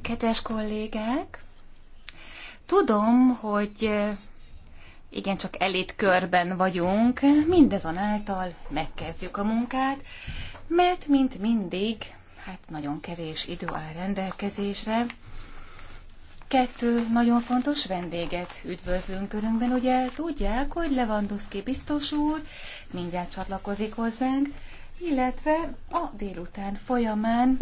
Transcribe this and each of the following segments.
Kedves kollégák, tudom, hogy igen, csak elét körben vagyunk, mindezonáltal megkezdjük a munkát, mert mint mindig, hát nagyon kevés idő áll rendelkezésre. Kettő nagyon fontos vendéget üdvözlünk körünkben, ugye tudják, hogy Lewandowski biztos úr mindjárt csatlakozik hozzánk, illetve a délután folyamán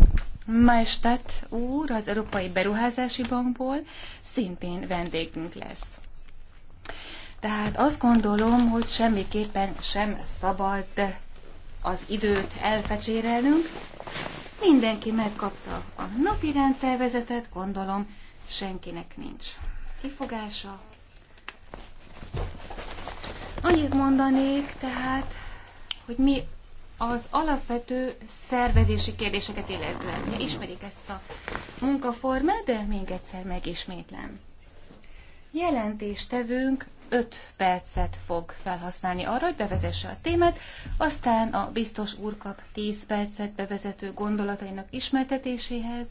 Maestat úr az Európai Beruházási Bankból szintén vendégünk lesz. Tehát azt gondolom, hogy semmiképpen sem szabad az időt elfecsérelnünk. Mindenki megkapta a napi rendtervezetet, gondolom senkinek nincs kifogása. Annyit mondanék tehát, hogy mi az alapvető szervezési kérdéseket illetően. Ugye ismerik ezt a munkaformát, de még egyszer megismétlem. Jelentéstevőnk 5 percet fog felhasználni arra, hogy bevezesse a témát, aztán a biztos úr kap 10 percet bevezető gondolatainak ismertetéséhez.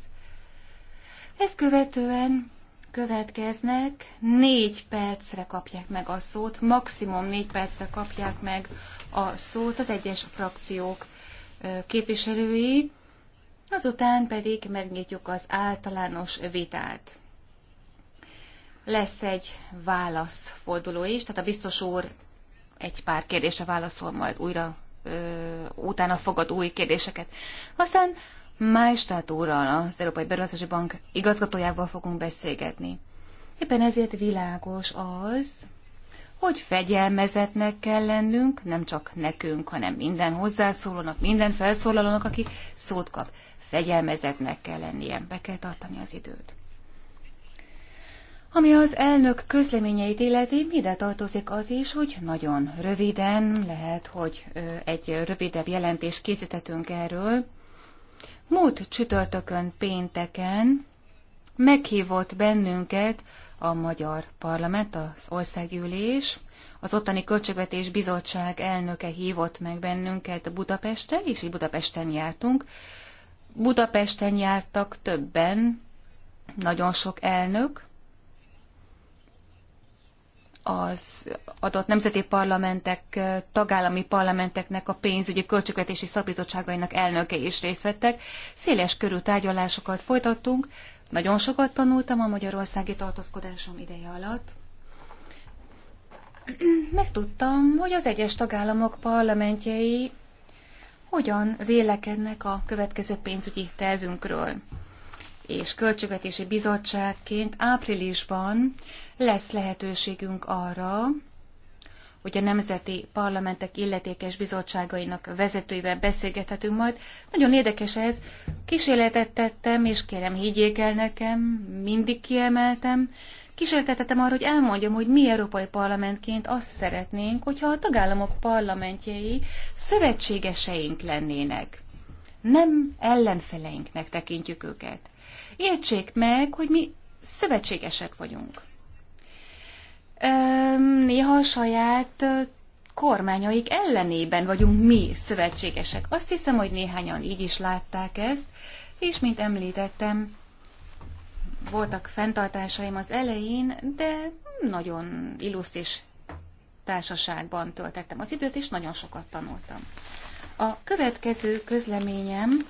Ezt követően következnek, négy percre kapják meg a szót, maximum négy percre kapják meg a szót az egyes frakciók képviselői, azután pedig megnyitjuk az általános vitát. Lesz egy válaszforduló is, tehát a biztos úr egy pár kérdésre válaszol, majd újra ö, utána fogad új kérdéseket. Aztán Májstát úrral, az Európai Beruházási Bank igazgatójával fogunk beszélgetni. Éppen ezért világos az, hogy fegyelmezetnek kell lennünk, nem csak nekünk, hanem minden hozzászólónak, minden felszólalónak, aki szót kap. Fegyelmezetnek kell lennie, be kell tartani az időt. Ami az elnök közleményeit illeti, ide tartozik az is, hogy nagyon röviden, lehet, hogy egy rövidebb jelentést készítettünk erről, Múlt csütörtökön pénteken meghívott bennünket a Magyar Parlament, az országgyűlés, az ottani Költségvetés Bizottság elnöke hívott meg bennünket Budapestre, és így Budapesten jártunk. Budapesten jártak többen, nagyon sok elnök, az adott nemzeti parlamentek, tagállami parlamenteknek, a pénzügyi költségvetési szakbizottságainak elnöke is részt vettek. Széles körű tárgyalásokat folytattunk, nagyon sokat tanultam a magyarországi tartózkodásom ideje alatt. Megtudtam, hogy az egyes tagállamok parlamentjei hogyan vélekednek a következő pénzügyi tervünkről. És költségvetési bizottságként áprilisban lesz lehetőségünk arra, hogy a nemzeti parlamentek illetékes bizottságainak vezetőivel beszélgethetünk majd. Nagyon érdekes ez. Kísérletet tettem, és kérem, higgyék el nekem, mindig kiemeltem. Kísérletet tettem arra, hogy elmondjam, hogy mi Európai Parlamentként azt szeretnénk, hogyha a tagállamok parlamentjei szövetségeseink lennének. Nem ellenfeleinknek tekintjük őket. Értsék meg, hogy mi szövetségesek vagyunk néha a saját kormányaik ellenében vagyunk mi szövetségesek. Azt hiszem, hogy néhányan így is látták ezt, és mint említettem, voltak fenntartásaim az elején, de nagyon illusztris társaságban töltettem az időt, és nagyon sokat tanultam. A következő közleményem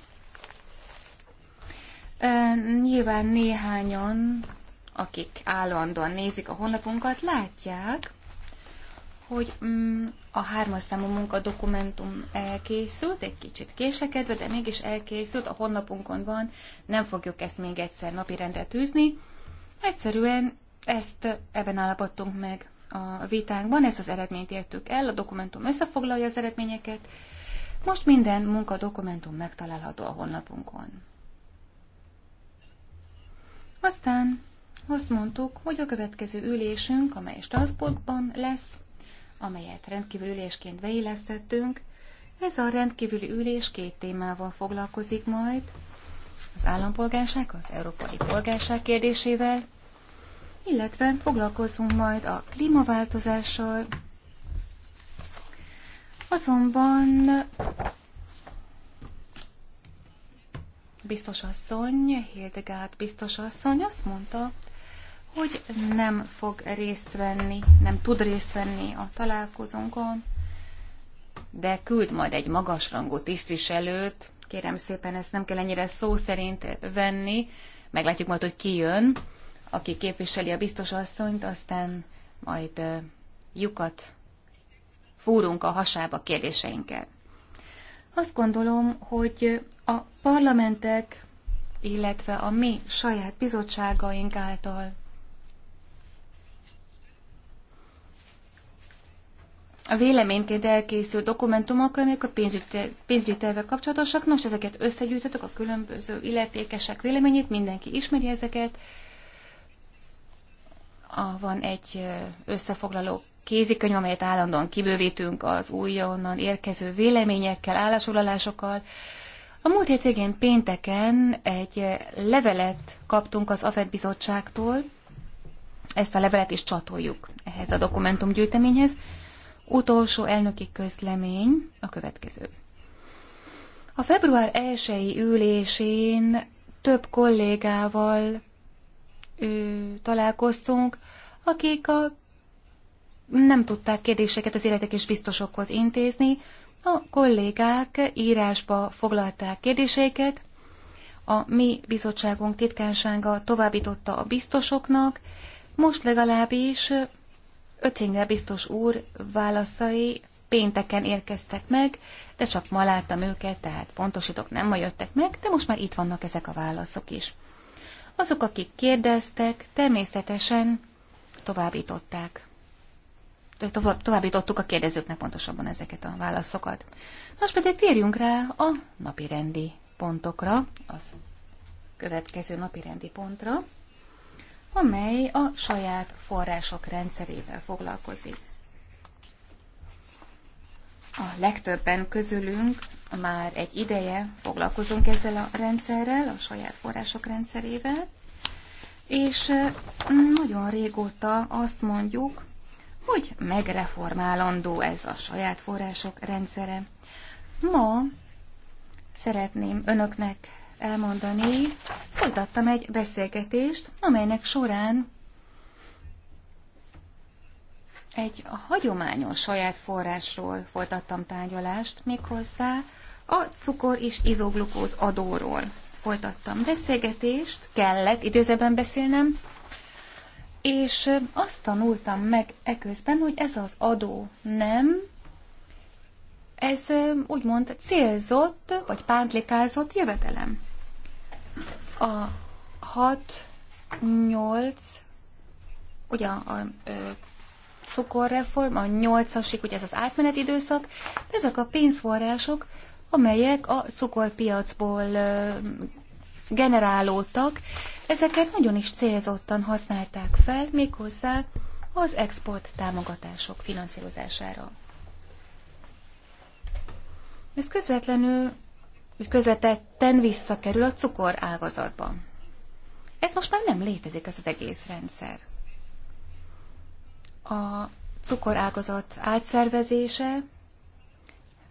nyilván néhányan akik állandóan nézik a honlapunkat, látják, hogy mm, a hármas számú munkadokumentum elkészült, egy kicsit késekedve, de mégis elkészült, a honlapunkon van, nem fogjuk ezt még egyszer napirendre tűzni. Egyszerűen ezt ebben állapodtunk meg a vitánkban, ezt az eredményt értük el, a dokumentum összefoglalja az eredményeket. Most minden munkadokumentum megtalálható a honlapunkon. Aztán azt mondtuk, hogy a következő ülésünk, amely Strasbourgban lesz, amelyet rendkívüli ülésként beillesztettünk, ez a rendkívüli ülés két témával foglalkozik majd, az állampolgárság, az európai polgárság kérdésével, illetve foglalkozunk majd a klímaváltozással, azonban biztos asszony, Hildegard biztos asszony azt mondta, hogy nem fog részt venni, nem tud részt venni a találkozónkon, de küld majd egy magasrangú tisztviselőt, kérem szépen ezt nem kell ennyire szó szerint venni, meglátjuk majd, hogy ki jön, aki képviseli a biztos asszonyt, aztán majd lyukat fúrunk a hasába kérdéseinkkel. Azt gondolom, hogy a parlamentek, illetve a mi saját bizottságaink által a véleményként elkészült dokumentumok, amik a pénzügyi tervvel kapcsolatosak. Nos, ezeket összegyűjtöttük, a különböző illetékesek véleményét, mindenki ismeri ezeket. A, van egy összefoglaló kézikönyv, amelyet állandóan kibővítünk az újonnan érkező véleményekkel, állásolalásokkal. A múlt hét végén pénteken egy levelet kaptunk az AFED bizottságtól, ezt a levelet is csatoljuk ehhez a dokumentumgyűjteményhez. Utolsó elnöki közlemény a következő. A február 1-i ülésén több kollégával ő, találkoztunk, akik a, nem tudták kérdéseket az életek és biztosokhoz intézni. A kollégák írásba foglalták kérdéseiket, a mi bizottságunk titkánsága továbbította a biztosoknak, most legalábbis Öttinger biztos úr válaszai pénteken érkeztek meg, de csak ma láttam őket, tehát pontosítok, nem ma jöttek meg, de most már itt vannak ezek a válaszok is. Azok, akik kérdeztek, természetesen továbbították. Továbbítottuk a kérdezőknek pontosabban ezeket a válaszokat. Most pedig térjünk rá a napirendi pontokra, az következő napirendi pontra amely a saját források rendszerével foglalkozik. A legtöbben közülünk már egy ideje foglalkozunk ezzel a rendszerrel, a saját források rendszerével, és nagyon régóta azt mondjuk, hogy megreformálandó ez a saját források rendszere. Ma szeretném önöknek elmondani, folytattam egy beszélgetést, amelynek során egy hagyományos saját forrásról folytattam tárgyalást, méghozzá a cukor és izoglukóz adóról folytattam beszélgetést, kellett időzeben beszélnem, és azt tanultam meg eközben, hogy ez az adó nem, ez úgymond célzott vagy pántlikázott jövedelem. A 6, 8, ugye a ö, cukorreform, a 8 asik ugye ez az átmeneti időszak, ezek a pénzforrások, amelyek a cukorpiacból ö, generálódtak, ezeket nagyon is célzottan használták fel, méghozzá az export támogatások finanszírozására. Ez közvetlenül hogy közvetetten visszakerül a cukor ágazatba. Ez most már nem létezik, ez az egész rendszer. A cukorágazat átszervezése, hát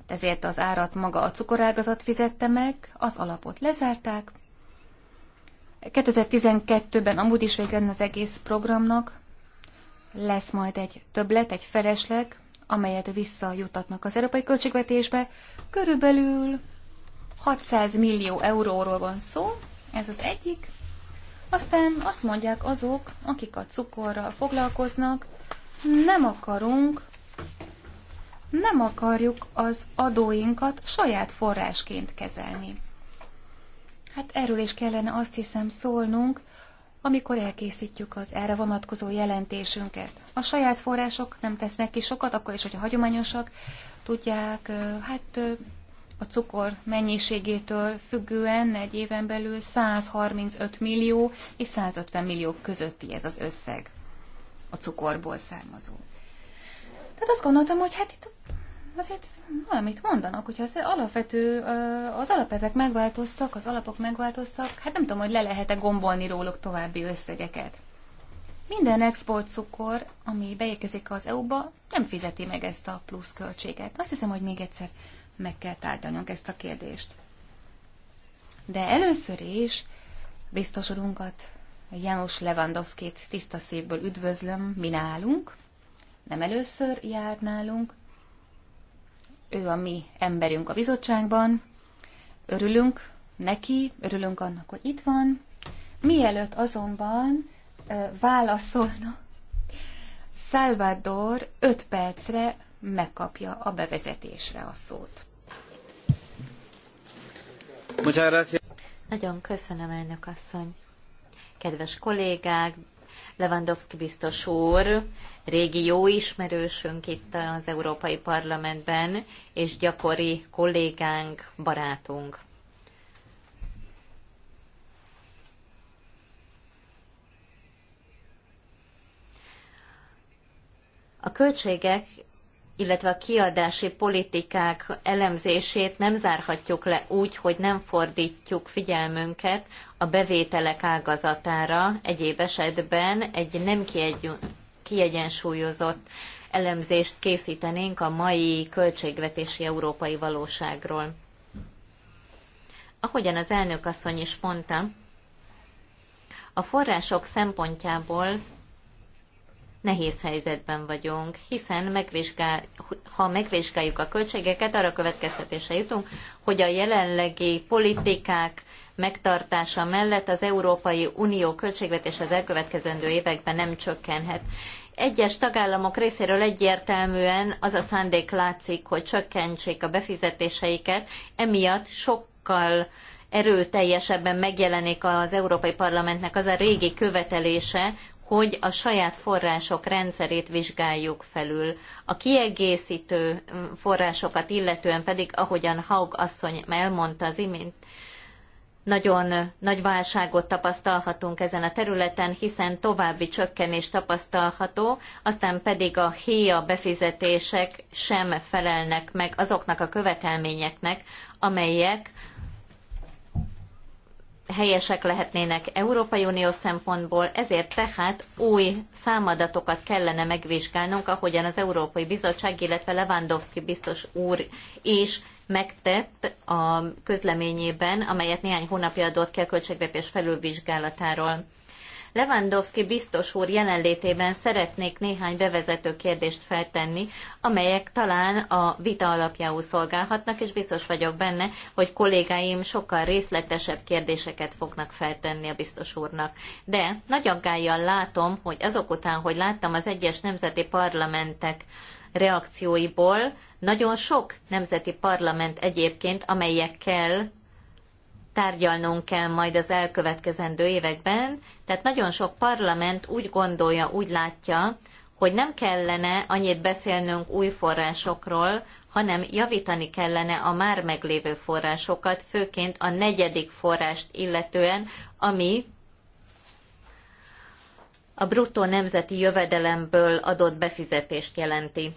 ezért az árat maga a cukorágazat fizette meg, az alapot lezárták. 2012-ben amúgy is vége az egész programnak, lesz majd egy többlet, egy felesleg, amelyet visszajutatnak az európai költségvetésbe, körülbelül 600 millió euróról van szó, ez az egyik. Aztán azt mondják azok, akik a cukorral foglalkoznak, nem akarunk, nem akarjuk az adóinkat saját forrásként kezelni. Hát erről is kellene azt hiszem szólnunk, amikor elkészítjük az erre vonatkozó jelentésünket. A saját források nem tesznek ki sokat, akkor is, hogyha hagyományosak, tudják, hát a cukor mennyiségétől függően egy éven belül 135 millió és 150 millió közötti ez az összeg a cukorból származó. Tehát azt gondoltam, hogy hát itt azért valamit mondanak, hogyha az alapvető, az alapelvek megváltoztak, az alapok megváltoztak, hát nem tudom, hogy le lehet-e gombolni róluk további összegeket. Minden export cukor, ami beérkezik az EU-ba, nem fizeti meg ezt a plusz költséget. Azt hiszem, hogy még egyszer meg kell tárgyalnunk ezt a kérdést. De először is biztos urunkat, János Lewandowskit tiszta szívből üdvözlöm, mi nálunk. Nem először jár nálunk. Ő a mi emberünk a bizottságban. Örülünk neki, örülünk annak, hogy itt van. Mielőtt azonban ö, válaszolna, Salvador öt percre megkapja a bevezetésre a szót. Nagyon köszönöm, elnök asszony. Kedves kollégák, Lewandowski biztos úr, régi jó ismerősünk itt az Európai Parlamentben, és gyakori kollégánk, barátunk. A költségek illetve a kiadási politikák elemzését nem zárhatjuk le úgy, hogy nem fordítjuk figyelmünket a bevételek ágazatára. Egyéb esetben egy nem kiegyensúlyozott elemzést készítenénk a mai költségvetési európai valóságról. Ahogyan az elnök asszony is mondta, a források szempontjából nehéz helyzetben vagyunk, hiszen megvizsgál, ha megvizsgáljuk a költségeket, arra következtetése jutunk, hogy a jelenlegi politikák megtartása mellett az Európai Unió költségvetés az elkövetkezendő években nem csökkenhet. Egyes tagállamok részéről egyértelműen az a szándék látszik, hogy csökkentsék a befizetéseiket, emiatt sokkal erőteljesebben megjelenik az Európai Parlamentnek az a régi követelése, hogy a saját források rendszerét vizsgáljuk felül. A kiegészítő mm, forrásokat illetően pedig, ahogyan Haug asszony elmondta az imént, nagyon nagy válságot tapasztalhatunk ezen a területen, hiszen további csökkenés tapasztalható, aztán pedig a héja befizetések sem felelnek meg azoknak a követelményeknek, amelyek helyesek lehetnének Európai Unió szempontból, ezért tehát új számadatokat kellene megvizsgálnunk, ahogyan az Európai Bizottság, illetve Lewandowski biztos úr is megtett a közleményében, amelyet néhány hónapja adott ki a költségvetés felülvizsgálatáról. Lewandowski biztos úr jelenlétében szeretnék néhány bevezető kérdést feltenni, amelyek talán a vita alapjául szolgálhatnak, és biztos vagyok benne, hogy kollégáim sokkal részletesebb kérdéseket fognak feltenni a biztos úrnak. De nagy aggájjal látom, hogy azok után, hogy láttam az egyes nemzeti parlamentek reakcióiból, nagyon sok nemzeti parlament egyébként, amelyekkel tárgyalnunk kell majd az elkövetkezendő években, tehát nagyon sok parlament úgy gondolja, úgy látja, hogy nem kellene annyit beszélnünk új forrásokról, hanem javítani kellene a már meglévő forrásokat, főként a negyedik forrást illetően, ami a bruttó nemzeti jövedelemből adott befizetést jelenti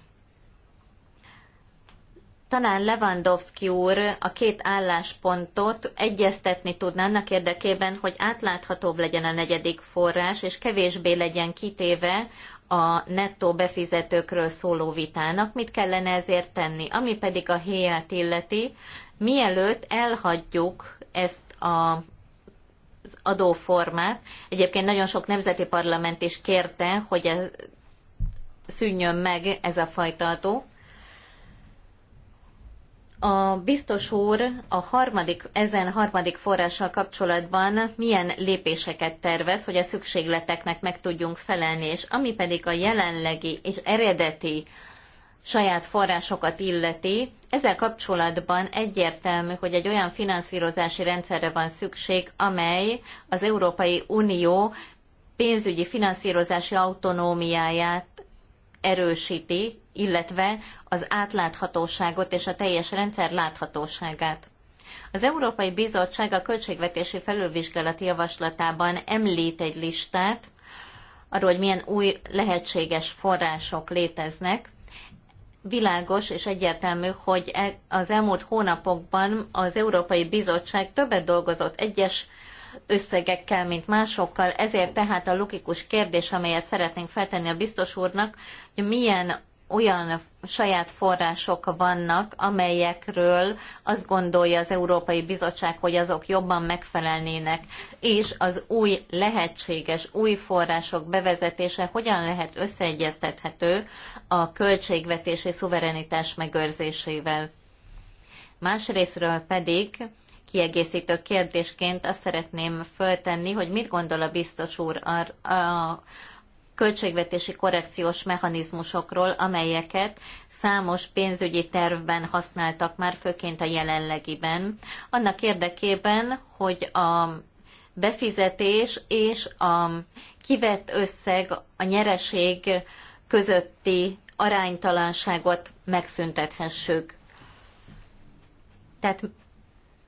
talán Lewandowski úr a két álláspontot egyeztetni tudna annak érdekében, hogy átláthatóbb legyen a negyedik forrás, és kevésbé legyen kitéve a nettó befizetőkről szóló vitának, mit kellene ezért tenni. Ami pedig a héját illeti, mielőtt elhagyjuk ezt a az adóformát. Egyébként nagyon sok nemzeti parlament is kérte, hogy szűnjön meg ez a fajta adó. A biztos úr a harmadik, ezen harmadik forrással kapcsolatban milyen lépéseket tervez, hogy a szükségleteknek meg tudjunk felelni, és ami pedig a jelenlegi és eredeti saját forrásokat illeti, ezzel kapcsolatban egyértelmű, hogy egy olyan finanszírozási rendszerre van szükség, amely az Európai Unió pénzügyi finanszírozási autonómiáját erősíti, illetve az átláthatóságot és a teljes rendszer láthatóságát. Az Európai Bizottság a költségvetési felülvizsgálati javaslatában említ egy listát arról, hogy milyen új lehetséges források léteznek, világos és egyértelmű, hogy e- az elmúlt hónapokban az Európai Bizottság többet dolgozott egyes összegekkel, mint másokkal. Ezért tehát a logikus kérdés, amelyet szeretnénk feltenni a biztos úrnak, hogy milyen olyan saját források vannak, amelyekről azt gondolja az Európai Bizottság, hogy azok jobban megfelelnének, és az új lehetséges új források bevezetése hogyan lehet összeegyeztethető a költségvetési szuverenitás megőrzésével. Másrésztről pedig kiegészítő kérdésként azt szeretném föltenni, hogy mit gondol a biztos úr a, a költségvetési korrekciós mechanizmusokról, amelyeket számos pénzügyi tervben használtak már, főként a jelenlegiben, annak érdekében, hogy a befizetés és a kivett összeg, a nyereség közötti aránytalanságot megszüntethessük. Tehát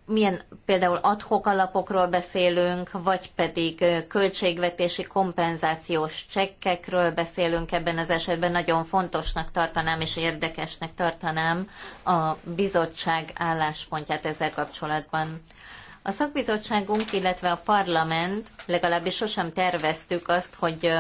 milyen például adhok alapokról beszélünk, vagy pedig költségvetési kompenzációs csekkekről beszélünk ebben az esetben. Nagyon fontosnak tartanám és érdekesnek tartanám a bizottság álláspontját ezzel kapcsolatban. A szakbizottságunk, illetve a parlament, legalábbis sosem terveztük azt, hogy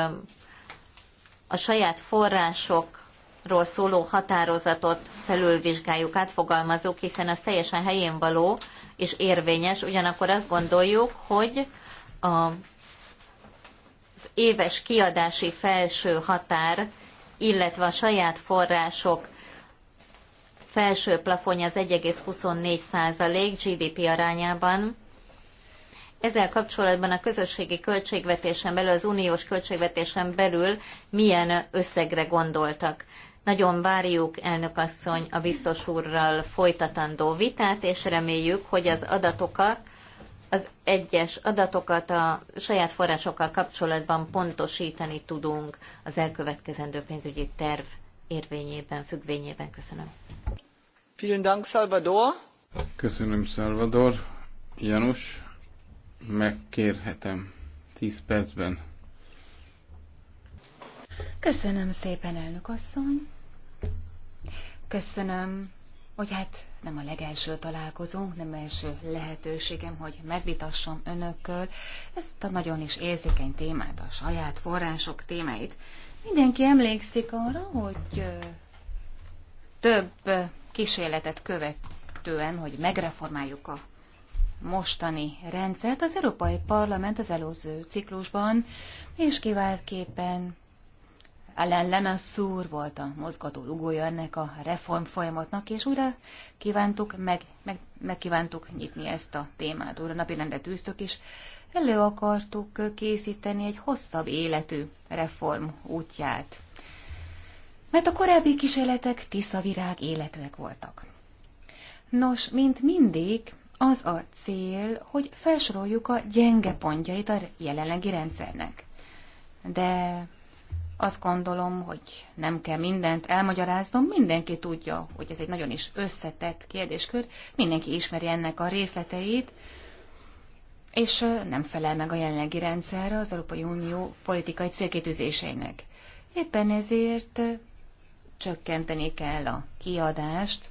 a saját források ról szóló határozatot felülvizsgáljuk, átfogalmazók, hiszen az teljesen helyén való, és érvényes, ugyanakkor azt gondoljuk, hogy a, az éves kiadási felső határ, illetve a saját források felső plafonja az 1,24 százalék GDP arányában, ezzel kapcsolatban a közösségi költségvetésen belül, az uniós költségvetésen belül milyen összegre gondoltak. Nagyon várjuk, elnök asszony, a biztos úrral folytatandó vitát, és reméljük, hogy az adatokat, az egyes adatokat a saját forrásokkal kapcsolatban pontosítani tudunk az elkövetkezendő pénzügyi terv érvényében, függvényében. Köszönöm. Vielen Dank, Salvador. Köszönöm, Salvador. Janus, megkérhetem 10 percben. Köszönöm szépen, elnök asszony. Köszönöm, hogy hát nem a legelső találkozónk, nem első lehetőségem, hogy megvitassam önökkel ezt a nagyon is érzékeny témát, a saját források témáit. Mindenki emlékszik arra, hogy több kísérletet követően, hogy megreformáljuk a mostani rendszert, az Európai Parlament az előző ciklusban, és kiváltképpen ellen Lemassur volt a mozgató rugója ennek a reform folyamatnak, és újra kívántuk, meg, meg, megkívántuk nyitni ezt a témát. Újra napi rendre tűztök, is. elő akartuk készíteni egy hosszabb életű reform útját. Mert a korábbi kísérletek tiszavirág életűek voltak. Nos, mint mindig, az a cél, hogy felsoroljuk a gyenge pontjait a jelenlegi rendszernek. De azt gondolom, hogy nem kell mindent elmagyaráznom, mindenki tudja, hogy ez egy nagyon is összetett kérdéskör, mindenki ismeri ennek a részleteit, és nem felel meg a jelenlegi rendszerre az Európai Unió politikai célkétűzéseinek. Éppen ezért csökkenteni kell a kiadást,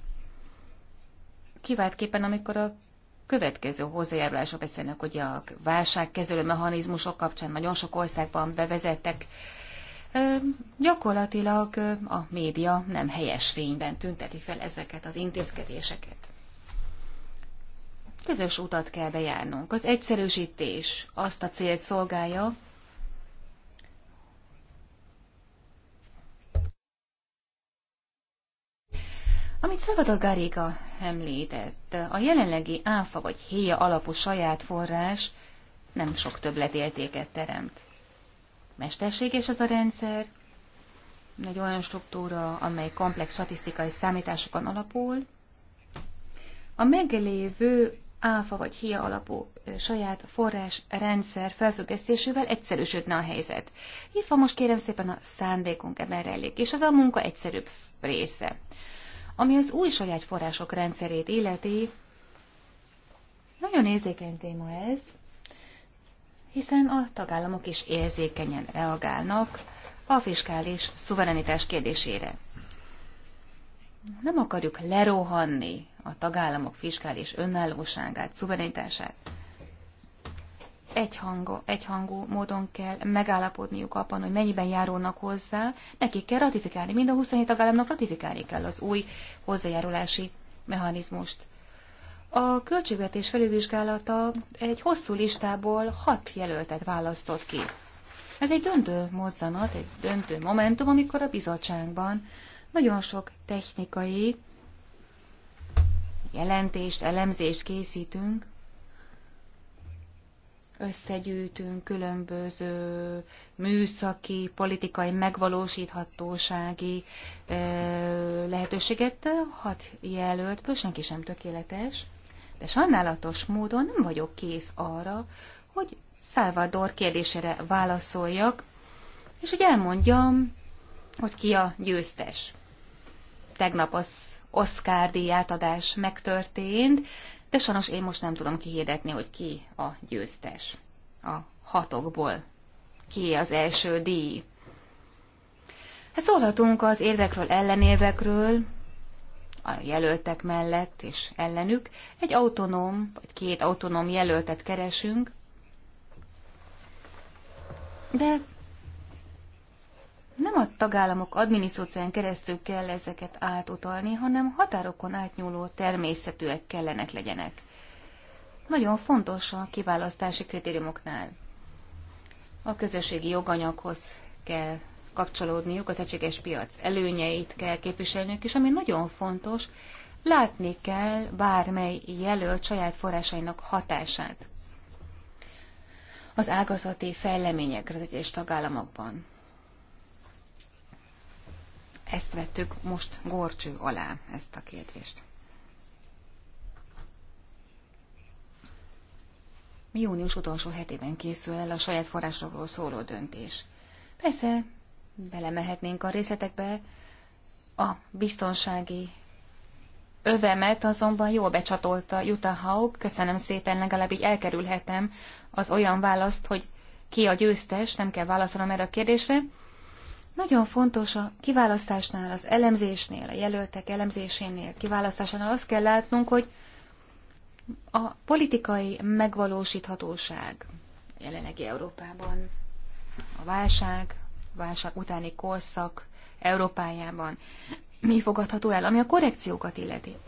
kiváltképpen amikor a következő hozzájárulások beszélnek, hogy a válságkezelő mechanizmusok kapcsán nagyon sok országban bevezettek gyakorlatilag a média nem helyes fényben tünteti fel ezeket az intézkedéseket. Közös utat kell bejárnunk. Az egyszerűsítés azt a célt szolgálja, Amit Szabadó Garika említett, a jelenlegi áfa vagy héja alapú saját forrás nem sok többletértéket teremt mesterséges ez a rendszer, egy olyan struktúra, amely komplex statisztikai számításokon alapul. A meglévő áfa vagy hia alapú saját forrás rendszer felfüggesztésével egyszerűsödne a helyzet. Hívva most kérem szépen a szándékunk ebben elég, és az a munka egyszerűbb része. Ami az új saját források rendszerét illeti, nagyon érzékeny téma ez, hiszen a tagállamok is érzékenyen reagálnak a fiskális szuverenitás kérdésére. Nem akarjuk lerohanni a tagállamok fiskális önállóságát, szuverenitását. egy egyhangú módon kell megállapodniuk abban, hogy mennyiben járulnak hozzá, nekik kell ratifikálni, mind a 27 tagállamnak ratifikálni kell az új hozzájárulási mechanizmust. A költségvetés felülvizsgálata egy hosszú listából hat jelöltet választott ki. Ez egy döntő mozzanat, egy döntő momentum, amikor a bizottságban nagyon sok technikai jelentést, elemzést készítünk, összegyűjtünk különböző műszaki, politikai, megvalósíthatósági eh, lehetőséget. Hat jelöltből senki sem tökéletes. De sajnálatos módon nem vagyok kész arra, hogy Salvador kérdésére válaszoljak, és hogy elmondjam, hogy ki a győztes. Tegnap az Oscar díjátadás megtörtént, de sajnos én most nem tudom kihirdetni, hogy ki a győztes a hatokból. Ki az első díj? Hát szólhatunk az érvekről, ellenérvekről, a jelöltek mellett és ellenük. Egy autonóm, vagy két autonóm jelöltet keresünk, de nem a tagállamok adminisztrációján keresztül kell ezeket átutalni, hanem határokon átnyúló természetűek kellenek legyenek. Nagyon fontos a kiválasztási kritériumoknál. A közösségi joganyaghoz kell kapcsolódniuk, az egységes piac előnyeit kell képviselniük, és ami nagyon fontos, látni kell bármely jelölt saját forrásainak hatását az ágazati fejleményekre az egyes tagállamokban. Ezt vettük most gorcső alá, ezt a kérdést. Június utolsó hetében készül el a saját forrásokról szóló döntés. Persze belemehetnénk a részletekbe. A biztonsági övemet azonban jól becsatolta Jutta Haug. Köszönöm szépen, legalább így elkerülhetem az olyan választ, hogy ki a győztes, nem kell válaszolnom erre a kérdésre. Nagyon fontos a kiválasztásnál, az elemzésnél, a jelöltek elemzésénél, kiválasztásánál azt kell látnunk, hogy a politikai megvalósíthatóság jelenlegi Európában, a válság, válság utáni korszak Európájában. Mi fogadható el, ami a korrekciókat illeti?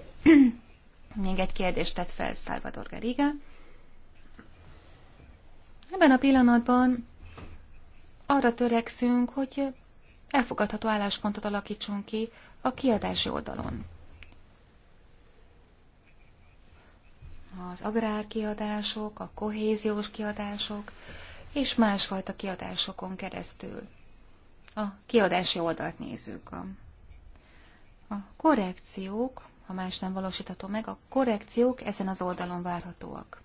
Még egy kérdést tett fel Salvador Garriga. Ebben a pillanatban arra törekszünk, hogy elfogadható álláspontot alakítsunk ki a kiadási oldalon. Az agrárkiadások, a kohéziós kiadások és másfajta kiadásokon keresztül a kiadási oldalt nézzük. A, korrekciók, ha más nem valósítható meg, a korrekciók ezen az oldalon várhatóak.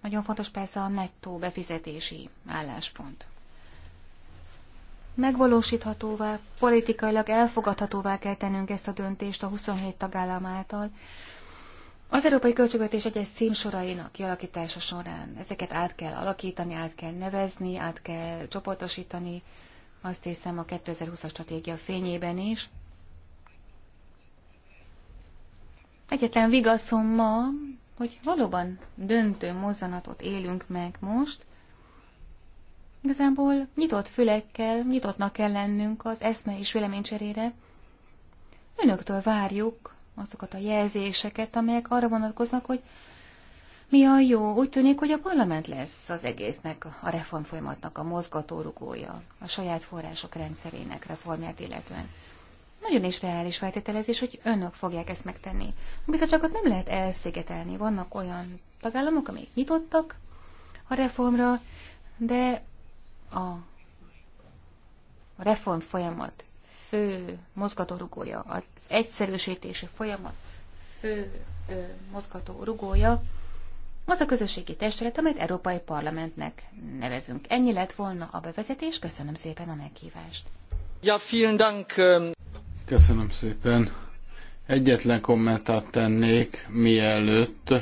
Nagyon fontos persze a nettó befizetési álláspont. Megvalósíthatóvá, politikailag elfogadhatóvá kell tennünk ezt a döntést a 27 tagállam által, az európai költségvetés egyes címsorainak kialakítása során ezeket át kell alakítani, át kell nevezni, át kell csoportosítani, azt hiszem a 2020-as stratégia fényében is. Egyetlen vigaszom ma, hogy valóban döntő mozzanatot élünk meg most. Igazából nyitott fülekkel, nyitottnak kell lennünk az eszme és véleménycserére. Önöktől várjuk azokat a jelzéseket, amelyek arra vonatkoznak, hogy mi a jó? Úgy tűnik, hogy a parlament lesz az egésznek, a reform folyamatnak a mozgatórugója, a saját források rendszerének reformját illetően. Nagyon is reális feltételezés, hogy önök fogják ezt megtenni. A bizottságot nem lehet elszigetelni. Vannak olyan tagállamok, amelyek nyitottak a reformra, de a reform folyamat fő mozgatórugója, az egyszerűsítési folyamat fő mozgató mozgatórugója az a közösségi testület, amelyet Európai Parlamentnek nevezünk. Ennyi lett volna a bevezetés, köszönöm szépen a meghívást. Ja, vielen Dank. Ähm. Köszönöm szépen. Egyetlen kommentát tennék, mielőtt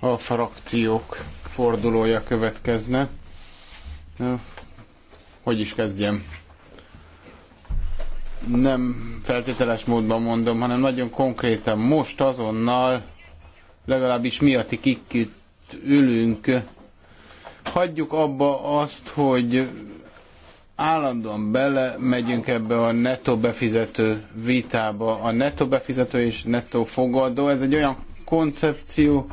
a frakciók fordulója következne. Hogy is kezdjem? Nem feltételes módban mondom, hanem nagyon konkrétan most azonnal legalábbis mi, akik itt ülünk, hagyjuk abba azt, hogy állandóan bele megyünk ebbe a netto befizető vitába. A netto befizető és netto fogadó, ez egy olyan koncepció,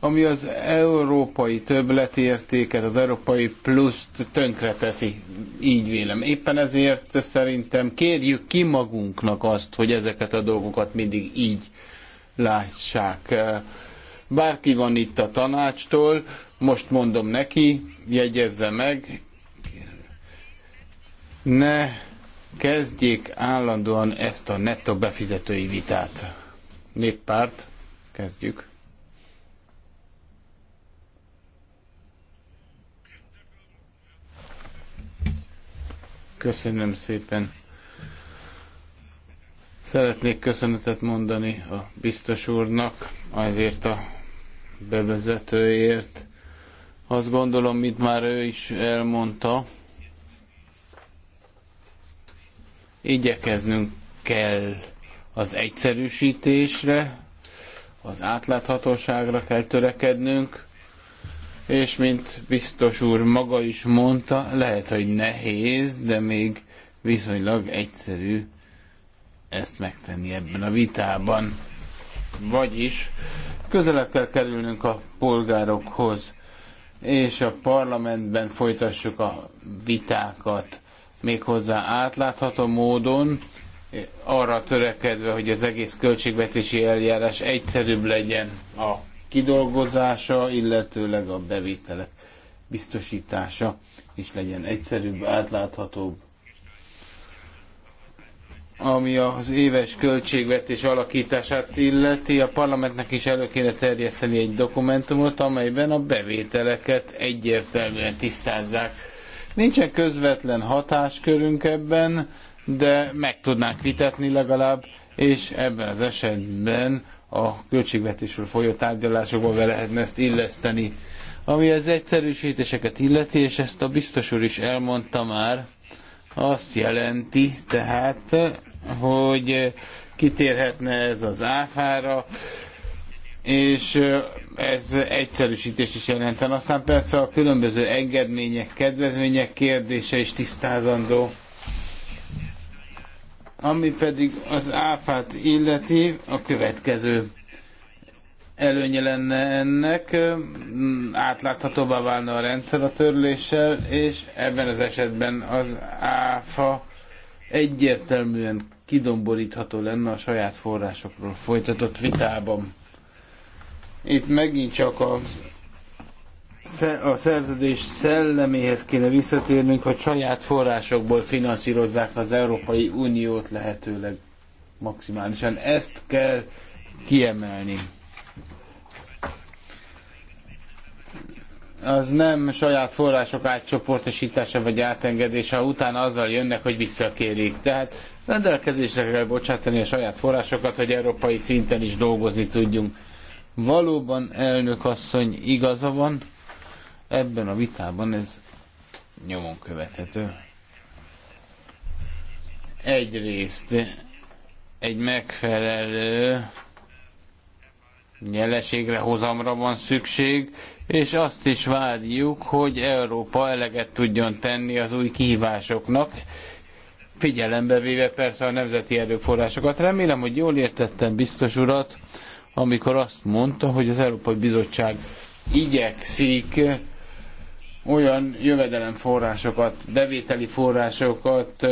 ami az európai többletértéket, az európai pluszt tönkreteszi, így vélem. Éppen ezért szerintem kérjük ki magunknak azt, hogy ezeket a dolgokat mindig így lássák. Bárki van itt a tanácstól, most mondom neki, jegyezze meg, ne kezdjék állandóan ezt a netto befizetői vitát. Néppárt, kezdjük. Köszönöm szépen. Szeretnék köszönetet mondani a biztos úrnak azért a bevezetőért. Azt gondolom, mint már ő is elmondta, igyekeznünk kell az egyszerűsítésre, az átláthatóságra kell törekednünk, és mint biztos úr maga is mondta, lehet, hogy nehéz, de még viszonylag egyszerű ezt megtenni ebben a vitában. Vagyis közelebb kell kerülnünk a polgárokhoz, és a parlamentben folytassuk a vitákat méghozzá átlátható módon, arra törekedve, hogy az egész költségvetési eljárás egyszerűbb legyen a kidolgozása, illetőleg a bevételek biztosítása is legyen egyszerűbb, átláthatóbb ami az éves költségvetés alakítását illeti, a parlamentnek is elő kéne terjeszteni egy dokumentumot, amelyben a bevételeket egyértelműen tisztázzák. Nincsen közvetlen hatáskörünk ebben, de meg tudnánk vitatni legalább, és ebben az esetben a költségvetésről folyó tárgyalásokba be lehetne ezt illeszteni. Ami az egyszerűsítéseket illeti, és ezt a biztos úr is elmondta már, azt jelenti tehát, hogy eh, kitérhetne ez az áfára, és eh, ez egyszerűsítést is jelenten. Aztán persze a különböző engedmények, kedvezmények kérdése is tisztázandó. Ami pedig az áfát illeti, a következő előnye lenne ennek, mm, átláthatóbbá válna a rendszer a törléssel, és ebben az esetben az áfa egyértelműen kidomborítható lenne a saját forrásokról folytatott vitában. Itt megint csak a, a szerződés szelleméhez kéne visszatérnünk, hogy saját forrásokból finanszírozzák az Európai Uniót lehetőleg maximálisan. Ezt kell kiemelni. az nem saját források átcsoportosítása vagy átengedése, ha utána azzal jönnek, hogy visszakérik. Tehát rendelkezésre kell bocsátani a saját forrásokat, hogy európai szinten is dolgozni tudjunk. Valóban elnök asszony igaza van, ebben a vitában ez nyomon követhető. Egyrészt egy megfelelő nyeleségre, hozamra van szükség, és azt is várjuk, hogy Európa eleget tudjon tenni az új kihívásoknak, figyelembe véve persze a nemzeti erőforrásokat. Remélem, hogy jól értettem biztos urat, amikor azt mondta, hogy az Európai Bizottság igyekszik olyan jövedelemforrásokat, bevételi forrásokat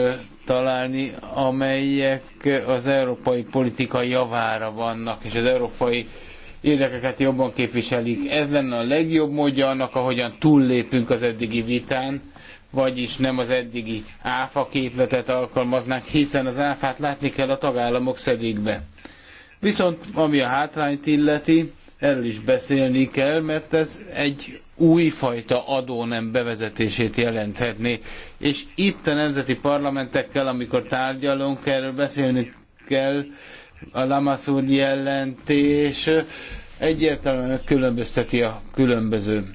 találni, amelyek az európai politika javára vannak, és az európai érdekeket jobban képviselik. Ez lenne a legjobb módja annak, ahogyan túllépünk az eddigi vitán, vagyis nem az eddigi áfa képletet alkalmaznánk, hiszen az áfát látni kell a tagállamok szedik be. Viszont ami a hátrányt illeti, erről is beszélni kell, mert ez egy újfajta nem bevezetését jelenthetné. És itt a nemzeti parlamentekkel, amikor tárgyalunk, erről beszélni kell, a Lamaszúr jelentés egyértelműen különbözteti a különböző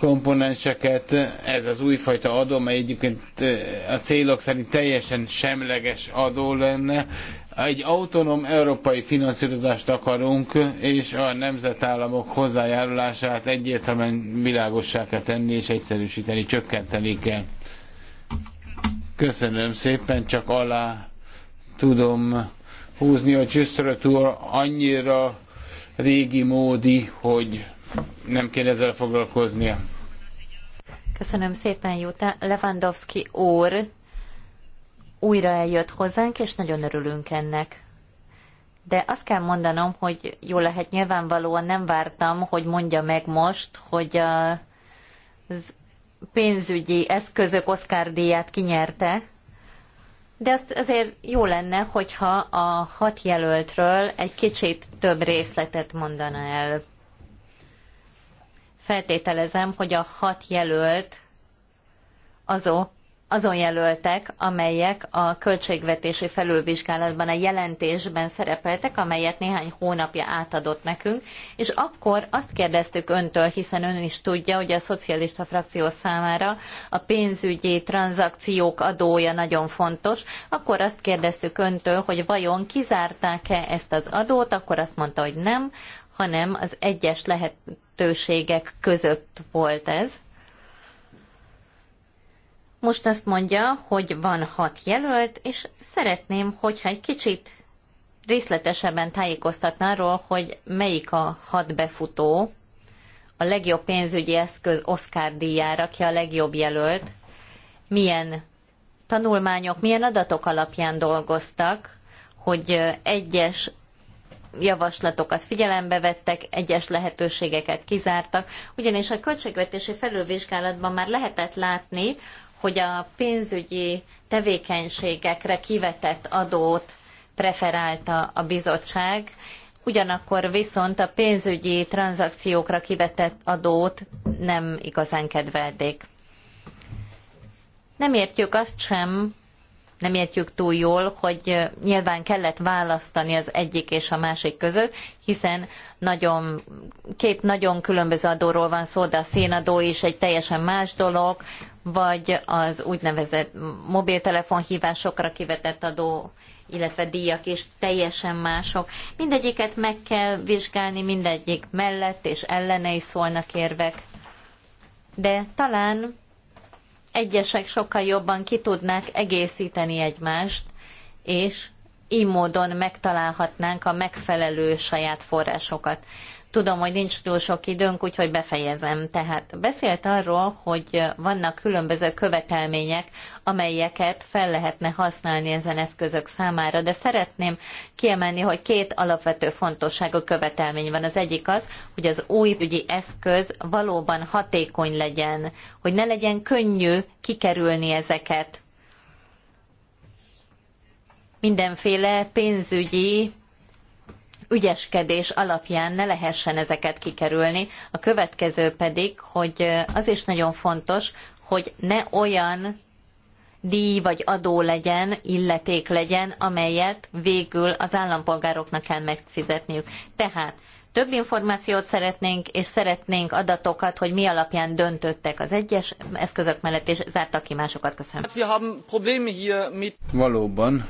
komponenseket. Ez az újfajta adó, mely egyébként eh, a célok szerint teljesen semleges adó lenne. Egy autonóm európai finanszírozást akarunk, és a nemzetállamok hozzájárulását egyértelműen világossá kell tenni és egyszerűsíteni, csökkenteni kell. Köszönöm szépen, csak alá tudom húzni a Csüsszörötúr annyira régi módi, hogy nem kéne ezzel foglalkoznia. Köszönöm szépen, Jutta. Lewandowski úr újra eljött hozzánk, és nagyon örülünk ennek. De azt kell mondanom, hogy jó lehet, nyilvánvalóan nem vártam, hogy mondja meg most, hogy a pénzügyi eszközök Oscar díját kinyerte, de azt azért jó lenne, hogyha a hat jelöltről egy kicsit több részletet mondana el. Feltételezem, hogy a hat jelölt azok, azon jelöltek, amelyek a költségvetési felülvizsgálatban a jelentésben szerepeltek, amelyet néhány hónapja átadott nekünk, és akkor azt kérdeztük öntől, hiszen ön is tudja, hogy a szocialista frakció számára a pénzügyi tranzakciók adója nagyon fontos, akkor azt kérdeztük öntől, hogy vajon kizárták-e ezt az adót, akkor azt mondta, hogy nem, hanem az egyes lehetőségek között volt ez most azt mondja, hogy van hat jelölt, és szeretném, hogyha egy kicsit részletesebben tájékoztatná arról, hogy melyik a hat befutó, a legjobb pénzügyi eszköz Oscar díjára, ki a legjobb jelölt, milyen tanulmányok, milyen adatok alapján dolgoztak, hogy egyes javaslatokat figyelembe vettek, egyes lehetőségeket kizártak, ugyanis a költségvetési felülvizsgálatban már lehetett látni, hogy a pénzügyi tevékenységekre kivetett adót preferálta a bizottság, ugyanakkor viszont a pénzügyi tranzakciókra kivetett adót nem igazán kedvelték. Nem értjük azt sem, nem értjük túl jól, hogy nyilván kellett választani az egyik és a másik között, hiszen nagyon, két nagyon különböző adóról van szó, de a szénadó is egy teljesen más dolog, vagy az úgynevezett mobiltelefonhívásokra kivetett adó, illetve díjak is teljesen mások. Mindegyiket meg kell vizsgálni, mindegyik mellett és ellene is szólnak érvek. De talán egyesek sokkal jobban ki tudnák egészíteni egymást, és így módon megtalálhatnánk a megfelelő saját forrásokat. Tudom, hogy nincs túl sok időnk, úgyhogy befejezem. Tehát beszélt arról, hogy vannak különböző követelmények, amelyeket fel lehetne használni ezen eszközök számára, de szeretném kiemelni, hogy két alapvető fontosságú követelmény van. Az egyik az, hogy az új ügyi eszköz valóban hatékony legyen, hogy ne legyen könnyű kikerülni ezeket. Mindenféle pénzügyi ügyeskedés alapján ne lehessen ezeket kikerülni. A következő pedig, hogy az is nagyon fontos, hogy ne olyan díj vagy adó legyen, illeték legyen, amelyet végül az állampolgároknak kell megfizetniük. Tehát több információt szeretnénk, és szeretnénk adatokat, hogy mi alapján döntöttek az egyes eszközök mellett, és zártak ki másokat. Köszönöm. Valóban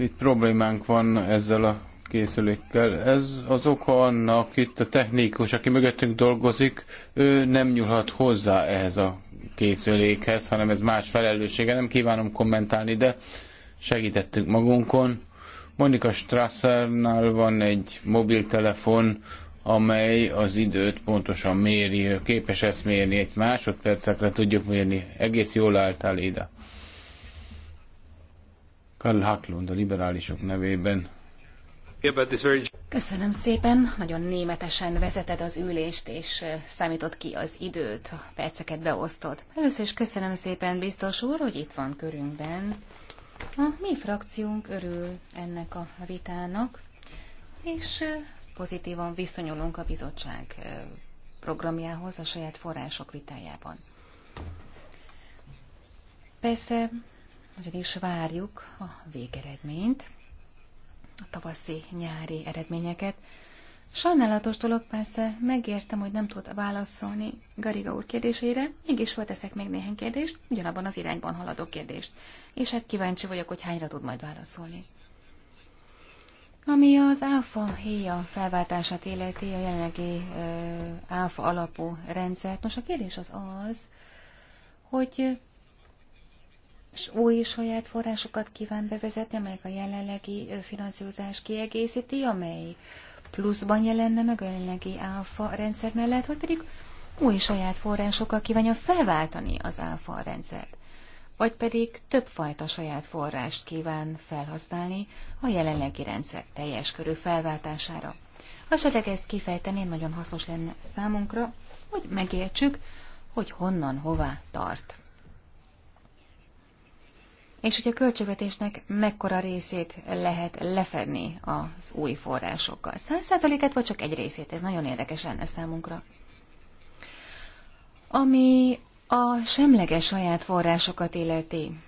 itt problémánk van ezzel a készülékkel. Ez az oka annak, itt a technikus, aki mögöttünk dolgozik, ő nem nyúlhat hozzá ehhez a készülékhez, hanem ez más felelőssége. Nem kívánom kommentálni, de segítettünk magunkon. Monika Strassernál van egy mobiltelefon, amely az időt pontosan méri, képes ezt mérni, egy másodpercekre tudjuk mérni. Egész jól álltál ide. Karl Haklund a liberálisok nevében. Köszönöm szépen, nagyon németesen vezeted az ülést, és számított ki az időt, a perceket beosztod. Először is köszönöm szépen, biztos úr, hogy itt van körünkben. A mi frakciónk örül ennek a vitának, és pozitívan viszonyulunk a bizottság programjához a saját források vitájában. Persze nagyon is várjuk a végeredményt, a tavaszi-nyári eredményeket. Sajnálatos dolog persze, megértem, hogy nem tud válaszolni Gariga úr kérdésére, mégis felteszek még néhány kérdést, ugyanabban az irányban haladó kérdést. És hát kíváncsi vagyok, hogy hányra tud majd válaszolni. Ami az áfa héja felváltását illeti, a jelenlegi áfa alapú rendszert. Most a kérdés az az, hogy és új saját forrásokat kíván bevezetni, amelyek a jelenlegi finanszírozás kiegészíti, amely pluszban jelenne meg a jelenlegi áfa rendszer mellett, vagy pedig új saját forrásokkal kívánja felváltani az áfa rendszert, vagy pedig többfajta saját forrást kíván felhasználni a jelenlegi rendszer teljes körű felváltására. Ha esetleg ezt kifejteném, nagyon hasznos lenne számunkra, hogy megértsük, hogy honnan hová tart és hogy a költségvetésnek mekkora részét lehet lefedni az új forrásokkal. 100%-et vagy csak egy részét, ez nagyon érdekes lenne számunkra. Ami a semleges saját forrásokat illeti.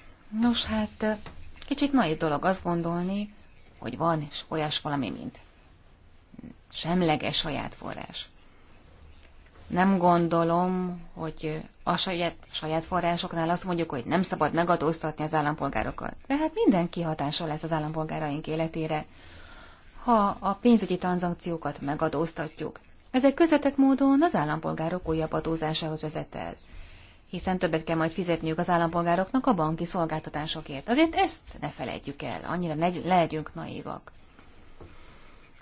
Nos, hát kicsit nagy dolog azt gondolni, hogy van és olyas valami, mint semleges saját forrás. Nem gondolom, hogy a saját, saját forrásoknál azt mondjuk, hogy nem szabad megadóztatni az állampolgárokat. De hát minden kihatással lesz az állampolgáraink életére, ha a pénzügyi tranzakciókat megadóztatjuk. Ezek közvetett módon az állampolgárok újabb adózásához vezet el, hiszen többet kell majd fizetniük az állampolgároknak a banki szolgáltatásokért. Azért ezt ne felejtjük el, annyira ne legyünk naívak.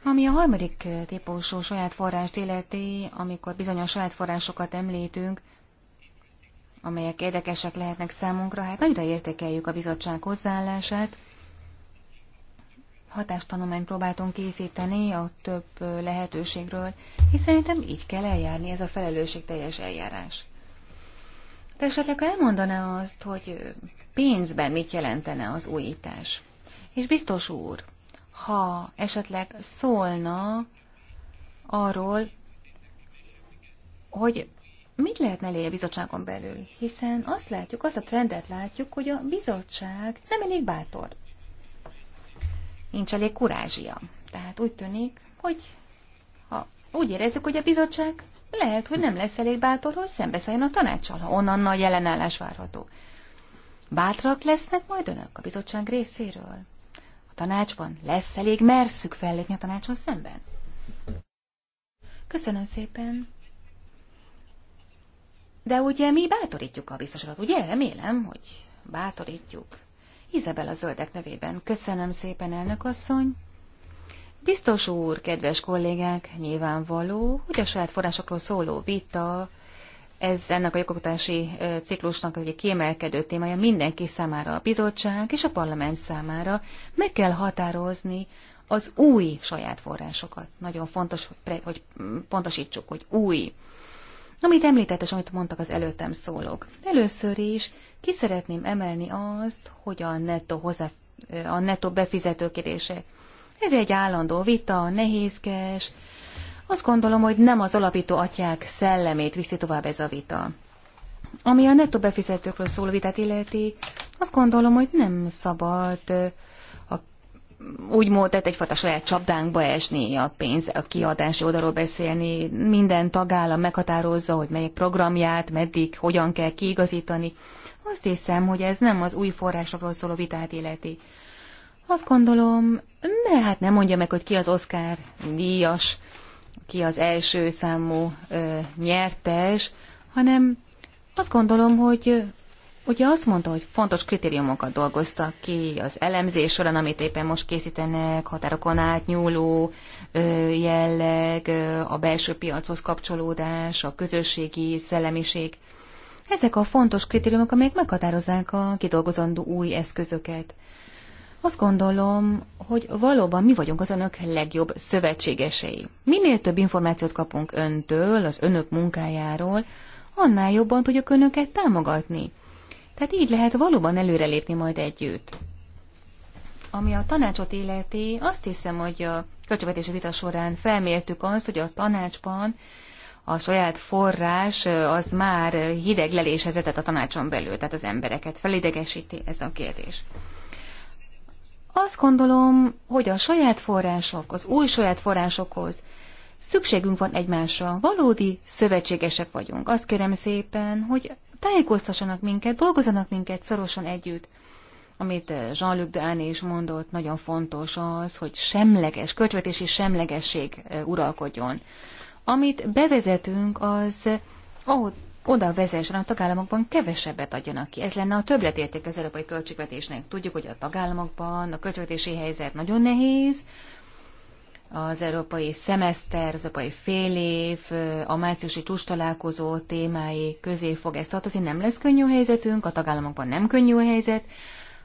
Ami a harmadik típusú saját forrást illeti, amikor bizonyos saját forrásokat említünk, amelyek érdekesek lehetnek számunkra. Hát nagyra értékeljük a bizottság hozzáállását. Hatástanulmányt próbáltunk készíteni a több lehetőségről, hiszen szerintem így kell eljárni ez a felelősség teljes eljárás. De esetleg elmondaná azt, hogy pénzben mit jelentene az újítás. És biztos úr, ha esetleg szólna arról, hogy mit lehetne elérni a bizottságon belül? Hiszen azt látjuk, azt a trendet látjuk, hogy a bizottság nem elég bátor. Nincs elég kurázsia. Tehát úgy tűnik, hogy ha úgy érezzük, hogy a bizottság lehet, hogy nem lesz elég bátor, hogy szembeszálljon a tanácssal, ha onnan nagy ellenállás várható. Bátrak lesznek majd önök a bizottság részéről? A tanácsban lesz elég merszük fellépni a tanácson szemben? Köszönöm szépen! De ugye mi bátorítjuk a biztosokat, ugye? Remélem, hogy bátorítjuk. Izabel a zöldek nevében. Köszönöm szépen, elnök asszony. Biztos úr, kedves kollégák, nyilvánvaló, hogy a saját forrásokról szóló vita, ez ennek a jogoktatási ciklusnak egy kiemelkedő témája mindenki számára, a bizottság és a parlament számára. Meg kell határozni az új saját forrásokat. Nagyon fontos, hogy mm, pontosítsuk, hogy új. Amit említett, és amit mondtak az előttem szólók. Először is ki szeretném emelni azt, hogy a netto, hozzá, a netto befizető kérdése. Ez egy állandó vita, nehézkes. Azt gondolom, hogy nem az alapító atyák szellemét viszi tovább ez a vita. Ami a netto befizetőkről szóló vitát illeti, azt gondolom, hogy nem szabad úgymond, tehát egyfajta saját csapdánkba esni, a pénz, a kiadási oldalról beszélni, minden tagállam meghatározza, hogy melyik programját, meddig, hogyan kell kiigazítani. Azt hiszem, hogy ez nem az új forrásokról szóló vitát illeti. Azt gondolom, ne, hát nem mondja meg, hogy ki az Oscar díjas, ki az első számú ö, nyertes, hanem azt gondolom, hogy Ugye azt mondta, hogy fontos kritériumokat dolgoztak ki az elemzés során, amit éppen most készítenek, határokon átnyúló jelleg, a belső piachoz kapcsolódás, a közösségi szellemiség. Ezek a fontos kritériumok, amelyek meghatározzák a kidolgozandó új eszközöket. Azt gondolom, hogy valóban mi vagyunk az önök legjobb szövetségesei. Minél több információt kapunk öntől, az önök munkájáról, annál jobban tudjuk önöket támogatni. Tehát így lehet valóban előrelépni majd együtt. Ami a tanácsot illeti, azt hiszem, hogy a költségvetési vita során felmértük azt, hogy a tanácsban a saját forrás az már hideg leléshez vezet a tanácson belül, tehát az embereket felidegesíti ez a kérdés. Azt gondolom, hogy a saját források, az új saját forrásokhoz szükségünk van egymásra, valódi szövetségesek vagyunk. Azt kérem szépen, hogy tájékoztassanak minket, dolgozzanak minket szorosan együtt. Amit eh, Jean-Luc Dehaene is mondott, nagyon fontos az, hogy semleges, költvetési semlegesség eh, uralkodjon. Amit bevezetünk, az ahol oda vezessen a tagállamokban kevesebbet adjanak ki. Ez lenne a többletérték az európai költségvetésnek. Tudjuk, hogy a tagállamokban a költségvetési helyzet nagyon nehéz, az európai szemeszter, az európai fél év, a márciusi csúcs találkozó témái közé fog ez tartozni. Nem lesz könnyű helyzetünk, a tagállamokban nem könnyű helyzet.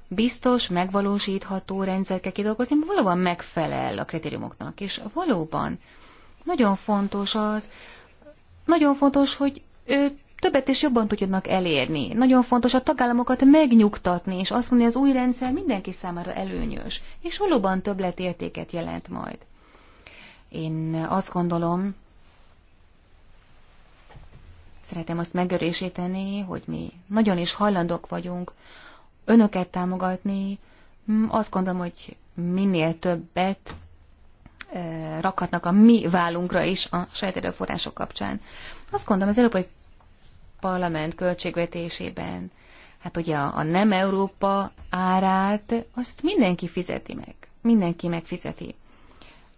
Biztos, megvalósítható rendszer kell kidolgozni, valóban megfelel a kritériumoknak, és valóban nagyon fontos az, nagyon fontos, hogy ő többet és jobban tudjanak elérni. Nagyon fontos a tagállamokat megnyugtatni, és azt mondani, hogy az új rendszer mindenki számára előnyös, és valóban többletértéket jelent majd. Én azt gondolom, szeretem azt megörésíteni, hogy mi nagyon is hajlandók vagyunk önöket támogatni. Hm, azt gondolom, hogy minél többet rakhatnak a mi válunkra is a saját erőforrások kapcsán. Azt gondolom, az Európai Parlament költségvetésében, hát ugye a, a nem Európa árát, azt mindenki fizeti meg. Mindenki megfizeti.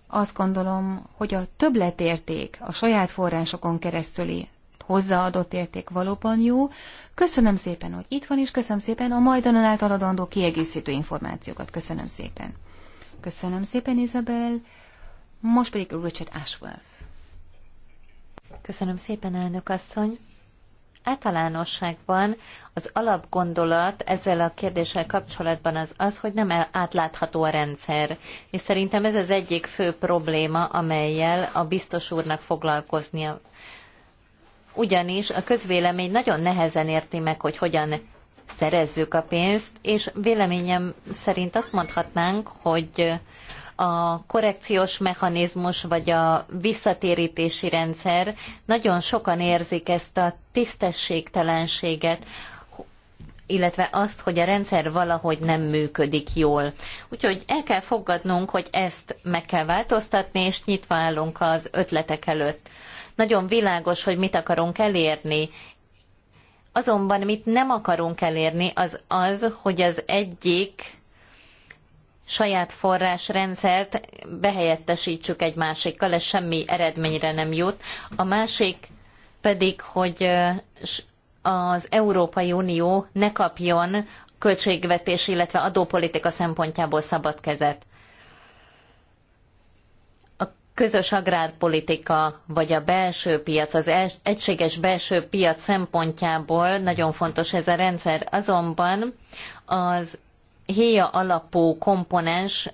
Azt gondolom, hogy a többletérték a saját forrásokon keresztüli hozzáadott érték valóban jó. Köszönöm szépen, hogy itt van, és köszönöm szépen a majdanon által adandó kiegészítő információkat. Köszönöm szépen. Köszönöm szépen, Isabel. Most pedig Richard Ashworth. Köszönöm szépen, elnök asszony általánosságban az alapgondolat ezzel a kérdéssel kapcsolatban az az, hogy nem átlátható a rendszer. És szerintem ez az egyik fő probléma, amelyel a biztos úrnak foglalkoznia. Ugyanis a közvélemény nagyon nehezen érti meg, hogy hogyan szerezzük a pénzt, és véleményem szerint azt mondhatnánk, hogy a korrekciós mechanizmus vagy a visszatérítési rendszer, nagyon sokan érzik ezt a tisztességtelenséget, illetve azt, hogy a rendszer valahogy nem működik jól. Úgyhogy el kell fogadnunk, hogy ezt meg kell változtatni, és nyitva állunk az ötletek előtt. Nagyon világos, hogy mit akarunk elérni, azonban mit nem akarunk elérni, az az, hogy az egyik saját forrásrendszert behelyettesítsük egy másikkal, ez semmi eredményre nem jut. A másik pedig, hogy az Európai Unió ne kapjon költségvetés, illetve adópolitika szempontjából szabad kezet. A közös agrárpolitika vagy a belső piac, az egységes belső piac szempontjából nagyon fontos ez a rendszer. Azonban az héja alapú komponens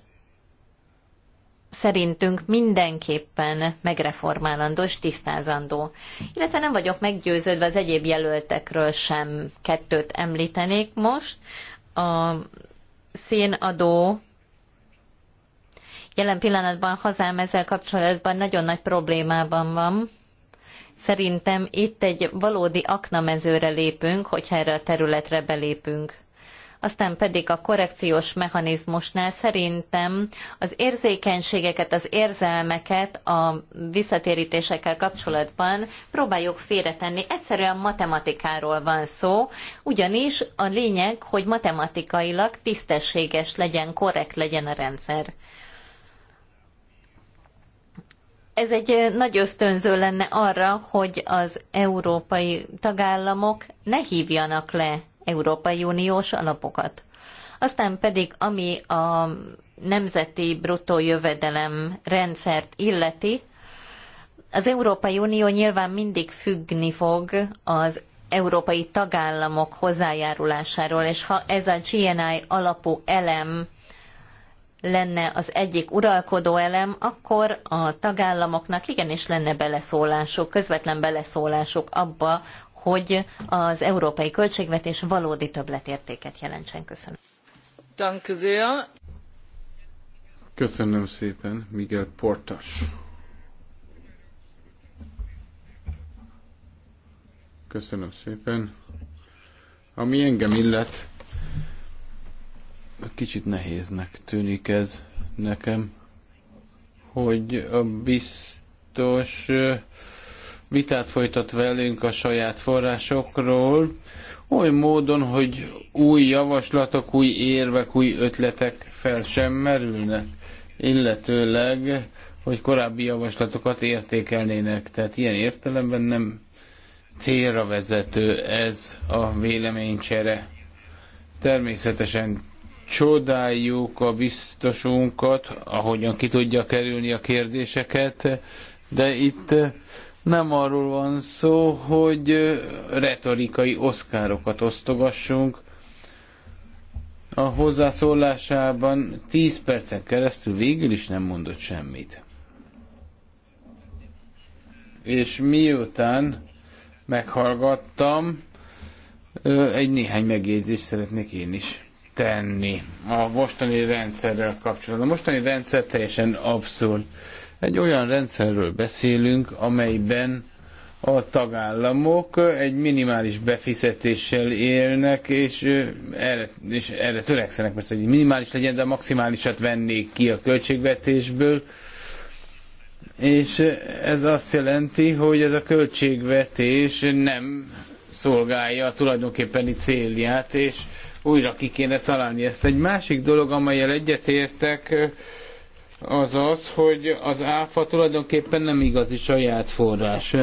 szerintünk mindenképpen megreformálandó és tisztázandó. Illetve nem vagyok meggyőződve az egyéb jelöltekről sem kettőt említenék most. A szénadó jelen pillanatban hazám ezzel kapcsolatban nagyon nagy problémában van. Szerintem itt egy valódi aknamezőre lépünk, hogyha erre a területre belépünk. Aztán pedig a korrekciós mechanizmusnál szerintem az érzékenységeket, az érzelmeket a visszatérítésekkel kapcsolatban próbáljuk félretenni. Egyszerűen matematikáról van szó, ugyanis a lényeg, hogy matematikailag tisztességes legyen, korrekt legyen a rendszer ez egy nagy ösztönző lenne arra, hogy az európai tagállamok ne hívjanak le Európai Uniós alapokat. Aztán pedig, ami a nemzeti bruttó jövedelem rendszert illeti, az Európai Unió nyilván mindig függni fog az európai tagállamok hozzájárulásáról, és ha ez a GNI alapú elem lenne az egyik uralkodó elem, akkor a tagállamoknak igenis lenne beleszólásuk, közvetlen beleszólásuk abba, hogy az európai költségvetés valódi többletértéket jelentsen. Köszönöm. Köszönöm szépen, Miguel Portas. Köszönöm szépen. Ami engem illet, kicsit nehéznek tűnik ez nekem, hogy a biztos vitát folytat velünk a saját forrásokról, oly módon, hogy új javaslatok, új érvek, új ötletek fel sem merülnek, illetőleg, hogy korábbi javaslatokat értékelnének. Tehát ilyen értelemben nem célra vezető ez a véleménycsere. Természetesen csodáljuk a biztosunkat, ahogyan ki tudja kerülni a kérdéseket, de itt nem arról van szó, hogy retorikai oszkárokat osztogassunk. A hozzászólásában 10 percen keresztül végül is nem mondott semmit. És miután meghallgattam, egy néhány megjegyzést szeretnék én is tenni a mostani rendszerrel kapcsolatban. A mostani rendszer teljesen abszurd. Egy olyan rendszerről beszélünk, amelyben a tagállamok egy minimális befizetéssel élnek, és erre, és erre törekszenek, mert hogy minimális legyen, de a maximálisat vennék ki a költségvetésből. És ez azt jelenti, hogy ez a költségvetés nem szolgálja tulajdonképpeni célját, és újra ki kéne találni ezt. Egy másik dolog, amelyel egyetértek, az az, hogy az áfa tulajdonképpen nem igazi saját forrás.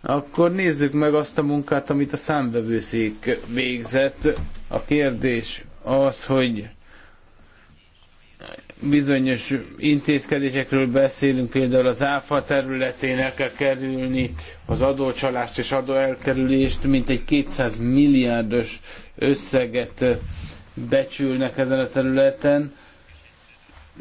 Akkor nézzük meg azt a munkát, amit a számbevőszék végzett. A kérdés az, hogy bizonyos intézkedésekről beszélünk, például az áfa területén el kell kerülni az adócsalást és adóelkerülést, mint egy 200 milliárdos összeget becsülnek ezen a területen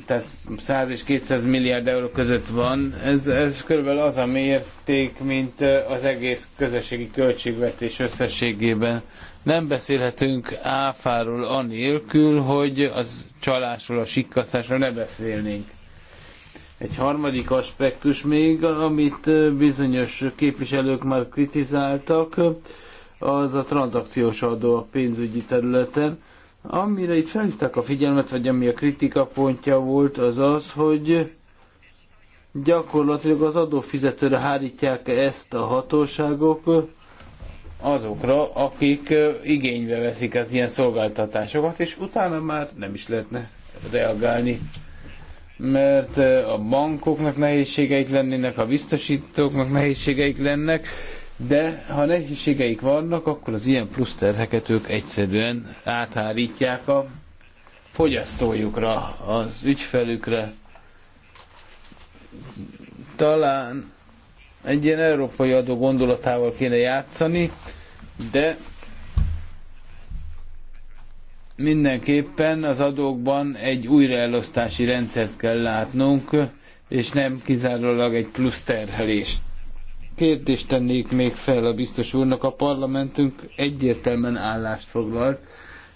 tehát 100 és 200 milliárd euró között van. Ez, ez körülbelül az a mérték, mint az egész közösségi költségvetés összességében. Nem beszélhetünk áfáról anélkül, hogy az csalásról, a sikkasztásról ne beszélnénk. Egy harmadik aspektus még, amit bizonyos képviselők már kritizáltak, az a tranzakciós adó a pénzügyi területen Amire itt felhívták a figyelmet, vagy ami a kritika pontja volt, az az, hogy gyakorlatilag az adófizetőre hárítják ezt a hatóságok azokra, akik igénybe veszik az ilyen szolgáltatásokat, és utána már nem is lehetne reagálni mert a bankoknak nehézségeik lennének, a biztosítóknak nehézségeik lennek, de ha nehézségeik vannak, akkor az ilyen plusz terheket ők egyszerűen áthárítják a fogyasztójukra, az ügyfelükre. Talán egy ilyen európai adó gondolatával kéne játszani, de mindenképpen az adókban egy újraelosztási rendszert kell látnunk, és nem kizárólag egy plusz terhelést kérdést tennék még fel a biztos úrnak. A parlamentünk egyértelműen állást foglalt,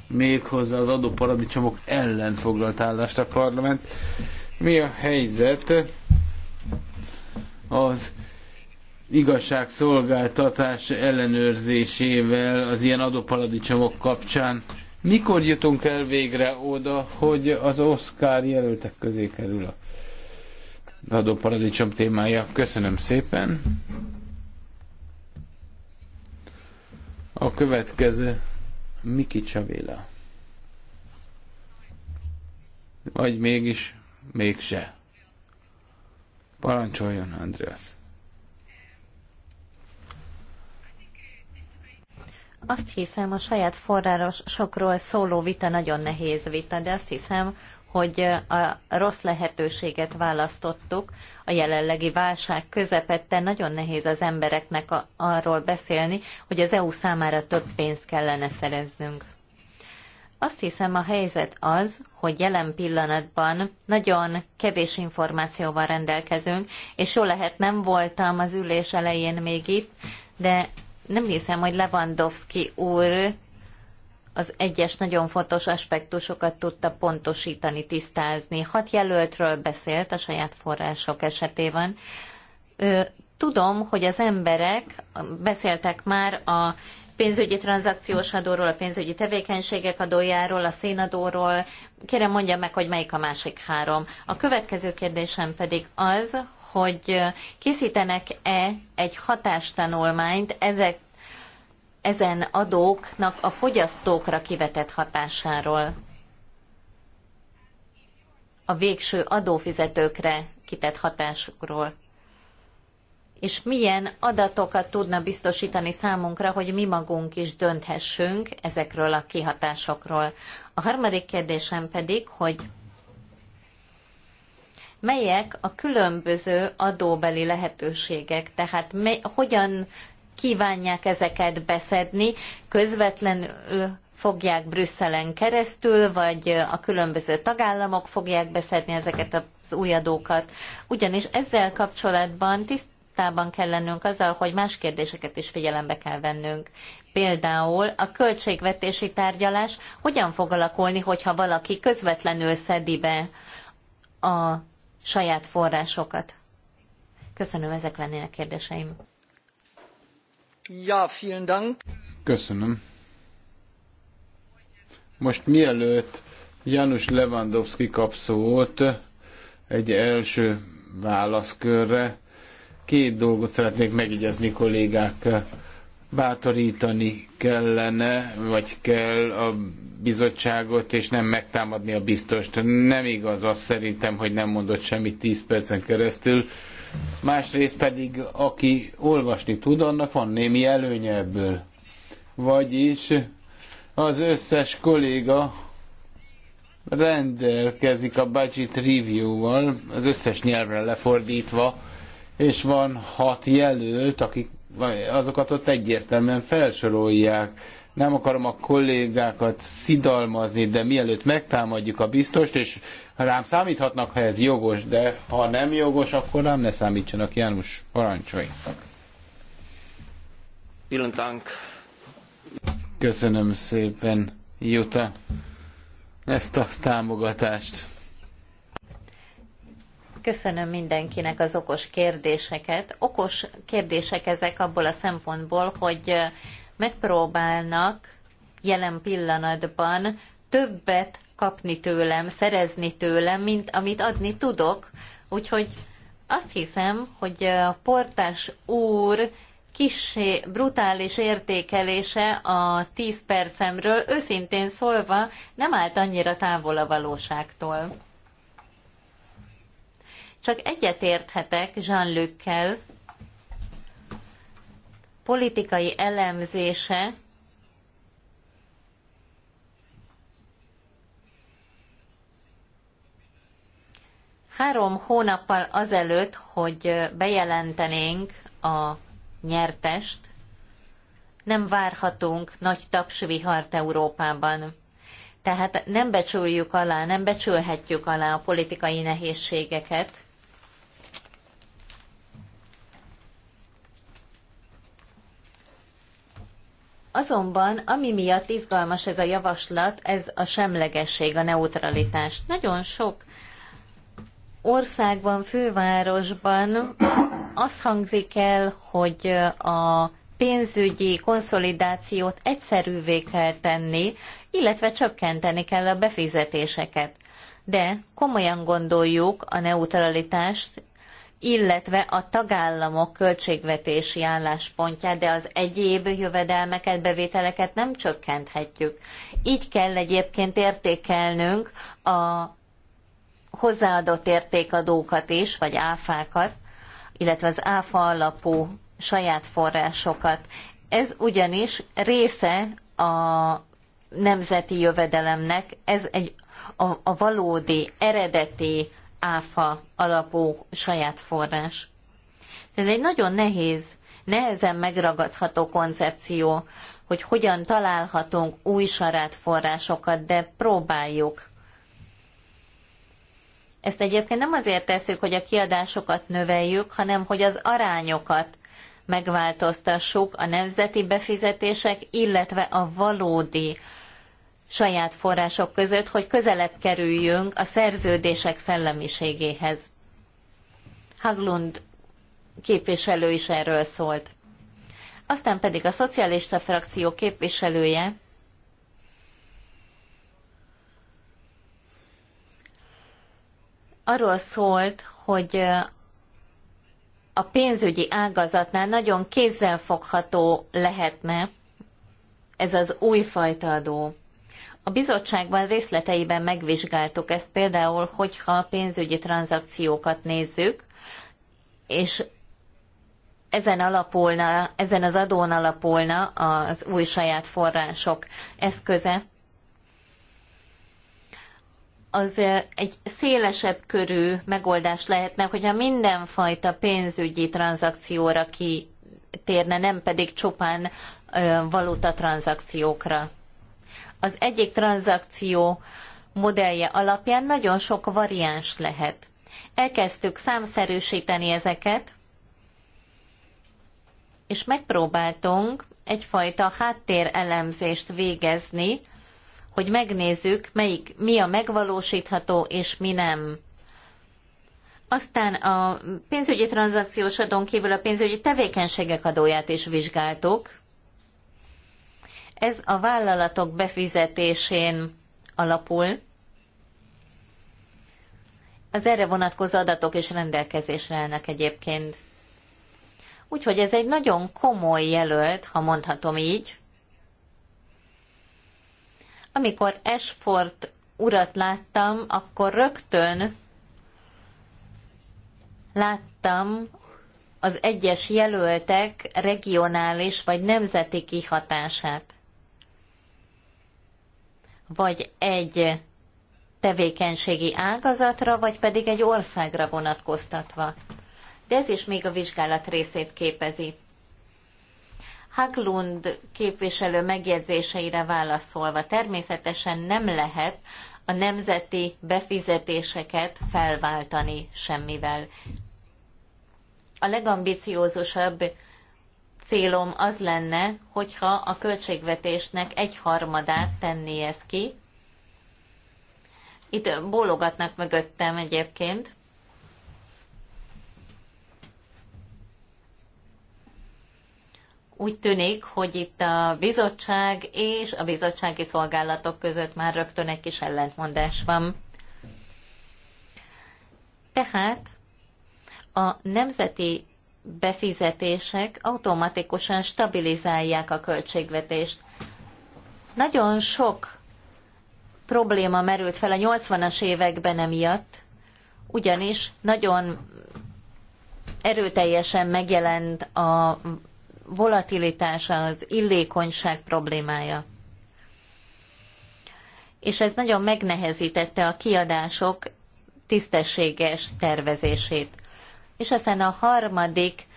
méghozzá az adóparadicsomok ellen foglalt állást a parlament. Mi a helyzet az igazságszolgáltatás ellenőrzésével az ilyen adóparadicsomok kapcsán? Mikor jutunk el végre oda, hogy az Oscar jelöltek közé kerül a adóparadicsom témája? Köszönöm szépen! A következő Miki Csavéla. Vagy mégis, mégse. Parancsoljon, Andreas. Azt hiszem, a saját forráros sokról szóló vita nagyon nehéz vita, de azt hiszem, hogy a rossz lehetőséget választottuk a jelenlegi válság közepette. Nagyon nehéz az embereknek a, arról beszélni, hogy az EU számára több pénzt kellene szereznünk. Azt hiszem a helyzet az, hogy jelen pillanatban nagyon kevés információval rendelkezünk, és jó lehet nem voltam az ülés elején még itt, de nem hiszem, hogy Lewandowski úr az egyes nagyon fontos aspektusokat tudta pontosítani, tisztázni. Hat jelöltről beszélt a saját források esetében. Tudom, hogy az emberek beszéltek már a pénzügyi tranzakciós adóról, a pénzügyi tevékenységek adójáról, a szénadóról. Kérem mondja meg, hogy melyik a másik három. A következő kérdésem pedig az, hogy készítenek-e egy hatástanulmányt ezek ezen adóknak a fogyasztókra kivetett hatásáról, a végső adófizetőkre kitett hatásokról. És milyen adatokat tudna biztosítani számunkra, hogy mi magunk is dönthessünk ezekről a kihatásokról. A harmadik kérdésem pedig, hogy melyek a különböző adóbeli lehetőségek, tehát hogyan kívánják ezeket beszedni, közvetlenül fogják Brüsszelen keresztül, vagy a különböző tagállamok fogják beszedni ezeket az új adókat. Ugyanis ezzel kapcsolatban tisztában kell lennünk azzal, hogy más kérdéseket is figyelembe kell vennünk. Például a költségvetési tárgyalás hogyan fog alakulni, hogyha valaki közvetlenül szedi be a saját forrásokat? Köszönöm, ezek lennének kérdéseim. Ja, vielen Dank. Köszönöm. Most mielőtt János Lewandowski kap szót egy első válaszkörre, két dolgot szeretnék megigyezni kollégák. Bátorítani kellene, vagy kell a bizottságot, és nem megtámadni a biztost. Nem igaz azt szerintem, hogy nem mondott semmit 10 percen keresztül másrészt pedig aki olvasni tud, annak van némi előnye ebből. Vagyis az összes kolléga rendelkezik a budget review-val, az összes nyelvre lefordítva, és van hat jelölt, akik azokat ott egyértelműen felsorolják nem akarom a kollégákat szidalmazni, de mielőtt megtámadjuk a biztost, és rám számíthatnak, ha ez jogos, de ha nem jogos, akkor nem ne számítsanak, János, parancsai. Pillantánk. Köszönöm szépen, Juta, ezt a támogatást. Köszönöm mindenkinek az okos kérdéseket. Okos kérdések ezek abból a szempontból, hogy megpróbálnak jelen pillanatban többet kapni tőlem, szerezni tőlem, mint amit adni tudok. Úgyhogy azt hiszem, hogy a portás úr kissé brutális értékelése a 10 percemről őszintén szólva nem állt annyira távol a valóságtól. Csak egyetérthetek Jean-Luc-kel, politikai elemzése három hónappal azelőtt, hogy bejelentenénk a nyertest, nem várhatunk nagy tapsvihart Európában. Tehát nem becsüljük alá, nem becsülhetjük alá a politikai nehézségeket, Azonban, ami miatt izgalmas ez a javaslat, ez a semlegesség, a neutralitás. Nagyon sok országban, fővárosban azt hangzik el, hogy a pénzügyi konszolidációt egyszerűvé kell tenni, illetve csökkenteni kell a befizetéseket. De komolyan gondoljuk a neutralitást, illetve a tagállamok költségvetési álláspontját, de az egyéb jövedelmeket, bevételeket nem csökkenthetjük. Így kell egyébként értékelnünk a hozzáadott értékadókat is, vagy áfákat, illetve az áfa alapú saját forrásokat. Ez ugyanis része a nemzeti jövedelemnek, ez egy a, a valódi, eredeti áfa alapú saját forrás. Ez egy nagyon nehéz, nehezen megragadható koncepció, hogy hogyan találhatunk új sarát forrásokat, de próbáljuk. Ezt egyébként nem azért tesszük, hogy a kiadásokat növeljük, hanem hogy az arányokat megváltoztassuk a nemzeti befizetések, illetve a valódi saját források között, hogy közelebb kerüljünk a szerződések szellemiségéhez. Haglund képviselő is erről szólt. Aztán pedig a szocialista frakció képviselője arról szólt, hogy a pénzügyi ágazatnál nagyon kézzelfogható lehetne ez az újfajta adó. A bizottságban részleteiben megvizsgáltuk ezt például, hogyha pénzügyi tranzakciókat nézzük, és ezen alapulna, ezen az adón alapulna az új saját források eszköze, az egy szélesebb körű megoldás lehetne, hogyha mindenfajta pénzügyi tranzakcióra kitérne, nem pedig csupán valuta tranzakciókra az egyik tranzakció modellje alapján nagyon sok variáns lehet. Elkezdtük számszerűsíteni ezeket, és megpróbáltunk egyfajta háttérelemzést végezni, hogy megnézzük, melyik, mi a megvalósítható és mi nem. Aztán a pénzügyi tranzakciós adón kívül a pénzügyi tevékenységek adóját is vizsgáltuk, ez a vállalatok befizetésén alapul. Az erre vonatkozó adatok is rendelkezésre állnak egyébként. Úgyhogy ez egy nagyon komoly jelölt, ha mondhatom így. Amikor Esfort urat láttam, akkor rögtön láttam az egyes jelöltek regionális vagy nemzeti kihatását vagy egy tevékenységi ágazatra, vagy pedig egy országra vonatkoztatva. De ez is még a vizsgálat részét képezi. Haglund képviselő megjegyzéseire válaszolva természetesen nem lehet a nemzeti befizetéseket felváltani semmivel. A legambiciózusabb célom az lenne, hogyha a költségvetésnek egy harmadát tenné ez ki. Itt bólogatnak mögöttem egyébként. Úgy tűnik, hogy itt a bizottság és a bizottsági szolgálatok között már rögtön egy kis ellentmondás van. Tehát a nemzeti befizetések automatikusan stabilizálják a költségvetést. Nagyon sok probléma merült fel a 80-as években emiatt, ugyanis nagyon erőteljesen megjelent a volatilitás, az illékonyság problémája. És ez nagyon megnehezítette a kiadások tisztességes tervezését. És aztán a harmadik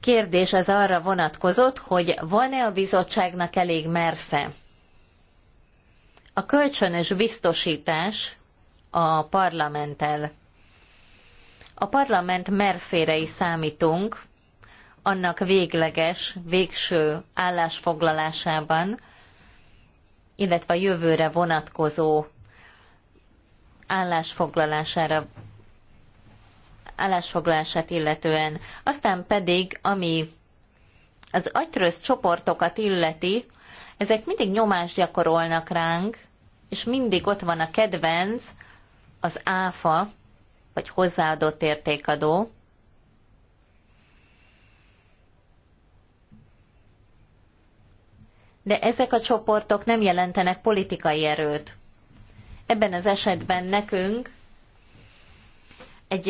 kérdés az arra vonatkozott, hogy van-e a bizottságnak elég mersze? A kölcsönös biztosítás a parlamenttel. A parlament merszére is számítunk, annak végleges, végső állásfoglalásában, illetve a jövőre vonatkozó állásfoglalására állásfoglalását illetően. Aztán pedig, ami az agytrözt csoportokat illeti, ezek mindig nyomást gyakorolnak ránk, és mindig ott van a kedvenc, az áfa, vagy hozzáadott értékadó. De ezek a csoportok nem jelentenek politikai erőt. Ebben az esetben nekünk egy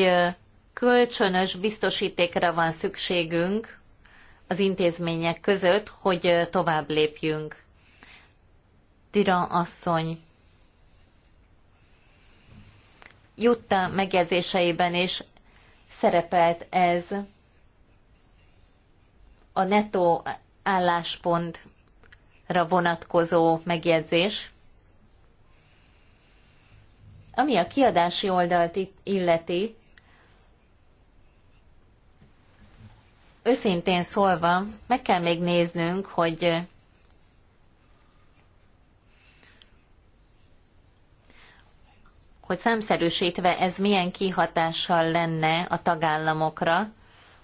kölcsönös biztosítékre van szükségünk az intézmények között, hogy tovább lépjünk. Tira asszony Jutta megjegyzéseiben is szerepelt ez a netó álláspontra vonatkozó megjegyzés. Ami a kiadási oldalt illeti, őszintén szólva, meg kell még néznünk, hogy hogy számszerűsítve ez milyen kihatással lenne a tagállamokra,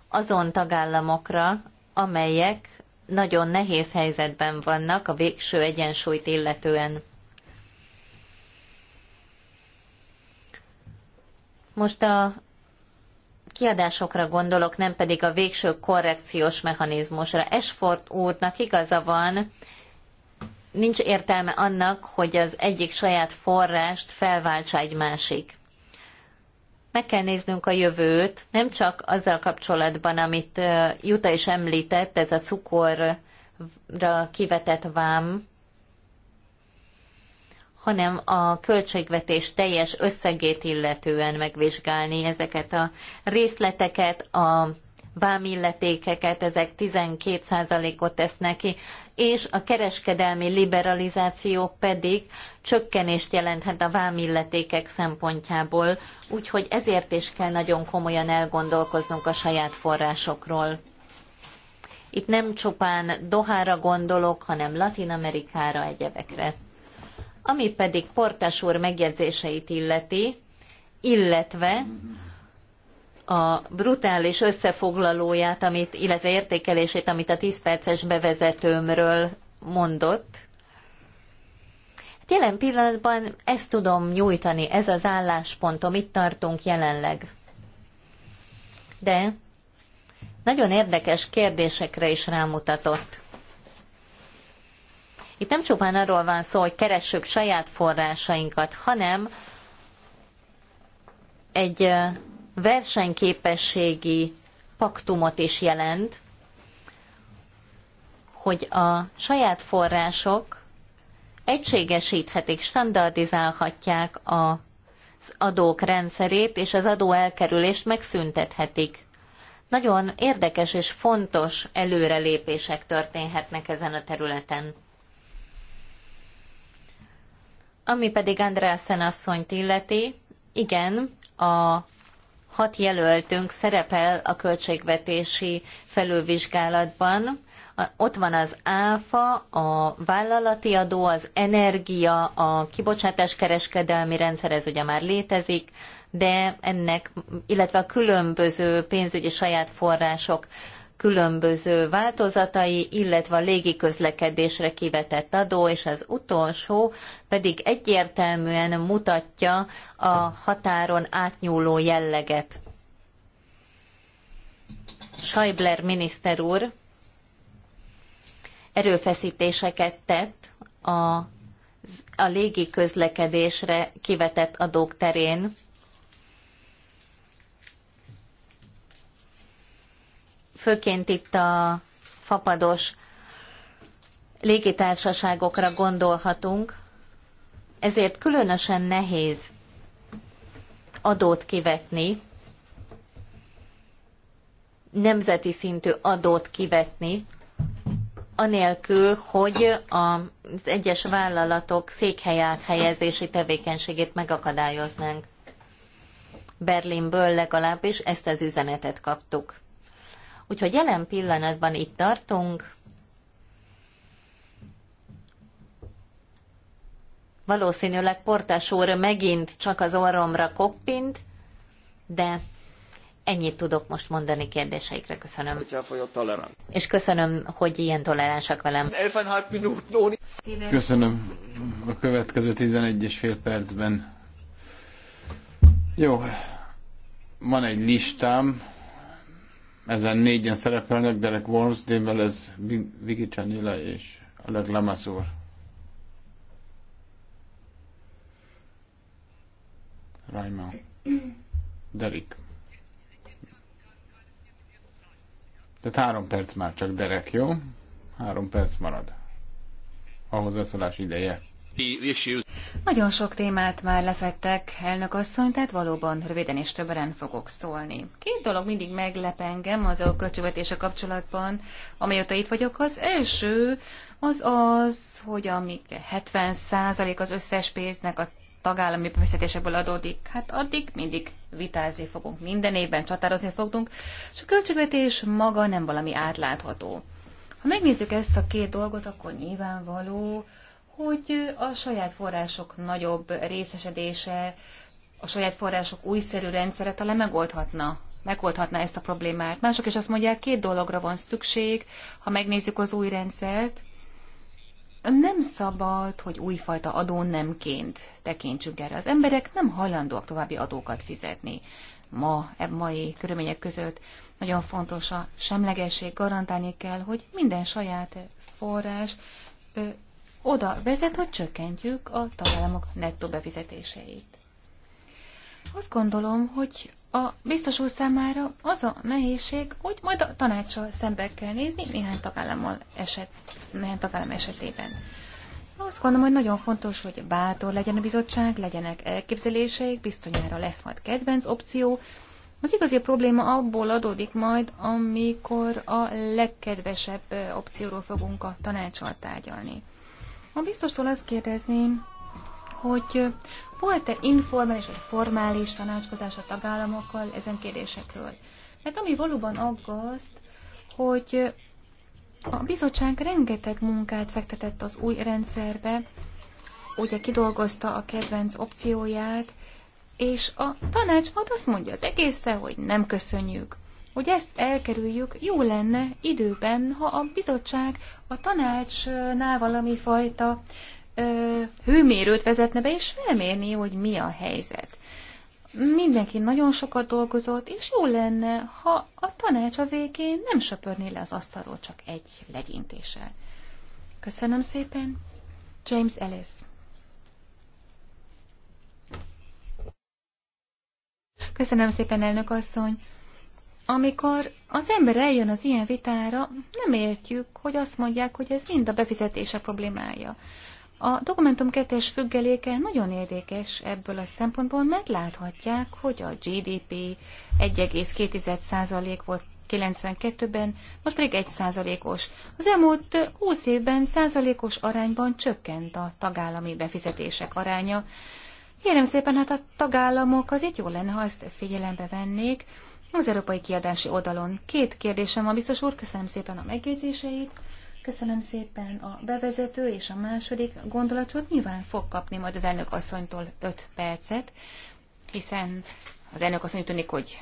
azon tagállamokra, amelyek nagyon nehéz helyzetben vannak a végső egyensúlyt illetően. Most a kiadásokra gondolok, nem pedig a végső korrekciós mechanizmusra. Esfort úrnak igaza van, nincs értelme annak, hogy az egyik saját forrást felváltsa egy másik. Meg kell néznünk a jövőt, nem csak azzal kapcsolatban, amit Juta is említett, ez a cukorra kivetett vám, hanem a költségvetés teljes összegét illetően megvizsgálni ezeket a részleteket, a vámilletékeket, ezek 12%-ot tesznek ki, és a kereskedelmi liberalizáció pedig csökkenést jelenthet a vámilletékek szempontjából, úgyhogy ezért is kell nagyon komolyan elgondolkoznunk a saját forrásokról. Itt nem csupán Dohára gondolok, hanem Latin Amerikára, egyebekre. Ami pedig Portas úr megjegyzéseit illeti, illetve a brutális összefoglalóját, amit, illetve értékelését, amit a 10 perces bevezetőmről mondott. Hát jelen pillanatban ezt tudom nyújtani, ez az álláspontom, itt tartunk jelenleg. De nagyon érdekes kérdésekre is rámutatott. Itt nem csupán arról van szó, hogy keressük saját forrásainkat, hanem egy versenyképességi paktumot is jelent, hogy a saját források egységesíthetik, standardizálhatják az adók rendszerét, és az adó elkerülést megszüntethetik. Nagyon érdekes és fontos előrelépések történhetnek ezen a területen. Ami pedig Andrásen asszonyt illeti, igen, a hat jelöltünk szerepel a költségvetési felülvizsgálatban. Ott van az ÁFA, a vállalati adó, az energia, a kibocsátáskereskedelmi rendszer, ez ugye már létezik, de ennek, illetve a különböző pénzügyi saját források különböző változatai, illetve a légiközlekedésre kivetett adó, és az utolsó pedig egyértelműen mutatja a határon átnyúló jelleget. Schäubler miniszter úr erőfeszítéseket tett a, a légiközlekedésre kivetett adók terén, főként itt a fapados légitársaságokra gondolhatunk, ezért különösen nehéz adót kivetni, nemzeti szintű adót kivetni, anélkül, hogy az egyes vállalatok székhely áthelyezési tevékenységét megakadályoznánk. Berlinből legalábbis ezt az üzenetet kaptuk. Úgyhogy jelen pillanatban itt tartunk. Valószínűleg Portás úr megint csak az orromra koppint, de ennyit tudok most mondani kérdéseikre. Köszönöm. És köszönöm, hogy ilyen toleránsak velem. Köszönöm. A következő 11 és fél percben. Jó. Van egy listám, ezen négyen szerepelnek, Derek Wormsdale, ez Vigi Csanila és Alec Lamassur. Rajma. Derek. Tehát három perc már csak Derek, jó? Három perc marad. Ahhoz A hozzászólás ideje. Nagyon sok témát már lefettek, elnök asszony, tehát valóban röviden és többen fogok szólni. Két dolog mindig meglep engem az a költségvetése kapcsolatban, amióta itt vagyok. Az első az az, hogy amíg 70% az összes pénznek a tagállami befizetéseből adódik, hát addig mindig vitázni fogunk, minden évben csatározni fogunk, és a költségvetés maga nem valami átlátható. Ha megnézzük ezt a két dolgot, akkor nyilvánvaló, hogy a saját források nagyobb részesedése, a saját források újszerű rendszere talán megoldhatna megoldhatná ezt a problémát. Mások is azt mondják, két dologra van szükség, ha megnézzük az új rendszert. Nem szabad, hogy újfajta adó nemként tekintsünk erre. Az emberek nem hajlandóak további adókat fizetni. Ma, ebb mai körülmények között nagyon fontos a semlegesség, garantálni kell, hogy minden saját forrás oda vezet, hogy csökkentjük a tagállamok nettó befizetéseit. Azt gondolom, hogy a biztos úr számára az a nehézség, hogy majd a tanácssal szembe kell nézni néhány, tagállammal eset, néhány tagállam esetében. Azt gondolom, hogy nagyon fontos, hogy bátor legyen a bizottság, legyenek elképzeléseik, biztonyára lesz majd kedvenc opció. Az igazi probléma abból adódik majd, amikor a legkedvesebb opcióról fogunk a tanácssal tárgyalni. A biztostól azt kérdezném, hogy volt-e informális vagy formális tanácskozás a tagállamokkal ezen kérdésekről? Mert ami valóban aggaszt, hogy a bizottság rengeteg munkát fektetett az új rendszerbe, ugye kidolgozta a kedvenc opcióját, és a tanács azt mondja az egészre, hogy nem köszönjük. Hogy ezt elkerüljük, jó lenne időben, ha a bizottság a tanácsnál valami fajta ö, hőmérőt vezetne be, és felmérni, hogy mi a helyzet. Mindenki nagyon sokat dolgozott, és jó lenne, ha a tanács a végén nem söpörné le az asztalról csak egy legyintéssel. Köszönöm szépen. James Ellis. Köszönöm szépen, elnök asszony amikor az ember eljön az ilyen vitára, nem értjük, hogy azt mondják, hogy ez mind a befizetése problémája. A dokumentum kettes függeléke nagyon érdekes ebből a szempontból, mert láthatják, hogy a GDP 1,2% volt 92-ben, most pedig 1%-os. Az elmúlt 20 évben százalékos arányban csökkent a tagállami befizetések aránya. Kérem szépen, hát a tagállamok azért jó lenne, ha ezt figyelembe vennék, az európai kiadási oldalon. Két kérdésem van, biztos úr, köszönöm szépen a megjegyzéseit, köszönöm szépen a bevezető és a második gondolatot. Nyilván fog kapni majd az elnök asszonytól 5 percet, hiszen az elnök asszony tűnik, hogy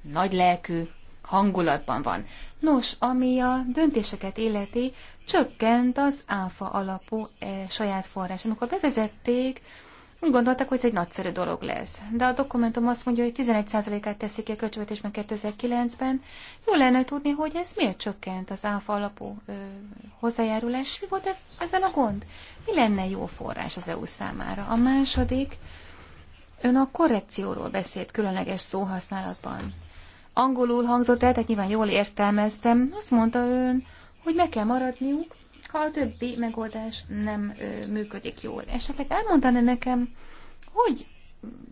nagy lelkű, hangulatban van. Nos, ami a döntéseket illeti, csökkent az áfa alapú e, saját forrás. Amikor bevezették, Gondolták, hogy ez egy nagyszerű dolog lesz. De a dokumentum azt mondja, hogy 11%-át teszik ki a költségvetésben 2009-ben. Jó lenne tudni, hogy ez miért csökkent az áfa alapú ö, hozzájárulás. Mi volt ezzel a gond? Mi lenne jó forrás az EU számára? A második, ön a korrekcióról beszélt különleges szóhasználatban. Angolul hangzott el, tehát nyilván jól értelmeztem. Azt mondta ön, hogy meg kell maradniuk ha a többi megoldás nem ö, működik jól. Esetleg elmondaná nekem, hogy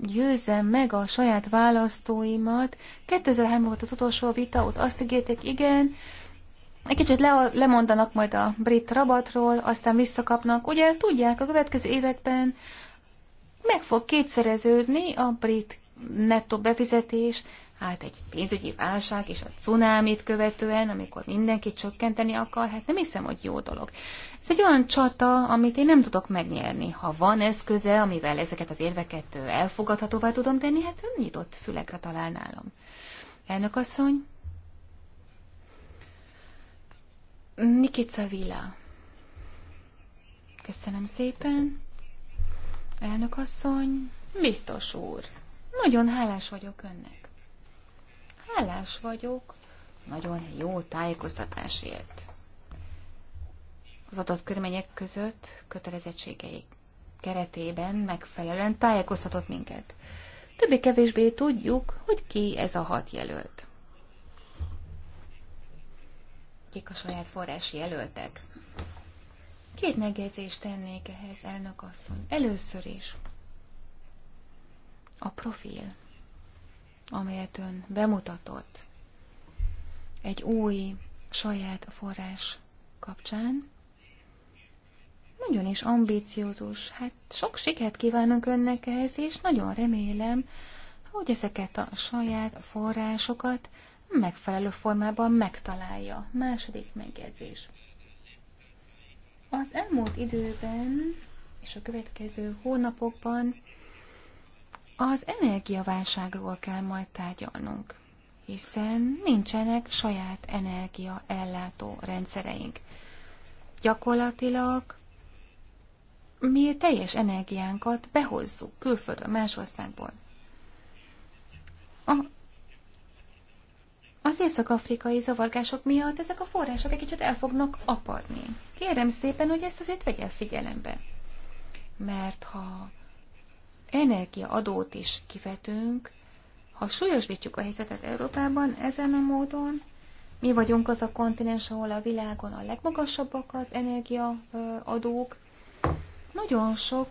győzzem meg a saját választóimat. 2003 volt az utolsó vita, ott azt ígérték, igen, egy kicsit le, lemondanak majd a brit rabatról, aztán visszakapnak. Ugye tudják, a következő években meg fog kétszereződni a brit nettó befizetés, át egy pénzügyi válság és a cunámit követően, amikor mindenki csökkenteni akar, hát nem hiszem, hogy jó dolog. Ez egy olyan csata, amit én nem tudok megnyerni. Ha van eszköze, amivel ezeket az érveket elfogadhatóvá tudom tenni, hát nyitott fülekre talál nálam. Elnök asszony, Nikica Vila. Köszönöm szépen. Elnök asszony, biztos úr, nagyon hálás vagyok önnek. Hálás vagyok nagyon jó tájékoztatásért. Az adott körmények között kötelezettségei keretében megfelelően tájékoztatott minket. Többé-kevésbé tudjuk, hogy ki ez a hat jelölt. Kik a saját forrási jelöltek. Két megjegyzést tennék ehhez, elnök asszony. Először is a profil amelyet ön bemutatott egy új saját forrás kapcsán, nagyon is ambíciózus. Hát sok sikert kívánunk önnek ehhez, és nagyon remélem, hogy ezeket a saját forrásokat megfelelő formában megtalálja. Második megjegyzés. Az elmúlt időben és a következő hónapokban az energiaválságról kell majd tárgyalnunk, hiszen nincsenek saját energiaellátó rendszereink. Gyakorlatilag mi teljes energiánkat behozzuk külföldön, más országból. A, az észak-afrikai zavargások miatt ezek a források egy kicsit el fognak apadni. Kérem szépen, hogy ezt azért vegye figyelembe. Mert ha energiaadót is kifetünk, ha súlyosbítjuk a helyzetet Európában ezen a módon, mi vagyunk az a kontinens, ahol a világon a legmagasabbak az energiaadók. Nagyon sok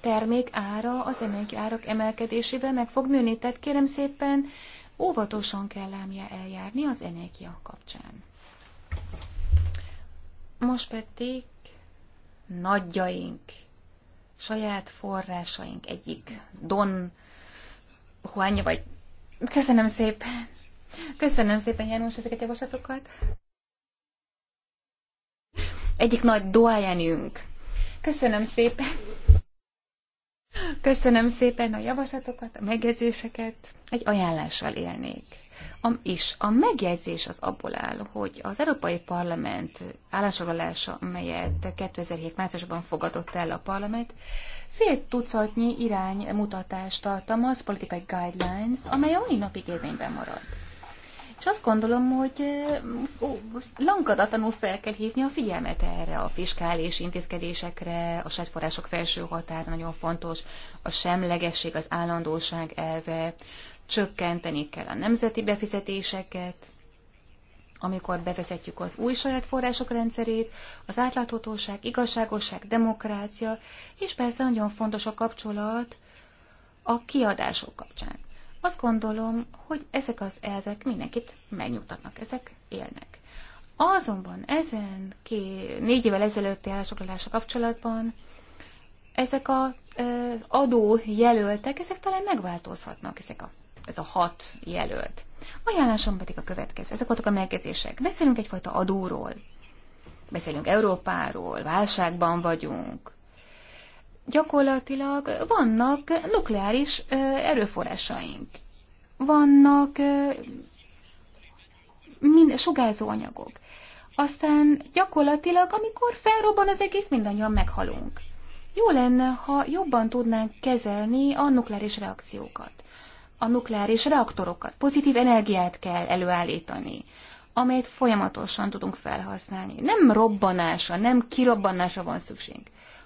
termék ára az energiaárak emelkedésével meg fog nőni, tehát kérem szépen óvatosan kell ámja eljárni az energia kapcsán. Most pedig nagyjaink saját forrásaink egyik Don Juanja, vagy köszönöm szépen. Köszönöm szépen, János, ezeket javaslatokat. Egyik nagy doájánünk. Köszönöm szépen. Köszönöm szépen a javaslatokat, a megjegyzéseket. Egy ajánlással élnék. A, és a megjegyzés az abból áll, hogy az Európai Parlament állásolása, amelyet 2007 márciusban fogadott el a parlament, fél tucatnyi iránymutatást tartalmaz, politikai guidelines, amely a mai napig érvényben marad. És azt gondolom, hogy ó, lankadatlanul fel kell hívni a figyelmet erre, a fiskális intézkedésekre, a sajtforrások felső határ nagyon fontos, a semlegesség, az állandóság elve, csökkenteni kell a nemzeti befizetéseket, amikor bevezetjük az új saját források rendszerét, az átláthatóság, igazságosság, demokrácia, és persze nagyon fontos a kapcsolat a kiadások kapcsán. Azt gondolom, hogy ezek az elvek mindenkit megnyugtatnak, ezek élnek. Azonban ezen ki négy évvel ezelőtti állásfoglalása kapcsolatban ezek az adó jelöltek, ezek talán megváltozhatnak, ezek a, ez a hat jelölt. Ajánlásom pedig a következő. Ezek voltak a megkezések. Beszélünk egyfajta adóról. Beszélünk Európáról, válságban vagyunk, gyakorlatilag vannak nukleáris erőforrásaink. Vannak minden sugárzó anyagok. Aztán gyakorlatilag, amikor felrobban az egész, mindannyian meghalunk. Jó lenne, ha jobban tudnánk kezelni a nukleáris reakciókat. A nukleáris reaktorokat, pozitív energiát kell előállítani, amelyet folyamatosan tudunk felhasználni. Nem robbanása, nem kirobbanása van szükség,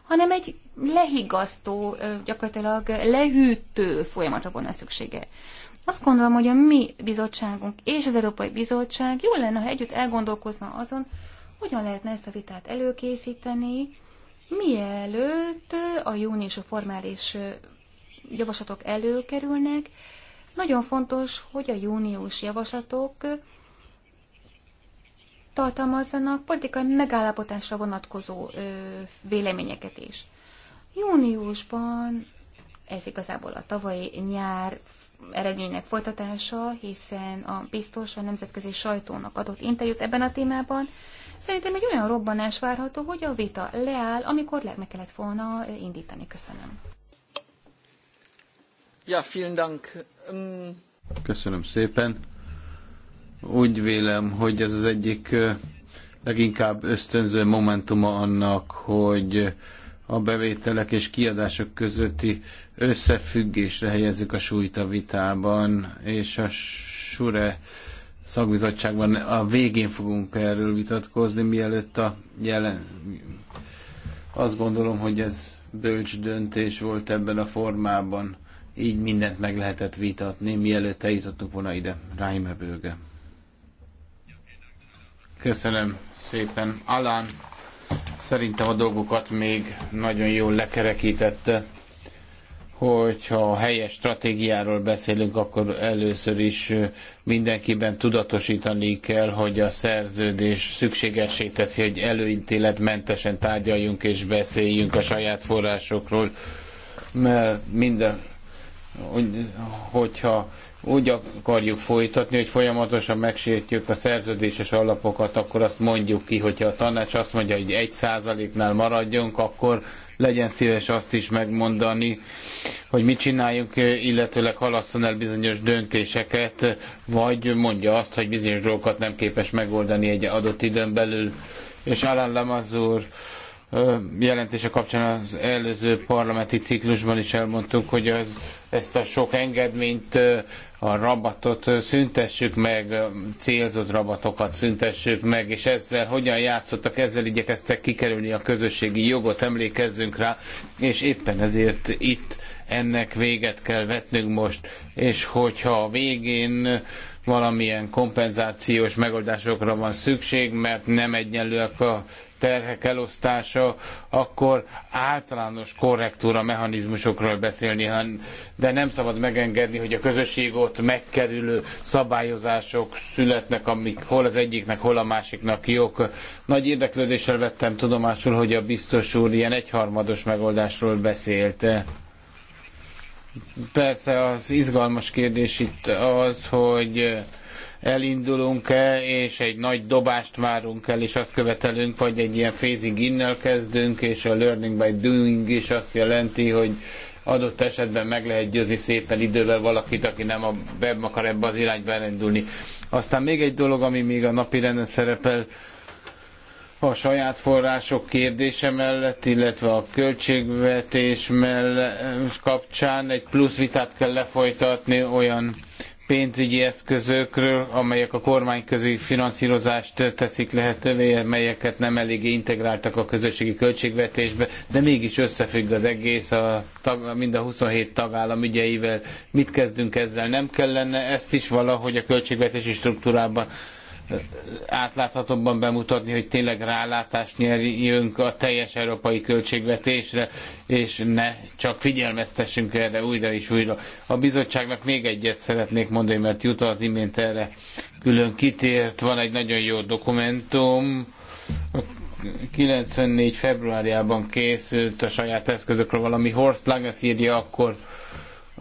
hanem egy lehigasztó, gyakorlatilag lehűtő folyamatra volna szüksége. Azt gondolom, hogy a mi bizottságunk és az Európai Bizottság jól lenne, ha együtt elgondolkozna azon, hogyan lehetne ezt a vitát előkészíteni, mielőtt a a formális javaslatok előkerülnek. Nagyon fontos, hogy a június javaslatok tartalmazzanak politikai megállapotásra vonatkozó véleményeket is. Júniusban ez igazából a tavalyi nyár eredménynek folytatása, hiszen a biztos a nemzetközi sajtónak adott interjút ebben a témában. Szerintem egy olyan robbanás várható, hogy a vita leáll, amikor le meg kellett volna indítani. Köszönöm. Ja, vielen Dank. Um... Köszönöm szépen. Úgy vélem, hogy ez az egyik leginkább ösztönző momentuma annak, hogy a bevételek és kiadások közötti összefüggésre helyezzük a súlyt a vitában, és a SURE szakbizottságban a végén fogunk erről vitatkozni, mielőtt a jelen... Azt gondolom, hogy ez bölcs döntés volt ebben a formában, így mindent meg lehetett vitatni, mielőtt eljutottunk volna ide. Rájme Bőge. Köszönöm szépen. Alán. Szerintem a dolgokat még nagyon jól lekerekítette hogyha a helyes stratégiáról beszélünk, akkor először is mindenkiben tudatosítani kell, hogy a szerződés szükségessé teszi, hogy előítéletmentesen tárgyaljunk és beszéljünk a saját forrásokról, mert minden, hogyha úgy akarjuk folytatni, hogy folyamatosan megsértjük a szerződéses alapokat, akkor azt mondjuk ki, hogyha a tanács azt mondja, hogy egy százaléknál maradjunk, akkor legyen szíves azt is megmondani, hogy mit csináljunk, illetőleg halasszon el bizonyos döntéseket, vagy mondja azt, hogy bizonyos dolgokat nem képes megoldani egy adott időn belül. És Alan Lamazur jelentése kapcsán az előző parlamenti ciklusban is elmondtuk, hogy az ezt a sok engedményt, a rabatot szüntessük meg, célzott rabatokat szüntessük meg, és ezzel hogyan játszottak, ezzel igyekeztek kikerülni a közösségi jogot, emlékezzünk rá, és éppen ezért itt ennek véget kell vetnünk most, és hogyha a végén valamilyen kompenzációs megoldásokra van szükség, mert nem egyenlőek a terhek elosztása, akkor általános korrektúra mechanizmusokról beszélni, de nem szabad megengedni, hogy a közösség ott megkerülő szabályozások születnek, amik hol az egyiknek, hol a másiknak jók. Nagy érdeklődéssel vettem tudomásul, hogy a biztos úr ilyen egyharmados megoldásról beszélt. Persze az izgalmas kérdés itt az, hogy elindulunk-e, és egy nagy dobást várunk el, és azt követelünk, vagy egy ilyen phasing innel kezdünk, és a learning by doing is azt jelenti, hogy adott esetben meg lehet győzni szépen idővel valakit, aki nem a, web akar ebbe az irányba elindulni. Aztán még egy dolog, ami még a napi renden szerepel, a saját források kérdése mellett, illetve a költségvetés mellett kapcsán egy plusz vitát kell lefolytatni olyan pénzügyi eszközökről, amelyek a kormányközi finanszírozást teszik lehetővé, melyeket nem eléggé integráltak a közösségi költségvetésbe, de mégis összefügg az egész a tag, mind a 27 tagállam ügyeivel. Mit kezdünk ezzel? Nem kellene ezt is valahogy a költségvetési struktúrában átláthatóbban bemutatni, hogy tényleg rálátást nyerjünk a teljes európai költségvetésre, és ne csak figyelmeztessünk erre újra és újra. A bizottságnak még egyet szeretnék mondani, mert Juta az imént erre külön kitért. Van egy nagyon jó dokumentum, 94. februárjában készült a saját eszközökről valami Horst Langes írja akkor,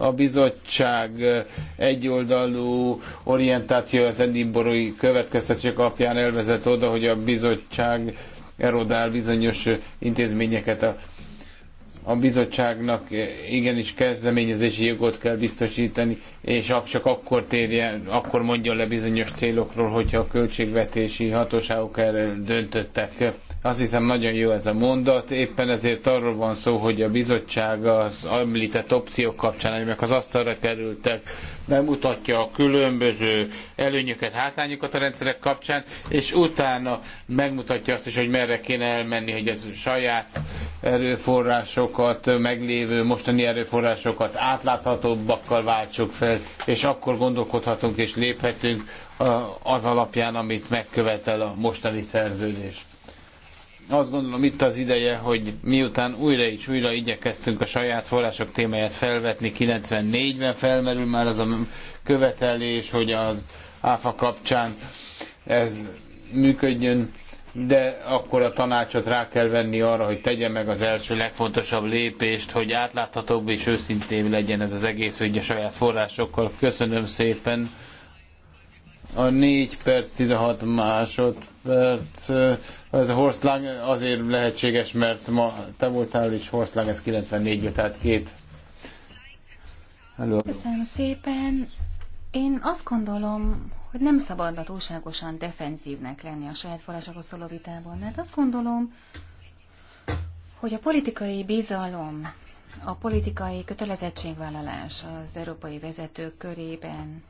a bizottság egyoldalú orientáció az edinborói következtetések alapján elvezet oda, hogy a bizottság erodál bizonyos intézményeket a a bizottságnak igenis kezdeményezési jogot kell biztosítani, és csak akkor térjen, akkor mondjon le bizonyos célokról, hogyha a költségvetési hatóságok erre döntöttek. Azt hiszem nagyon jó ez a mondat, éppen ezért arról van szó, hogy a bizottság az említett opciók kapcsán, amelyek az asztalra kerültek, bemutatja a különböző előnyöket, hátrányokat a rendszerek kapcsán, és utána megmutatja azt is, hogy merre kéne elmenni, hogy ez saját erőforrásokat, meglévő mostani erőforrásokat átláthatóbbakkal váltsuk fel, és akkor gondolkodhatunk és léphetünk az alapján, amit megkövetel a mostani szerződés azt gondolom itt az ideje, hogy miután újra és újra igyekeztünk a saját források témáját felvetni, 94-ben felmerül már az a követelés, hogy az áfa kapcsán ez működjön, de akkor a tanácsot rá kell venni arra, hogy tegye meg az első legfontosabb lépést, hogy átláthatóbb és őszintén legyen ez az egész ügy a saját forrásokkal. Köszönöm szépen! a 4 perc 16 másodperc, ez a Horst Lang azért lehetséges, mert ma te voltál is Horst Lang, ez 94-ben, tehát két Hello. Köszönöm szépen. Én azt gondolom, hogy nem szabadna túlságosan defenzívnek lenni a saját forrásokhoz szóló vitában, mert azt gondolom, hogy a politikai bizalom, a politikai kötelezettségvállalás az európai vezetők körében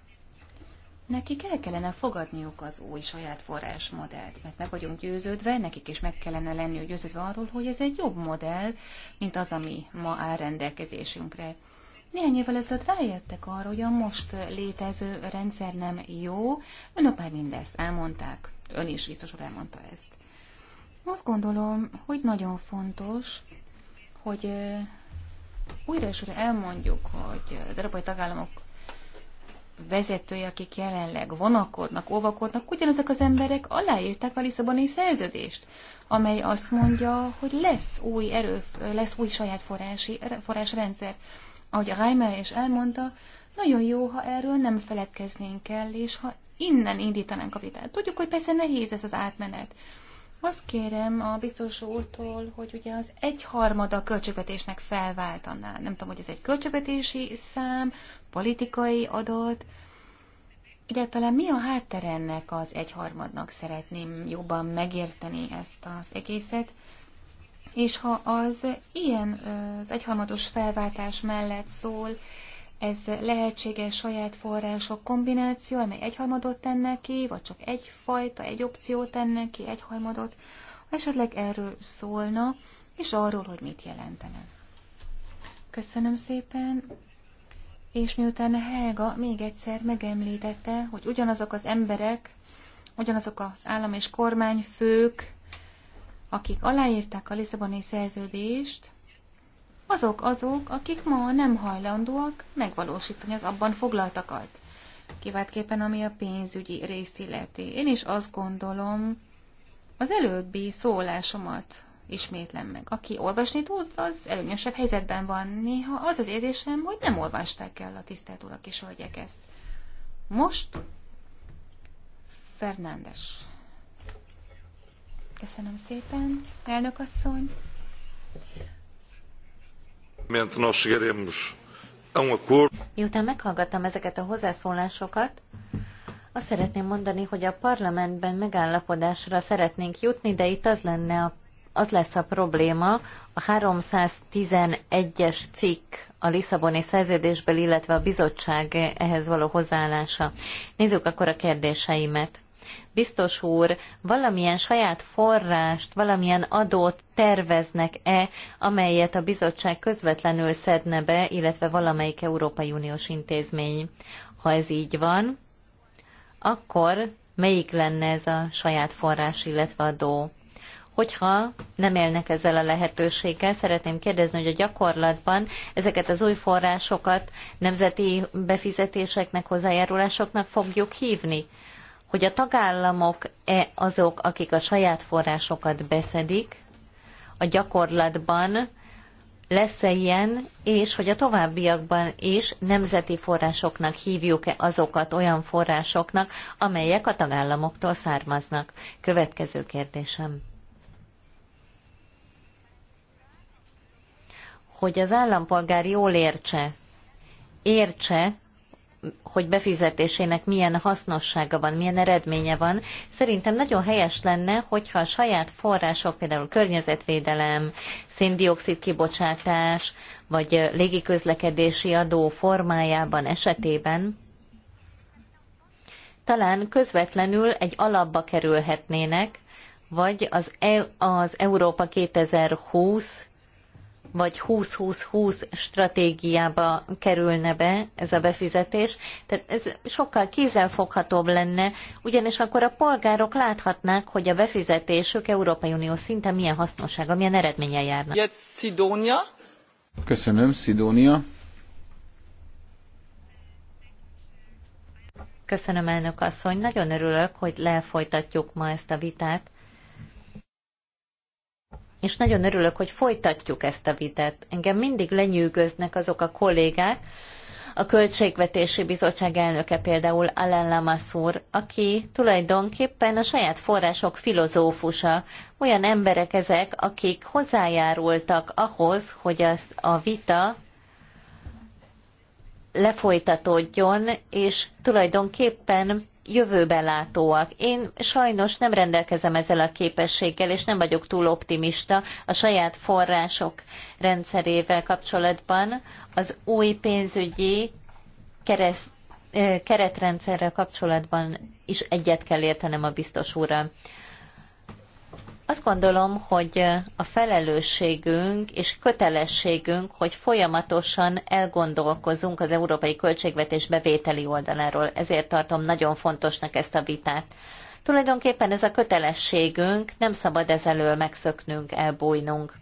nekik el kellene fogadniuk az új saját forrásmodellt, mert meg vagyunk győződve, nekik is meg kellene lenniük győződve arról, hogy ez egy jobb modell, mint az, ami ma áll rendelkezésünkre. Néhány évvel ezelőtt rájöttek arra, hogy a most létező rendszer nem jó. Önök már mindezt elmondták. Ön is biztos, hogy elmondta ezt. Azt gondolom, hogy nagyon fontos, hogy újra és újra elmondjuk, hogy az európai tagállamok vezetői, akik jelenleg vonakodnak, óvakodnak, ugyanazok az emberek aláírták a Lisszaboni szerződést, amely azt mondja, hogy lesz új erő, lesz új saját forrási, forrásrendszer. Ahogy a Reimer is elmondta, nagyon jó, ha erről nem feledkeznénk el, és ha innen indítanánk a vitát. Tudjuk, hogy persze nehéz ez az átmenet. Azt kérem a biztos úrtól, hogy ugye az egyharmada a költségvetésnek felváltaná. Nem tudom, hogy ez egy költségvetési szám, politikai adat. Egyáltalán mi a háttere ennek az egyharmadnak? Szeretném jobban megérteni ezt az egészet. És ha az ilyen az egyharmados felváltás mellett szól, ez lehetséges saját források kombináció, amely egyharmadot tenne ki, vagy csak egyfajta, egy opciót tenne ki, egyharmadot, esetleg erről szólna, és arról, hogy mit jelentene. Köszönöm szépen és miután Helga még egyszer megemlítette, hogy ugyanazok az emberek, ugyanazok az állam és kormányfők, akik aláírták a Lisszaboni szerződést, azok azok, akik ma nem hajlandóak megvalósítani az abban foglaltakat. Kiváltképpen ami a pénzügyi részt illeti. Én is azt gondolom, az előbbi szólásomat ismétlem meg. Aki olvasni tud, az előnyösebb helyzetben van. Néha az az érzésem, hogy nem olvasták el a tisztelt urak és hölgyek ezt. Most Fernándes. Köszönöm szépen, elnök asszony. Miután meghallgattam ezeket a hozzászólásokat, azt szeretném mondani, hogy a parlamentben megállapodásra szeretnénk jutni, de itt az lenne a az lesz a probléma, a 311-es cikk a Lisszaboni szerződésből, illetve a bizottság ehhez való hozzáállása. Nézzük akkor a kérdéseimet. Biztos úr, valamilyen saját forrást, valamilyen adót terveznek-e, amelyet a bizottság közvetlenül szedne be, illetve valamelyik Európai Uniós intézmény? Ha ez így van, akkor melyik lenne ez a saját forrás, illetve adó? Hogyha nem élnek ezzel a lehetőséggel, szeretném kérdezni, hogy a gyakorlatban ezeket az új forrásokat nemzeti befizetéseknek, hozzájárulásoknak fogjuk hívni? Hogy a tagállamok-e azok, akik a saját forrásokat beszedik, a gyakorlatban lesz-e ilyen, és hogy a továbbiakban is nemzeti forrásoknak hívjuk-e azokat olyan forrásoknak, amelyek a tagállamoktól származnak. Következő kérdésem. hogy az állampolgár jól értse, értse, hogy befizetésének milyen hasznossága van, milyen eredménye van. Szerintem nagyon helyes lenne, hogyha a saját források, például környezetvédelem, széndiokszid kibocsátás, vagy légiközlekedési adó formájában esetében talán közvetlenül egy alapba kerülhetnének, vagy az, e- az Európa 2020 vagy 20-20-20 stratégiába kerülne be ez a befizetés. Tehát ez sokkal kézzelfoghatóbb lenne, ugyanis akkor a polgárok láthatnák, hogy a befizetésük Európai Unió szinten milyen hasznossága, milyen eredménye járnak. Szidónia. Köszönöm, Szidónia. Köszönöm, elnök asszony. Nagyon örülök, hogy lefolytatjuk ma ezt a vitát és nagyon örülök, hogy folytatjuk ezt a vitát. Engem mindig lenyűgöznek azok a kollégák, a Költségvetési Bizottság elnöke például Alain Lamassur, aki tulajdonképpen a saját források filozófusa. Olyan emberek ezek, akik hozzájárultak ahhoz, hogy az a vita lefolytatódjon, és tulajdonképpen jövőben látóak. Én sajnos nem rendelkezem ezzel a képességgel, és nem vagyok túl optimista a saját források rendszerével kapcsolatban. Az új pénzügyi kereszt, keretrendszerrel kapcsolatban is egyet kell értenem a biztos úrral. Azt gondolom, hogy a felelősségünk és kötelességünk, hogy folyamatosan elgondolkozunk az európai költségvetés bevételi oldaláról. Ezért tartom nagyon fontosnak ezt a vitát. Tulajdonképpen ez a kötelességünk, nem szabad ezelől megszöknünk, elbújnunk.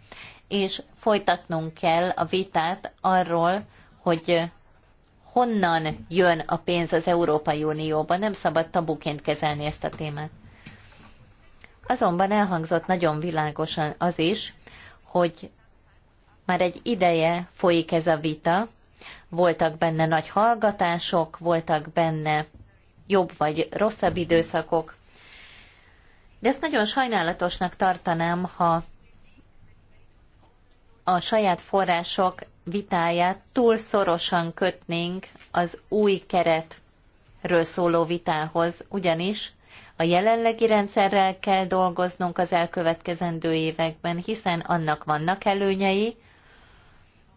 És folytatnunk kell a vitát arról, hogy honnan jön a pénz az Európai unióban. Nem szabad tabuként kezelni ezt a témát. Azonban elhangzott nagyon világosan az is, hogy már egy ideje folyik ez a vita, voltak benne nagy hallgatások, voltak benne jobb vagy rosszabb időszakok, de ezt nagyon sajnálatosnak tartanám, ha a saját források vitáját túl szorosan kötnénk az új keretről szóló vitához, ugyanis a jelenlegi rendszerrel kell dolgoznunk az elkövetkezendő években, hiszen annak vannak előnyei,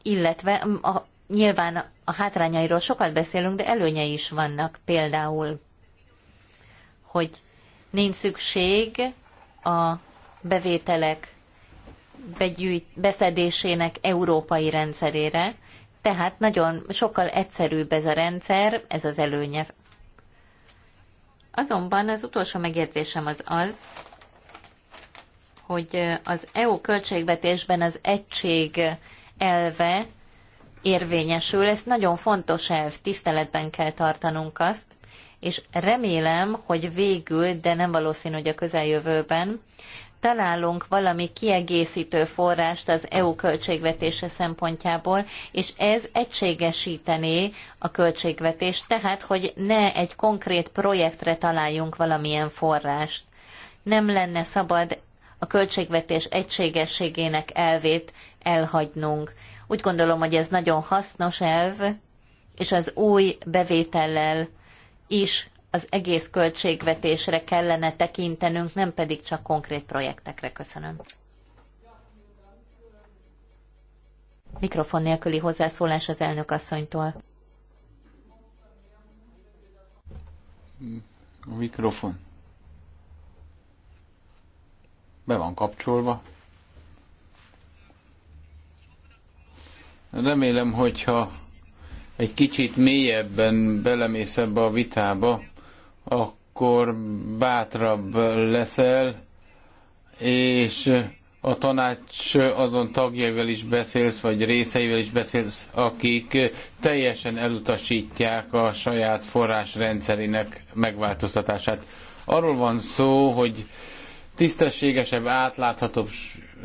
illetve a, nyilván a hátrányairól sokat beszélünk, de előnyei is vannak. Például, hogy nincs szükség a bevételek begyűjt, beszedésének európai rendszerére, tehát nagyon sokkal egyszerűbb ez a rendszer, ez az előnye Azonban az utolsó megjegyzésem az az, hogy az EU költségvetésben az egység elve érvényesül. Ez nagyon fontos elv, tiszteletben kell tartanunk azt, és remélem, hogy végül, de nem valószínű, hogy a közeljövőben találunk valami kiegészítő forrást az EU költségvetése szempontjából, és ez egységesítené a költségvetést, tehát hogy ne egy konkrét projektre találjunk valamilyen forrást. Nem lenne szabad a költségvetés egységességének elvét elhagynunk. Úgy gondolom, hogy ez nagyon hasznos elv, és az új bevétellel is az egész költségvetésre kellene tekintenünk, nem pedig csak konkrét projektekre. Köszönöm. Mikrofon nélküli hozzászólás az elnök asszonytól. A mikrofon. Be van kapcsolva. Remélem, hogyha egy kicsit mélyebben belemész ebbe a vitába, akkor bátrabb leszel, és a tanács azon tagjaival is beszélsz, vagy részeivel is beszélsz, akik teljesen elutasítják a saját forrásrendszerének megváltoztatását. Arról van szó, hogy tisztességesebb, átláthatóbb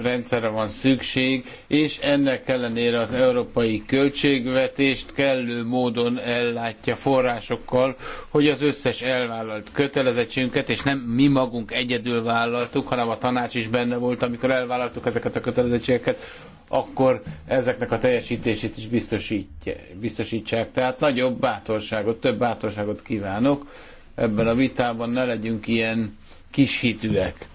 rendszerre van szükség, és ennek ellenére az európai költségvetést kellő módon ellátja forrásokkal, hogy az összes elvállalt kötelezettségünket, és nem mi magunk egyedül vállaltuk, hanem a tanács is benne volt, amikor elvállaltuk ezeket a kötelezettségeket, akkor ezeknek a teljesítését is biztosítsák. Tehát nagyobb bátorságot, több bátorságot kívánok. Ebben a vitában ne legyünk ilyen kishitűek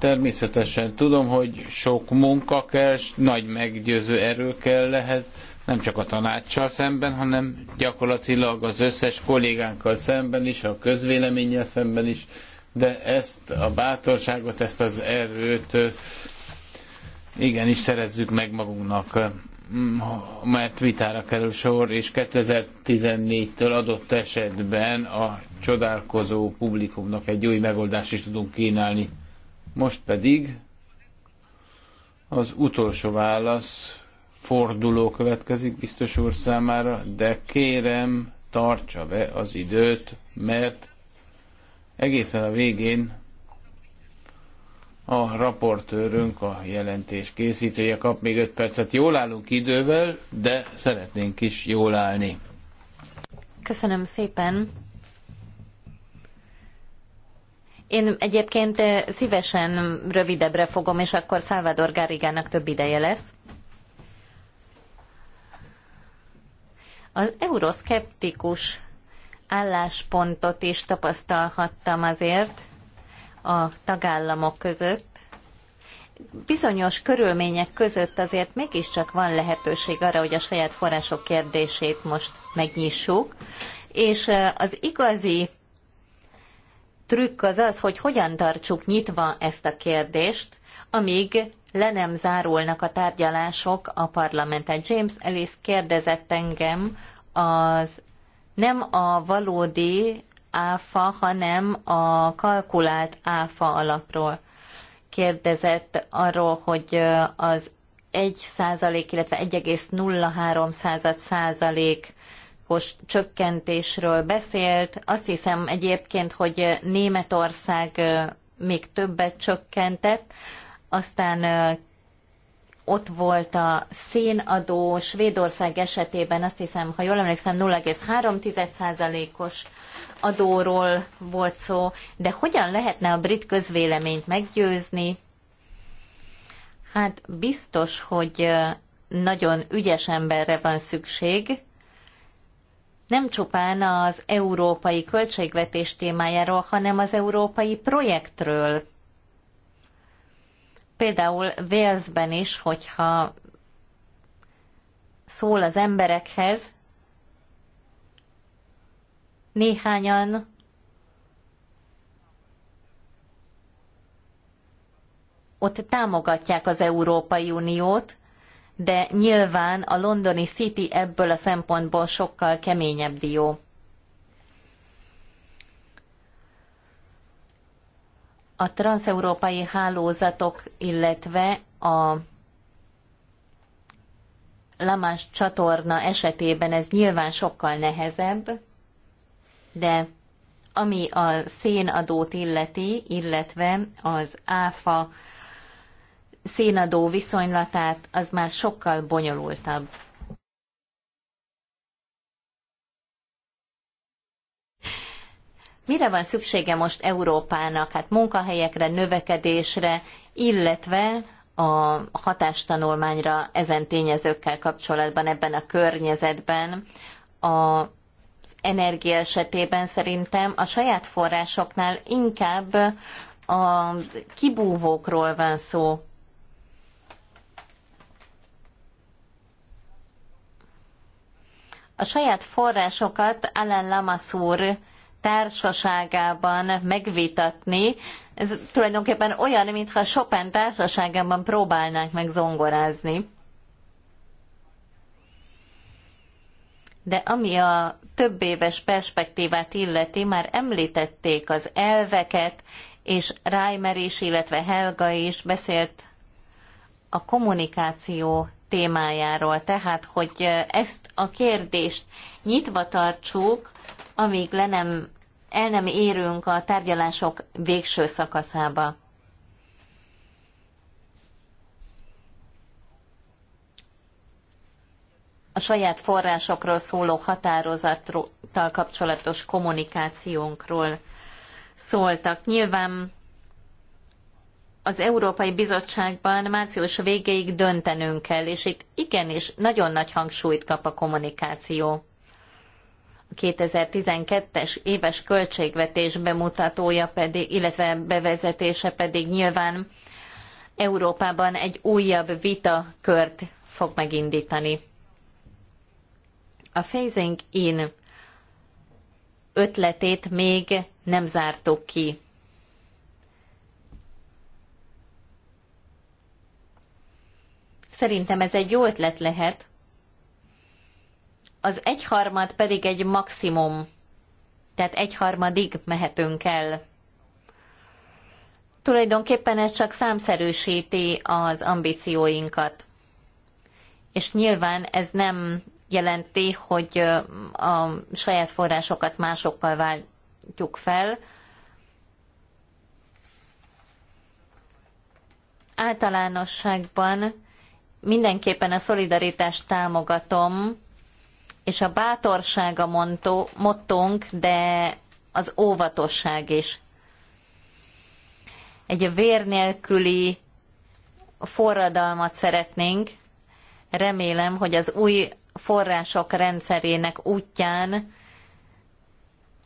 Természetesen tudom, hogy sok munka kell, nagy meggyőző erő kell ehhez, nem csak a tanácssal szemben, hanem gyakorlatilag az összes kollégánkkal szemben is, a közvéleménnyel szemben is, de ezt a bátorságot, ezt az erőt igenis szerezzük meg magunknak mert vitára kerül sor, és 2014-től adott esetben a csodálkozó publikumnak egy új megoldást is tudunk kínálni. Most pedig az utolsó válasz forduló következik biztos úr számára, de kérem, tartsa be az időt, mert egészen a végén a raportőrünk, a jelentés készítője kap még 5 percet. Jól állunk idővel, de szeretnénk is jól állni. Köszönöm szépen. Én egyébként szívesen rövidebbre fogom, és akkor Salvador Garrigának több ideje lesz. Az euroszkeptikus álláspontot is tapasztalhattam azért a tagállamok között. Bizonyos körülmények között azért mégiscsak van lehetőség arra, hogy a saját források kérdését most megnyissuk, és az igazi trükk az az, hogy hogyan tartsuk nyitva ezt a kérdést, amíg le nem zárulnak a tárgyalások a parlamenten. James Ellis kérdezett engem az nem a valódi áfa, hanem a kalkulált áfa alapról. Kérdezett arról, hogy az 1 százalék, illetve 1,03 százalék os csökkentésről beszélt. Azt hiszem egyébként, hogy Németország még többet csökkentett, aztán ott volt a szénadó Svédország esetében, azt hiszem, ha jól emlékszem, 0,3%-os adóról volt szó, de hogyan lehetne a brit közvéleményt meggyőzni? Hát biztos, hogy nagyon ügyes emberre van szükség, nem csupán az európai költségvetés témájáról, hanem az európai projektről. Például Walesben is, hogyha szól az emberekhez, néhányan ott támogatják az Európai Uniót, de nyilván a londoni City ebből a szempontból sokkal keményebb dió. A transeurópai hálózatok, illetve a Lamás csatorna esetében ez nyilván sokkal nehezebb, de ami a szénadót illeti, illetve az áfa szénadó viszonylatát, az már sokkal bonyolultabb. Mire van szüksége most Európának? Hát munkahelyekre, növekedésre, illetve a hatástanulmányra ezen tényezőkkel kapcsolatban ebben a környezetben. A energia esetében szerintem a saját forrásoknál inkább a kibúvókról van szó. A saját forrásokat Alan Lamassur társaságában megvitatni, ez tulajdonképpen olyan, mintha Chopin társaságában próbálnák meg zongorázni. De ami a több éves perspektívát illeti, már említették az elveket, és Reimer is, illetve Helga is beszélt a kommunikáció témájáról. Tehát, hogy ezt a kérdést nyitva tartsuk, amíg le nem, el nem érünk a tárgyalások végső szakaszába. a saját forrásokról szóló határozattal kapcsolatos kommunikációnkról szóltak. Nyilván az Európai Bizottságban március végéig döntenünk kell, és itt igenis nagyon nagy hangsúlyt kap a kommunikáció. A 2012-es éves költségvetés bemutatója pedig, illetve bevezetése pedig nyilván Európában egy újabb vitakört fog megindítani. A phasing in ötletét még nem zártuk ki Szerintem ez egy jó ötlet lehet. Az egyharmad pedig egy maximum. Tehát egyharmadig mehetünk el. Tulajdonképpen ez csak számszerűsíti az ambícióinkat. És nyilván ez nem jelenti, hogy a saját forrásokat másokkal váltjuk fel. Általánosságban mindenképpen a szolidaritást támogatom, és a bátorság a mottónk, de az óvatosság is. Egy vér nélküli forradalmat szeretnénk. Remélem, hogy az új források rendszerének útján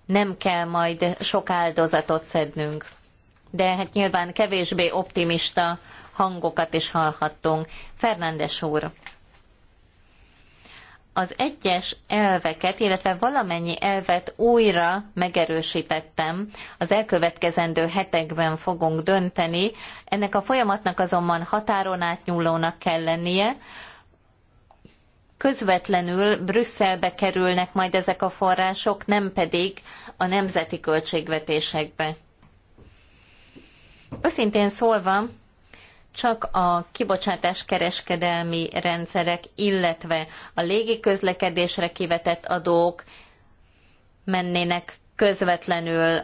nem kell majd sok áldozatot szednünk. De hát nyilván kevésbé optimista hangokat is hallhattunk. Fernándes úr, az egyes elveket, illetve valamennyi elvet újra megerősítettem. Az elkövetkezendő hetekben fogunk dönteni. Ennek a folyamatnak azonban határon átnyúlónak kell lennie. Közvetlenül Brüsszelbe kerülnek majd ezek a források, nem pedig a nemzeti költségvetésekbe. Összintén szólva, csak a kibocsátás kereskedelmi rendszerek, illetve a légi közlekedésre kivetett adók mennének közvetlenül,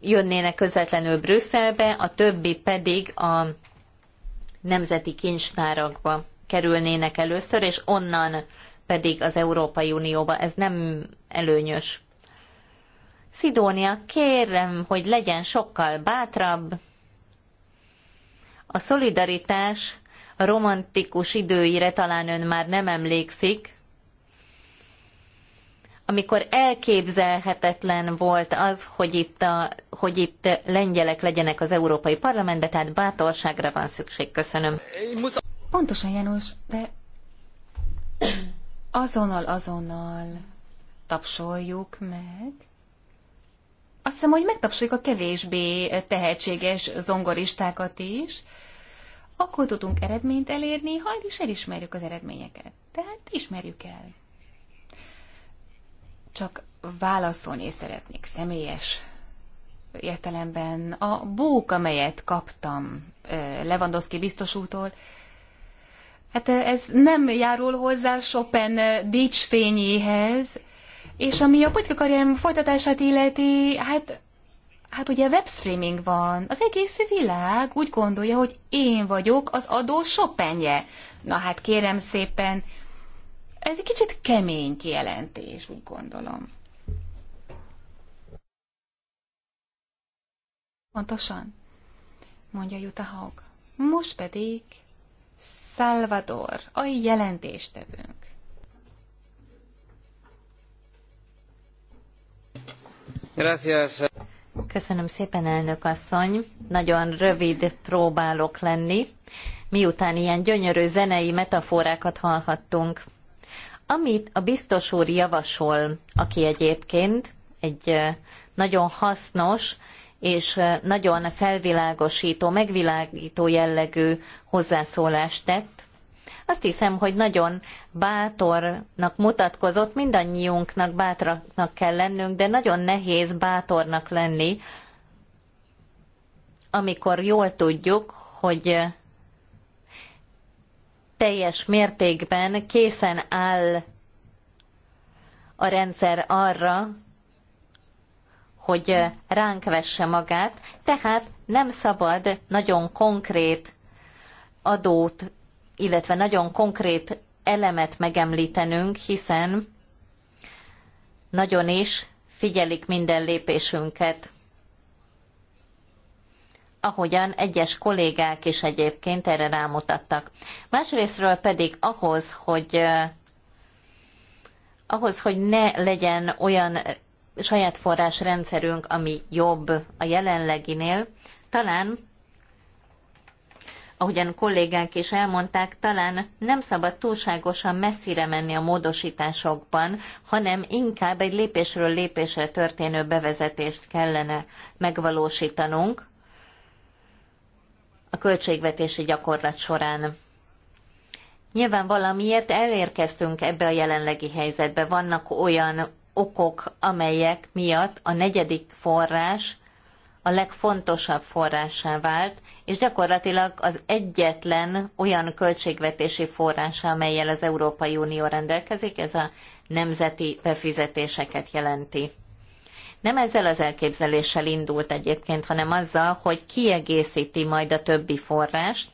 jönnének közvetlenül Brüsszelbe, a többi pedig a nemzeti kincstárakba kerülnének először, és onnan pedig az Európai Unióba. Ez nem előnyös. Szidónia, kérem, hogy legyen sokkal bátrabb, a szolidaritás a romantikus időire talán ön már nem emlékszik, amikor elképzelhetetlen volt az, hogy itt, a, hogy itt lengyelek legyenek az Európai Parlamentben, tehát bátorságra van szükség. Köszönöm. Pontosan, János, de azonnal, azonnal tapsoljuk meg. Azt hiszem, hogy megtapsoljuk a kevésbé tehetséges zongoristákat is, akkor tudunk eredményt elérni, ha is elismerjük az eredményeket. Tehát ismerjük el. Csak válaszolni szeretnék személyes értelemben. A bók, amelyet kaptam Lewandowski biztosútól, hát ez nem járul hozzá Chopin dicsfényéhez, és ami a politikai karrierem folytatását illeti, hát hát ugye webstreaming van, az egész világ úgy gondolja, hogy én vagyok az adó sopenje. Na hát kérem szépen, ez egy kicsit kemény kijelentés, úgy gondolom. Pontosan, mondja Jutta Haug. Most pedig Salvador, a jelentéstevőnk. Gracias. Köszönöm szépen, elnök asszony. Nagyon rövid próbálok lenni, miután ilyen gyönyörű zenei metaforákat hallhattunk. Amit a biztos úr javasol, aki egyébként egy nagyon hasznos és nagyon felvilágosító, megvilágító jellegű hozzászólást tett, azt hiszem, hogy nagyon bátornak mutatkozott, mindannyiunknak bátraknak kell lennünk, de nagyon nehéz bátornak lenni, amikor jól tudjuk, hogy teljes mértékben készen áll a rendszer arra, hogy ránk vesse magát, tehát nem szabad nagyon konkrét adót illetve nagyon konkrét elemet megemlítenünk, hiszen nagyon is figyelik minden lépésünket. Ahogyan egyes kollégák is egyébként erre rámutattak. Másrésztről pedig ahhoz, hogy eh, ahhoz, hogy ne legyen olyan saját forrásrendszerünk, ami jobb a jelenleginél, talán ahogyan kollégák is elmondták, talán nem szabad túlságosan messzire menni a módosításokban, hanem inkább egy lépésről lépésre történő bevezetést kellene megvalósítanunk a költségvetési gyakorlat során. Nyilván valamiért elérkeztünk ebbe a jelenlegi helyzetbe. Vannak olyan okok, amelyek miatt a negyedik forrás a legfontosabb forrásá vált, és gyakorlatilag az egyetlen olyan költségvetési forrása, amelyel az Európai Unió rendelkezik, ez a nemzeti befizetéseket jelenti. Nem ezzel az elképzeléssel indult egyébként, hanem azzal, hogy kiegészíti majd a többi forrást.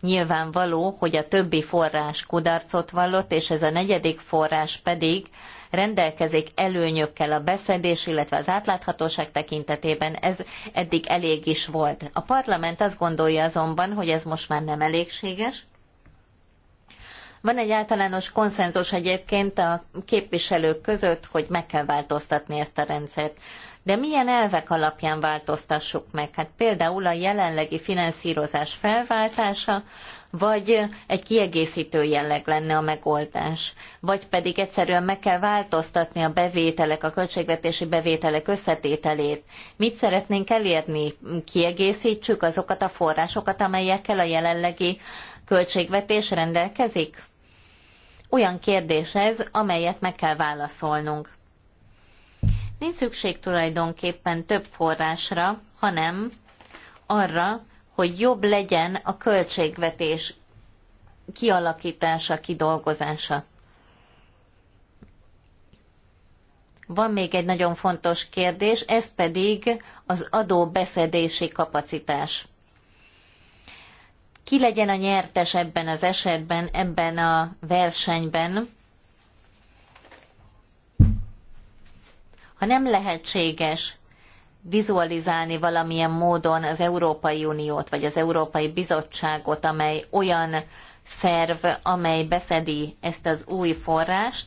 Nyilvánvaló, hogy a többi forrás kudarcot vallott, és ez a negyedik forrás pedig rendelkezik előnyökkel a beszedés, illetve az átláthatóság tekintetében. Ez eddig elég is volt. A parlament azt gondolja azonban, hogy ez most már nem elégséges, van egy általános konszenzus egyébként a képviselők között, hogy meg kell változtatni ezt a rendszert. De milyen elvek alapján változtassuk meg? Hát például a jelenlegi finanszírozás felváltása, vagy egy kiegészítő jelleg lenne a megoldás, vagy pedig egyszerűen meg kell változtatni a bevételek, a költségvetési bevételek összetételét. Mit szeretnénk elérni? Kiegészítsük azokat a forrásokat, amelyekkel a jelenlegi költségvetés rendelkezik? Olyan kérdés ez, amelyet meg kell válaszolnunk. Nincs szükség tulajdonképpen több forrásra, hanem arra, hogy jobb legyen a költségvetés kialakítása, kidolgozása. Van még egy nagyon fontos kérdés, ez pedig az adóbeszedési kapacitás. Ki legyen a nyertes ebben az esetben, ebben a versenyben? Ha nem lehetséges vizualizálni valamilyen módon az Európai Uniót, vagy az Európai Bizottságot, amely olyan szerv, amely beszedi ezt az új forrást.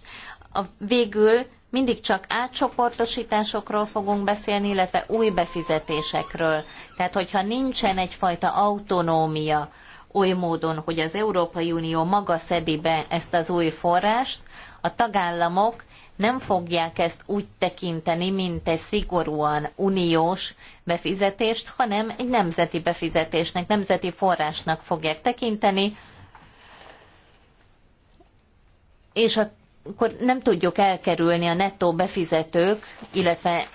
A, végül mindig csak átcsoportosításokról fogunk beszélni, illetve új befizetésekről. Tehát, hogyha nincsen egyfajta autonómia oly módon, hogy az Európai Unió maga szedi be ezt az új forrást, a tagállamok nem fogják ezt úgy tekinteni, mint egy szigorúan uniós befizetést, hanem egy nemzeti befizetésnek, nemzeti forrásnak fogják tekinteni, és akkor nem tudjuk elkerülni a nettó befizetők, illetve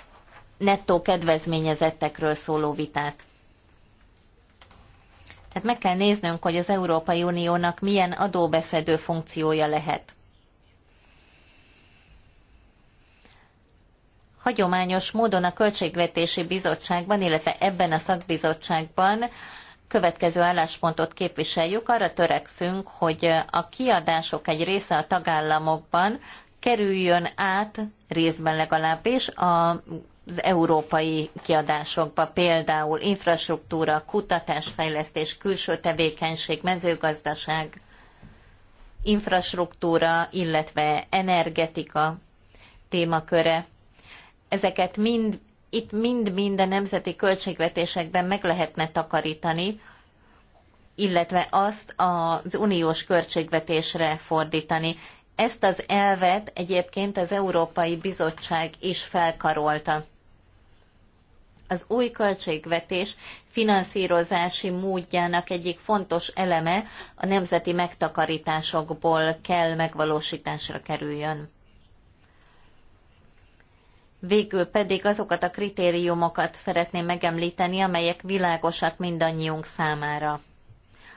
nettó kedvezményezettekről szóló vitát. Tehát meg kell néznünk, hogy az Európai Uniónak milyen adóbeszedő funkciója lehet. hagyományos módon a Költségvetési Bizottságban, illetve ebben a szakbizottságban következő álláspontot képviseljük. Arra törekszünk, hogy a kiadások egy része a tagállamokban kerüljön át, részben legalábbis, a az európai kiadásokba, például infrastruktúra, kutatásfejlesztés, külső tevékenység, mezőgazdaság, infrastruktúra, illetve energetika témaköre ezeket mind, itt mind-mind a nemzeti költségvetésekben meg lehetne takarítani, illetve azt az uniós költségvetésre fordítani. Ezt az elvet egyébként az Európai Bizottság is felkarolta. Az új költségvetés finanszírozási módjának egyik fontos eleme a nemzeti megtakarításokból kell megvalósításra kerüljön. Végül pedig azokat a kritériumokat szeretném megemlíteni, amelyek világosak mindannyiunk számára.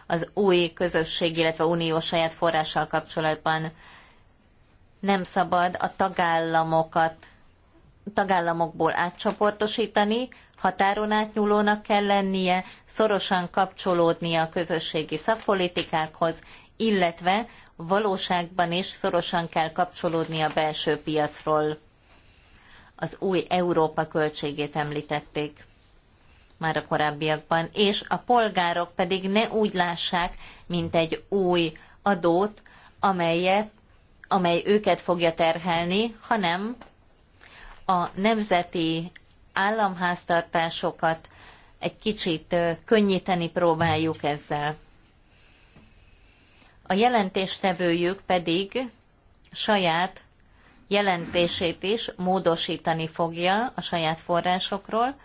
Az új közösség, illetve unió saját forrással kapcsolatban nem szabad a tagállamokat tagállamokból átcsoportosítani, határon átnyúlónak kell lennie, szorosan kapcsolódnia a közösségi szakpolitikákhoz, illetve valóságban is szorosan kell kapcsolódni a belső piacról az új Európa költségét említették már a korábbiakban, és a polgárok pedig ne úgy lássák, mint egy új adót, amelyet, amely őket fogja terhelni, hanem a nemzeti államháztartásokat egy kicsit könnyíteni próbáljuk ezzel. A jelentéstevőjük pedig saját jelentését is módosítani fogja a saját forrásokról.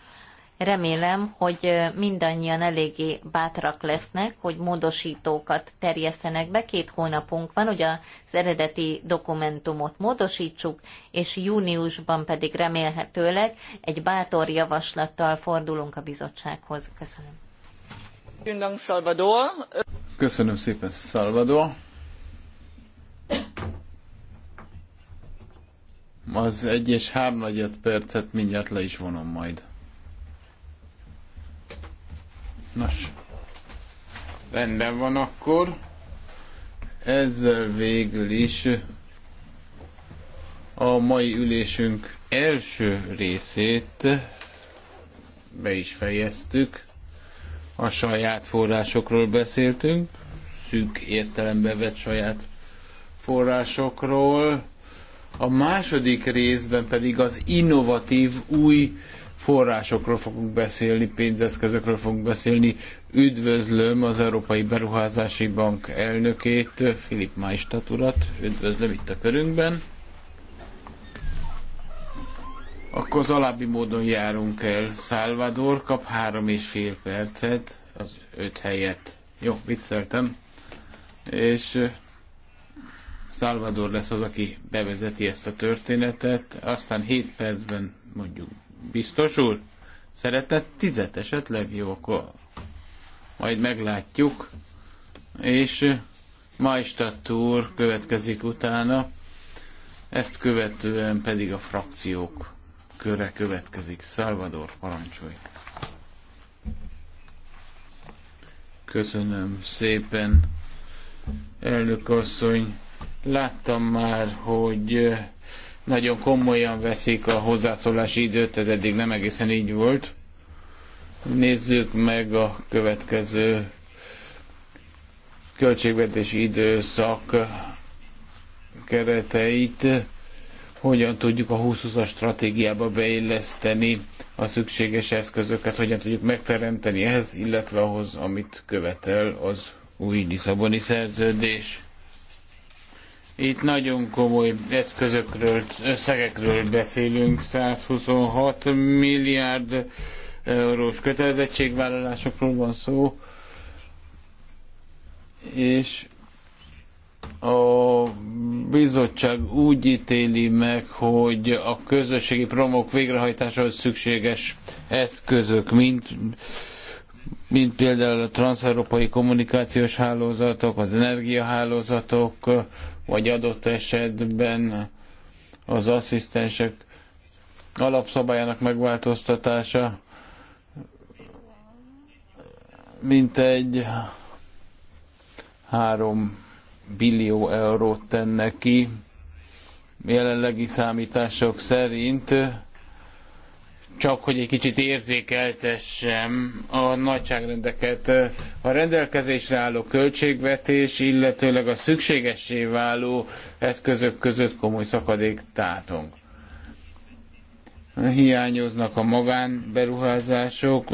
Remélem, hogy mindannyian eléggé bátrak lesznek, hogy módosítókat terjesztenek be. Két hónapunk van, hogy az eredeti dokumentumot módosítsuk, és júniusban pedig remélhetőleg egy bátor javaslattal fordulunk a bizottsághoz. Köszönöm. Köszönöm szépen, Salvador. Az egy és három percet mindjárt le is vonom majd. Nos, rendben van akkor. Ezzel végül is a mai ülésünk első részét be is fejeztük. A saját forrásokról beszéltünk, szűk értelembe vett saját forrásokról. A második részben pedig az innovatív új forrásokról fogunk beszélni, pénzeszközökről fogunk beszélni. Üdvözlöm az Európai Beruházási Bank elnökét, Filip Maistat urat. Üdvözlöm itt a körünkben. Akkor az alábbi módon járunk el. Salvador kap három és fél percet az öt helyet. Jó, vicceltem. És Salvador lesz az, aki bevezeti ezt a történetet, aztán 7 percben mondjuk biztos úr, szeretne ezt tizet esetleg? Jó, akkor majd meglátjuk. És Majstadt úr következik utána, ezt követően pedig a frakciók köre következik. Salvador, parancsolj! Köszönöm szépen, elnök asszony! Láttam már, hogy nagyon komolyan veszik a hozzászólási időt, ez eddig nem egészen így volt. Nézzük meg a következő költségvetési időszak kereteit, hogyan tudjuk a 2020-as stratégiába beilleszteni a szükséges eszközöket, hogyan tudjuk megteremteni ehhez, illetve ahhoz, amit követel az új Lisszaboni szerződés. Itt nagyon komoly eszközökről, összegekről beszélünk, 126 milliárd eurós kötelezettségvállalásokról van szó, és a bizottság úgy ítéli meg, hogy a közösségi promok végrehajtásához szükséges eszközök, mint, mint például a transzeurópai kommunikációs hálózatok, az energiahálózatok, vagy adott esetben az asszisztensek alapszabályának megváltoztatása, mint egy három billió eurót tenne ki jelenlegi számítások szerint csak hogy egy kicsit érzékeltessem a nagyságrendeket. A rendelkezésre álló költségvetés, illetőleg a szükségessé váló eszközök között komoly szakadék tátunk. Hiányoznak a magánberuházások,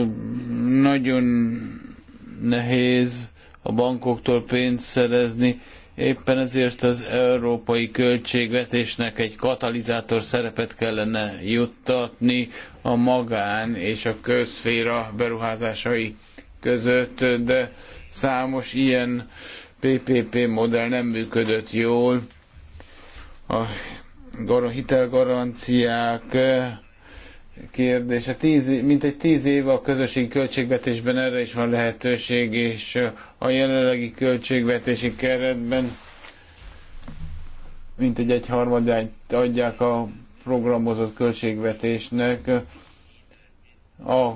nagyon nehéz a bankoktól pénzt szerezni, Éppen ezért az európai költségvetésnek egy katalizátor szerepet kellene juttatni a magán és a közféra beruházásai között, de számos ilyen PPP modell nem működött jól. A hitelgaranciák eh, kérdése. Tíz, mint egy tíz éve a közösségi költségvetésben erre is van lehetőség, és a jelenlegi költségvetési keretben mint egy egyharmadát adják a programozott költségvetésnek. A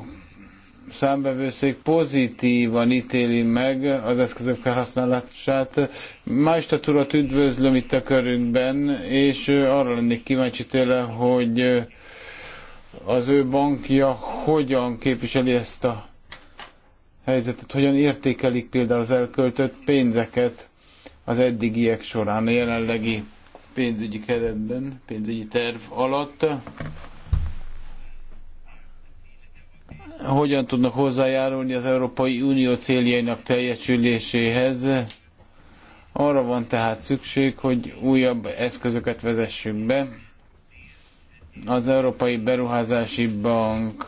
számbevőszék pozitívan ítéli meg az eszközök felhasználását. Mástatúrat üdvözlöm itt a körünkben, és arra lennék kíváncsi tőle, hogy az ő bankja hogyan képviseli ezt a helyzetet, hogyan értékelik például az elköltött pénzeket az eddigiek során, a jelenlegi pénzügyi keretben, pénzügyi terv alatt. Hogyan tudnak hozzájárulni az Európai Unió céljainak teljesüléséhez? Arra van tehát szükség, hogy újabb eszközöket vezessünk be. Az Európai Beruházási Bank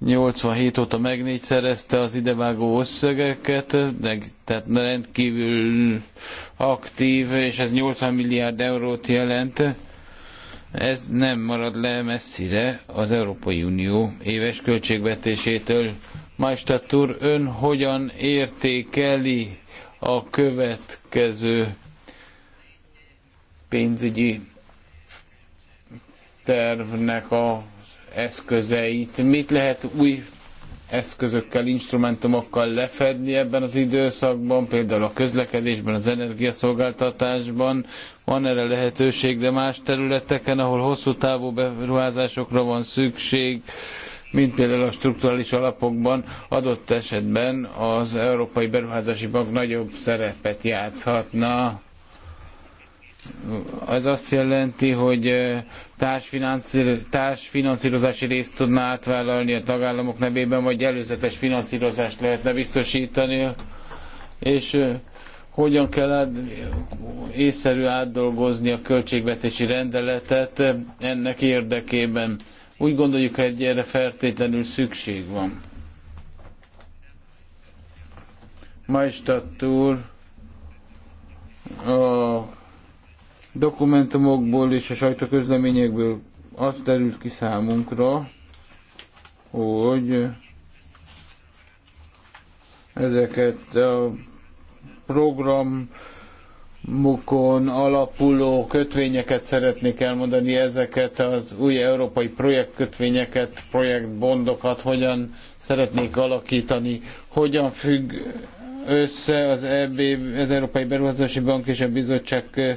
87 óta megnégyszerezte az idevágó összegeket, de, tehát rendkívül aktív, és ez 80 milliárd eurót jelent. Ez nem marad le messzire az Európai Unió éves költségvetésétől. Majstadt úr, ön hogyan értékeli a következő pénzügyi tervnek a eszközeit. Mit lehet új eszközökkel, instrumentumokkal lefedni ebben az időszakban, például a közlekedésben, az energiaszolgáltatásban. Van erre lehetőség, de más területeken, ahol hosszú távú beruházásokra van szükség, mint például a strukturális alapokban, adott esetben az Európai Beruházási Bank nagyobb szerepet játszhatna. Ez azt jelenti, hogy társfinanszírozási részt tudna átvállalni a tagállamok nevében, vagy előzetes finanszírozást lehetne biztosítani, és hogyan kell át, észszerű átdolgozni a költségvetési rendeletet ennek érdekében. Úgy gondoljuk, hogy erre feltétlenül szükség van. Majstatt úr, a dokumentumokból és a sajtóközleményekből az derült ki számunkra, hogy ezeket a programokon alapuló kötvényeket szeretnék elmondani, ezeket az új európai projektkötvényeket, projektbondokat hogyan szeretnék alakítani, hogyan függ össze az EB, az Európai Beruházási Bank és a Bizottság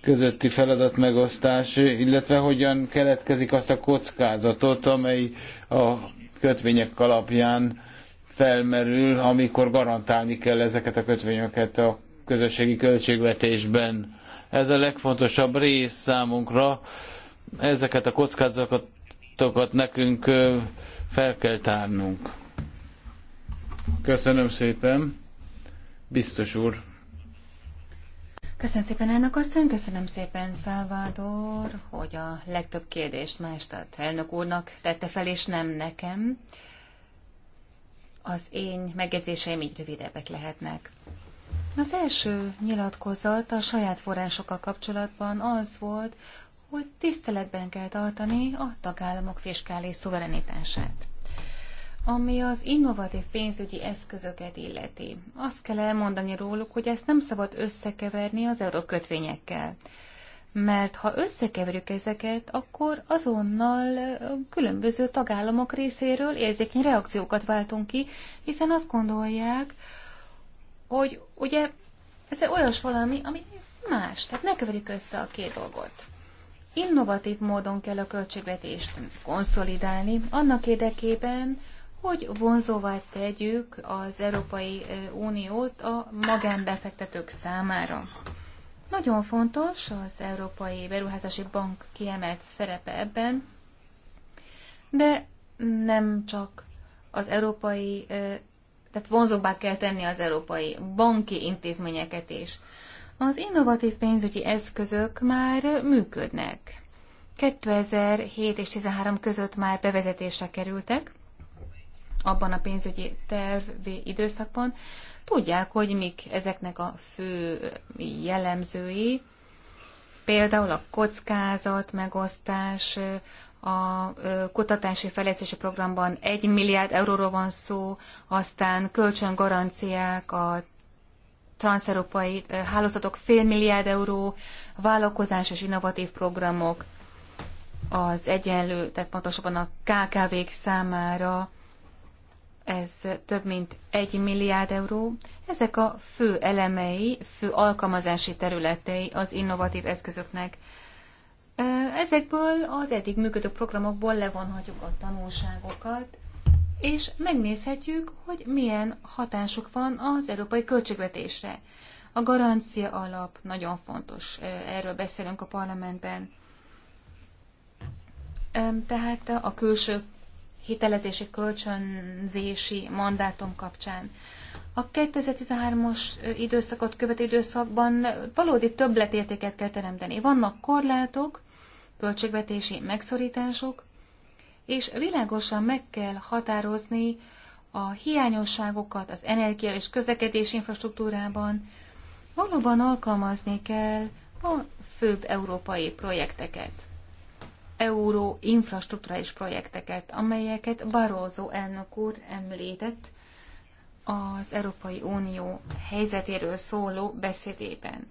közötti feladatmegosztás, illetve hogyan keletkezik azt a kockázatot, amely a kötvények alapján felmerül, amikor garantálni kell ezeket a kötvényeket a közösségi költségvetésben. Ez a legfontosabb rész számunkra. Ezeket a kockázatokat nekünk fel kell tárnunk. Köszönöm szépen. Biztos úr. Köszönöm szépen, elnök asszony, köszönöm szépen, Szálvádor, hogy a legtöbb kérdést más tehát elnök úrnak tette fel, és nem nekem. Az én megjegyzéseim így rövidebbek lehetnek. Az első nyilatkozat a saját forrásokkal kapcsolatban az volt, hogy tiszteletben kell tartani a tagállamok fiskális szuverenitását ami az innovatív pénzügyi eszközöket illeti. Azt kell elmondani róluk, hogy ezt nem szabad összekeverni az eurókötvényekkel. Mert ha összekeverjük ezeket, akkor azonnal különböző tagállamok részéről érzékeny reakciókat váltunk ki, hiszen azt gondolják, hogy ugye ez olyas valami, ami más. Tehát ne keverjük össze a két dolgot innovatív módon kell a költségvetést konszolidálni, annak érdekében, hogy vonzóvá tegyük az Európai Uniót a magánbefektetők számára. Nagyon fontos az Európai Beruházási Bank kiemelt szerepe ebben, de nem csak az európai, tehát vonzóbbá kell tenni az európai banki intézményeket is. Az innovatív pénzügyi eszközök már működnek. 2007 és 2013 között már bevezetésre kerültek, abban a pénzügyi tervi időszakban, tudják, hogy mik ezeknek a fő jellemzői, például a kockázat, megosztás, a kutatási fejlesztési programban 1 milliárd euróról van szó, aztán kölcsöngaranciák, a transzeurópai hálózatok fél milliárd euró, és innovatív programok, az egyenlő, tehát pontosabban a KKV-k számára ez több mint egy milliárd euró. Ezek a fő elemei, fő alkalmazási területei az innovatív eszközöknek. Ezekből az eddig működő programokból levonhatjuk a tanulságokat, és megnézhetjük, hogy milyen hatásuk van az európai költségvetésre. A garancia alap nagyon fontos, erről beszélünk a parlamentben. Tehát a külső hitelezési kölcsönzési mandátum kapcsán. A 2013-os időszakot követő időszakban valódi többletértéket kell teremteni. Vannak korlátok, költségvetési megszorítások, és világosan meg kell határozni a hiányosságokat az energia és közlekedés infrastruktúrában. Valóban alkalmazni kell a főbb európai projekteket euró infrastruktúrális projekteket, amelyeket Barroso elnök úr említett az Európai Unió helyzetéről szóló beszédében.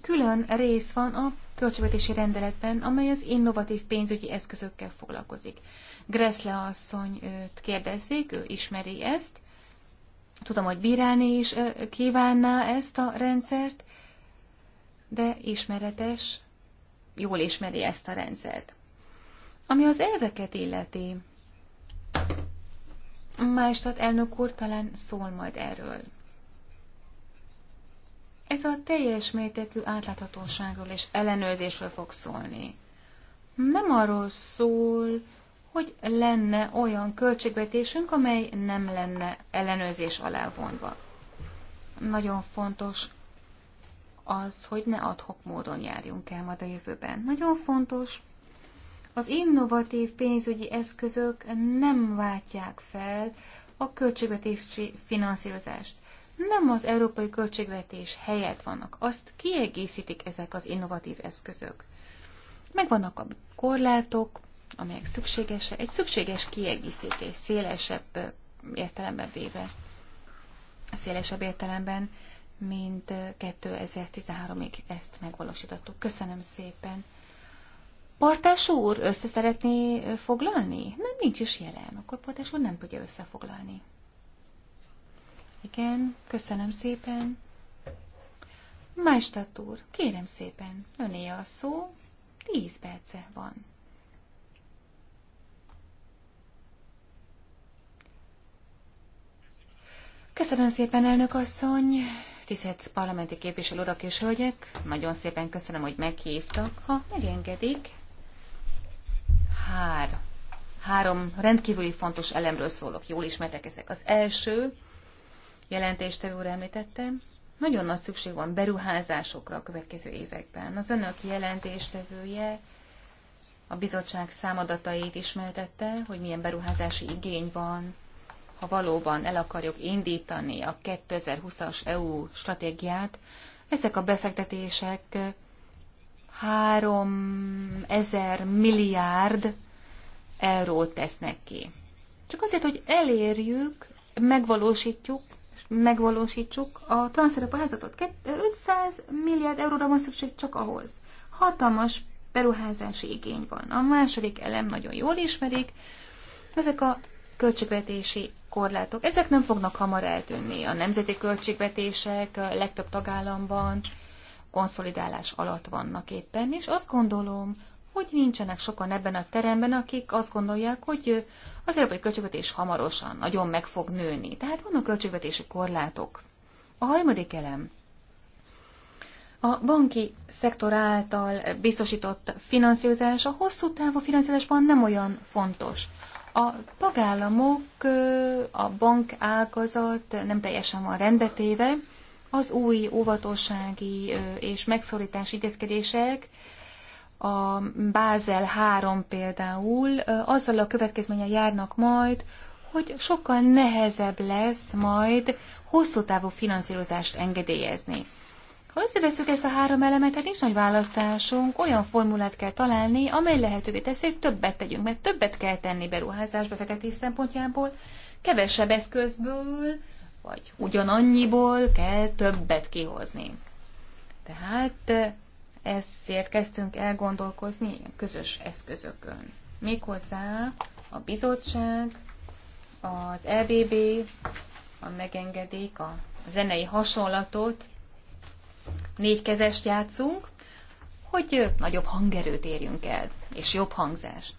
Külön rész van a költségvetési rendeletben, amely az innovatív pénzügyi eszközökkel foglalkozik. Gressle asszony őt kérdezzék, ő ismeri ezt. Tudom, hogy bírálni is kívánná ezt a rendszert, de ismeretes jól ismeri ezt a rendszert. Ami az elveket illeti, Maestat elnök úr talán szól majd erről. Ez a teljes mértékű átláthatóságról és ellenőrzésről fog szólni. Nem arról szól, hogy lenne olyan költségvetésünk, amely nem lenne ellenőrzés alá vonva. Nagyon fontos az, hogy ne adhok módon járjunk el majd a jövőben. Nagyon fontos, az innovatív pénzügyi eszközök nem váltják fel a költségvetési finanszírozást. Nem az európai költségvetés helyett vannak, azt kiegészítik ezek az innovatív eszközök. Megvannak a korlátok, amelyek szükséges, egy szükséges kiegészítés, szélesebb értelemben véve. Szélesebb értelemben mint 2013-ig ezt megvalósítottuk. Köszönöm szépen. Portás úr, össze szeretné foglalni? Nem, nincs is jelen. Akkor Portás úr nem tudja összefoglalni. Igen, köszönöm szépen. Májstadt úr, kérem szépen, öné a szó, tíz perce van. Köszönöm szépen, elnök asszony. Tisztelt parlamenti képviselő urak és hölgyek, nagyon szépen köszönöm, hogy meghívtak. Ha megengedik, hár. Három rendkívüli fontos elemről szólok, jól ismertek ezek. Az első, jelentéstevő úr említette, nagyon nagy szükség van beruházásokra a következő években. Az önök jelentéstevője a bizottság számadatait ismertette, hogy milyen beruházási igény van ha valóban el akarjuk indítani a 2020-as EU stratégiát, ezek a befektetések 3000 milliárd eurót tesznek ki. Csak azért, hogy elérjük, megvalósítjuk, megvalósítsuk a transzerepa házatot. 500 milliárd euróra van szükség csak ahhoz. Hatalmas beruházási igény van. A második elem nagyon jól ismerik. Ezek a költségvetési korlátok, ezek nem fognak hamar eltűnni. A nemzeti költségvetések a legtöbb tagállamban konszolidálás alatt vannak éppen, és azt gondolom, hogy nincsenek sokan ebben a teremben, akik azt gondolják, hogy az európai költségvetés hamarosan nagyon meg fog nőni. Tehát vannak költségvetési korlátok. A harmadik elem. A banki szektor által biztosított finanszírozás a hosszú távú finanszírozásban nem olyan fontos. A tagállamok, a bank ágazat nem teljesen van rendbetéve, az új óvatossági és megszorítási intézkedések, a Bázel 3 például, azzal a következménye járnak majd, hogy sokkal nehezebb lesz majd hosszú távú finanszírozást engedélyezni. Ha összeveszük ezt a három elemet, hát nincs nagy választásunk, olyan formulát kell találni, amely lehetővé teszi, hogy többet tegyünk, mert többet kell tenni beruházás befektetés szempontjából, kevesebb eszközből, vagy ugyanannyiból kell többet kihozni. Tehát eh, ezért kezdtünk elgondolkozni közös eszközökön. Méghozzá a bizottság, az EBB, a megengedék, a zenei hasonlatot négykezest játszunk, hogy nagyobb hangerőt érjünk el, és jobb hangzást.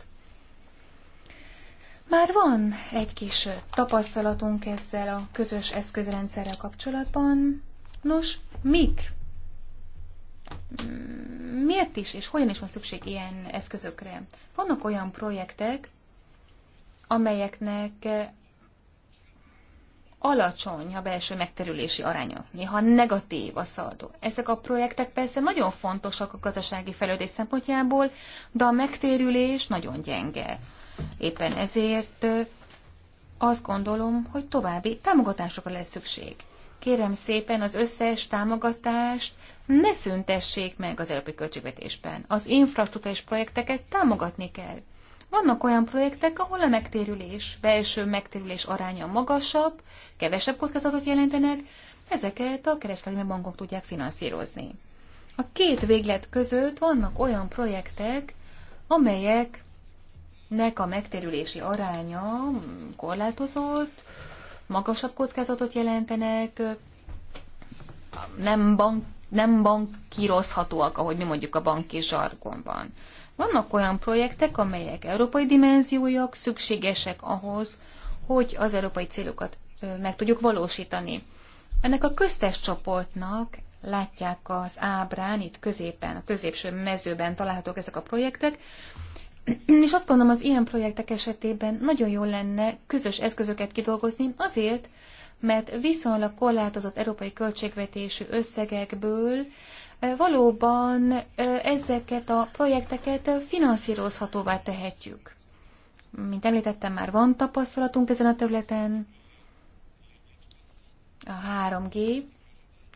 Már van egy kis tapasztalatunk ezzel a közös eszközrendszerrel kapcsolatban. Nos, mik? Mm, miért is és hogyan is van szükség ilyen eszközökre? Vannak olyan projektek, amelyeknek alacsony a belső megterülési aránya, néha negatív a szaldó. Ezek a projektek persze nagyon fontosak a gazdasági fejlődés szempontjából, de a megtérülés nagyon gyenge. Éppen ezért azt gondolom, hogy további támogatásokra lesz szükség. Kérem szépen az összes támogatást ne szüntessék meg az európai költségvetésben. Az infrastruktúrás projekteket támogatni kell. Vannak olyan projektek, ahol a megtérülés, belső megtérülés aránya magasabb, kevesebb kockázatot jelentenek, ezeket a kereskedelmi bankok tudják finanszírozni. A két véglet között vannak olyan projektek, amelyeknek a megtérülési aránya korlátozott, magasabb kockázatot jelentenek, nem, bank, nem bankírozhatóak, ahogy mi mondjuk a banki zsargonban. Vannak olyan projektek, amelyek európai dimenziójak, szükségesek ahhoz, hogy az európai célokat meg tudjuk valósítani. Ennek a köztes csoportnak látják az ábrán, itt középen, a középső mezőben találhatók ezek a projektek, és azt gondolom, az ilyen projektek esetében nagyon jó lenne közös eszközöket kidolgozni, azért, mert viszonylag korlátozott európai költségvetésű összegekből valóban ezeket a projekteket finanszírozhatóvá tehetjük. Mint említettem, már van tapasztalatunk ezen a területen. A 3G,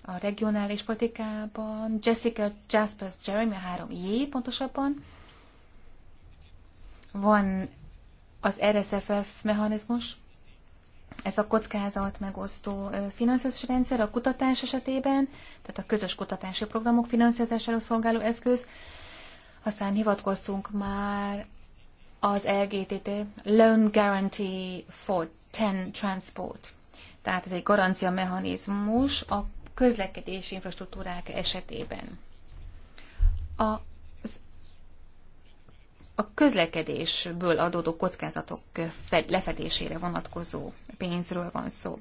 a regionális politikában, Jessica Jaspers Jeremy, a 3J pontosabban. Van az RSFF mechanizmus, ez a kockázat megosztó finanszírozás rendszer a kutatás esetében, tehát a közös kutatási programok finanszírozására szolgáló eszköz. Aztán hivatkozzunk már az LGTT, Loan Guarantee for Ten Transport. Tehát ez egy garancia mechanizmus a közlekedési infrastruktúrák esetében. A a közlekedésből adódó kockázatok lefedésére vonatkozó pénzről van szó.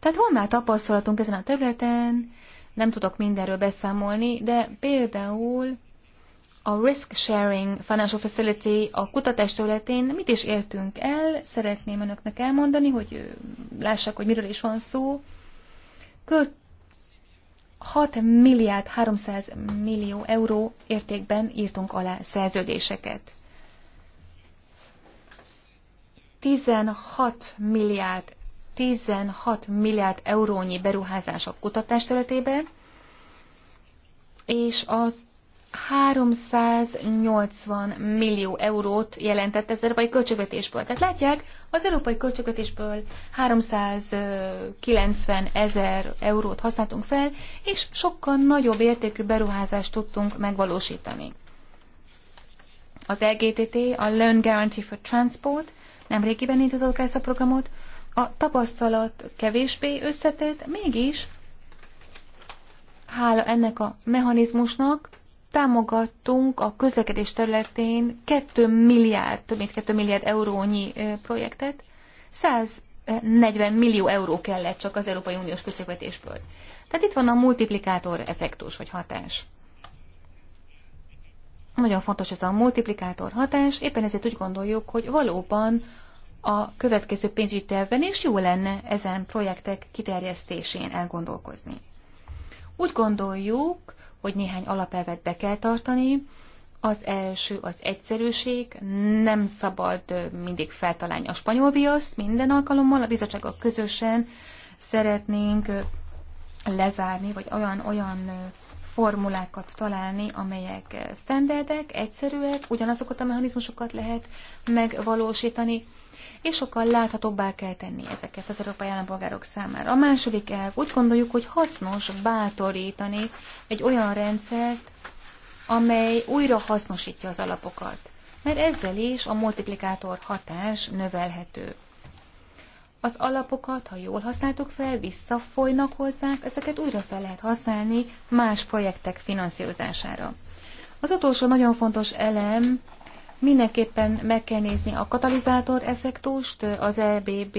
Tehát van már tapasztalatunk ezen a területen, nem tudok mindenről beszámolni, de például a Risk Sharing Financial Facility a kutatás területén mit is értünk el, szeretném önöknek elmondani, hogy lássák, hogy miről is van szó. Költ 6 milliárd 300 millió euró értékben írtunk alá szerződéseket. 16 milliárd, 16 milliárd eurónyi beruházás a kutatás területébe, és az 380 millió eurót jelentett az európai költségvetésből. Tehát látják, az európai költségvetésből 390 ezer eurót használtunk fel, és sokkal nagyobb értékű beruházást tudtunk megvalósítani. Az LGTT, e a Loan Guarantee for Transport, nemrégiben indítottuk ezt a programot, a tapasztalat kevésbé összetett, mégis hála ennek a mechanizmusnak támogattunk a közlekedés területén 2 milliárd, több mint 2 milliárd eurónyi projektet, 140 millió euró kellett csak az Európai Uniós költségvetésből. Tehát itt van a multiplikátor effektus vagy hatás. Nagyon fontos ez a multiplikátor hatás, éppen ezért úgy gondoljuk, hogy valóban a következő pénzügyi tervben, és jó lenne ezen projektek kiterjesztésén elgondolkozni. Úgy gondoljuk, hogy néhány alapelvet be kell tartani. Az első az egyszerűség, nem szabad mindig feltalálni a spanyol viaszt minden alkalommal, a bizottságok közösen szeretnénk lezárni, vagy olyan, olyan formulákat találni, amelyek standardek, egyszerűek, ugyanazokat a mechanizmusokat lehet megvalósítani, és sokkal láthatóbbá kell tenni ezeket az európai állampolgárok számára. A második elv, úgy gondoljuk, hogy hasznos bátorítani egy olyan rendszert, amely újra hasznosítja az alapokat, mert ezzel is a multiplikátor hatás növelhető. Az alapokat, ha jól használtuk fel, visszafolynak hozzák, ezeket újra fel lehet használni más projektek finanszírozására. Az utolsó nagyon fontos elem Mindenképpen meg kell nézni a katalizátor effektust, az EBB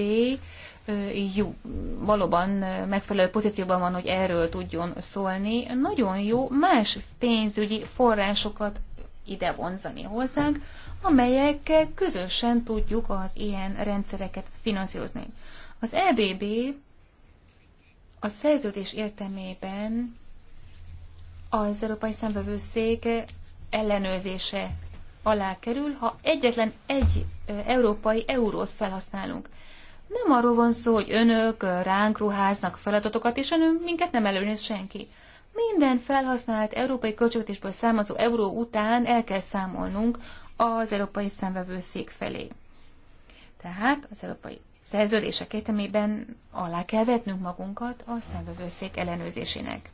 jó, valóban megfelelő pozícióban van, hogy erről tudjon szólni. Nagyon jó más pénzügyi forrásokat ide vonzani hozzánk, amelyekkel közösen tudjuk az ilyen rendszereket finanszírozni. Az EBB a szerződés értelmében az Európai Szembevőszék ellenőrzése alá kerül, ha egyetlen egy európai eurót felhasználunk. Nem arról van szó, hogy önök ránk ruháznak feladatokat, és önök minket nem előnéz senki. Minden felhasznált európai költségvetésből származó euró után el kell számolnunk az európai szemvevőszék felé. Tehát az európai szerződések értelmében alá kell vetnünk magunkat a szemvevőszék ellenőrzésének.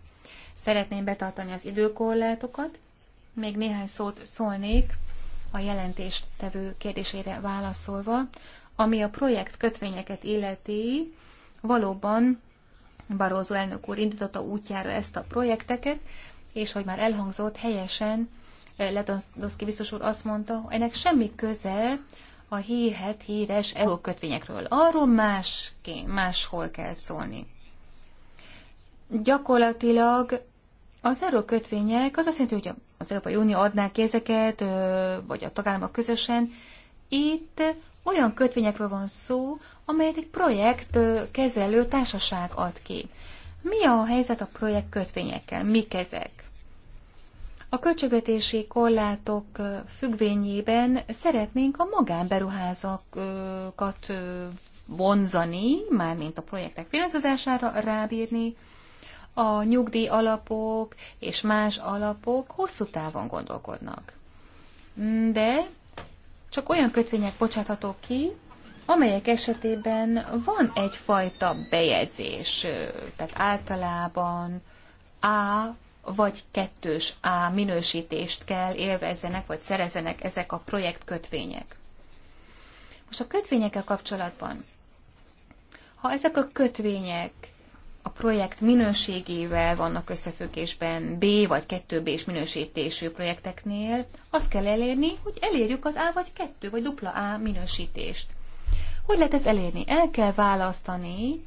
Szeretném betartani az időkorlátokat, még néhány szót szólnék a jelentést tevő kérdésére válaszolva, ami a projekt kötvényeket illeti, valóban Barózó elnök úr indította útjára ezt a projekteket, és hogy már elhangzott helyesen, eh, Ledonszki biztos úr azt mondta, hogy ennek semmi köze a hírhet híres kötvényekről. Arról másként, máshol kell szólni. Gyakorlatilag az kötvények, az azt jelenti, hogy az Európai Unió adná ki ezeket, vagy a tagállamok közösen. Itt olyan kötvényekről van szó, amelyet egy projekt kezelő társaság ad ki. Mi a helyzet a projekt kötvényekkel? Mik ezek? A költségvetési korlátok függvényében szeretnénk a magánberuházakat vonzani, mármint a projektek finanszírozására rábírni, a nyugdíj alapok és más alapok hosszú távon gondolkodnak. De csak olyan kötvények bocsáthatók ki, amelyek esetében van egyfajta bejegyzés, tehát általában A vagy kettős A minősítést kell élvezzenek, vagy szerezzenek ezek a projektkötvények. Most a kötvényekkel kapcsolatban, ha ezek a kötvények a projekt minőségével vannak összefüggésben B vagy 2B és minősítésű projekteknél, azt kell elérni, hogy elérjük az A vagy 2 vagy dupla A minősítést. Hogy lehet ez elérni? El kell választani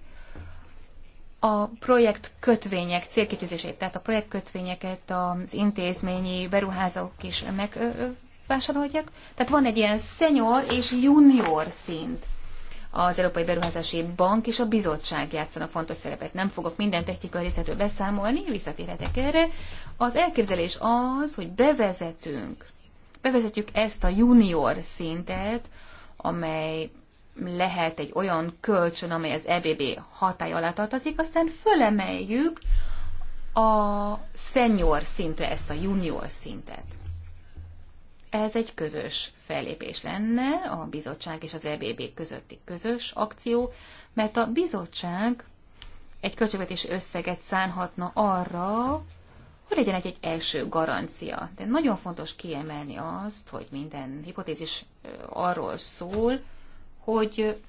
a projekt kötvények célkitűzését, tehát a projekt kötvényeket az intézményi beruházók is megvásárolják. Tehát van egy ilyen senior és junior szint az Európai Beruházási Bank és a bizottság játszanak fontos szerepet. Nem fogok minden technikai részletről beszámolni, visszatérhetek erre. Az elképzelés az, hogy bevezetünk, bevezetjük ezt a junior szintet, amely lehet egy olyan kölcsön, amely az EBB hatály alá tartozik, aztán fölemeljük a senior szintre ezt a junior szintet. Ez egy közös fellépés lenne, a bizottság és az EBB közötti közös akció, mert a bizottság egy költségvetési összeget szánhatna arra, hogy legyen egy, egy első garancia. De nagyon fontos kiemelni azt, hogy minden hipotézis arról szól, hogy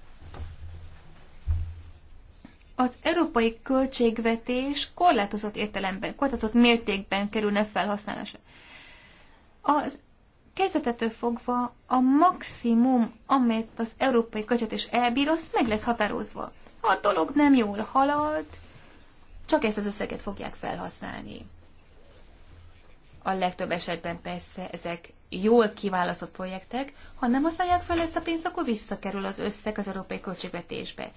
az európai költségvetés korlátozott értelemben, korlátozott mértékben kerülne felhasználásra. Az kezdetetől fogva a maximum, amit az európai költségvetés elbír, az meg lesz határozva. Ha a dolog nem jól halad, csak ezt az összeget fogják felhasználni. A legtöbb esetben persze ezek jól kiválasztott projektek, ha nem használják fel ezt a pénzt, akkor visszakerül az összeg az európai költségvetésbe.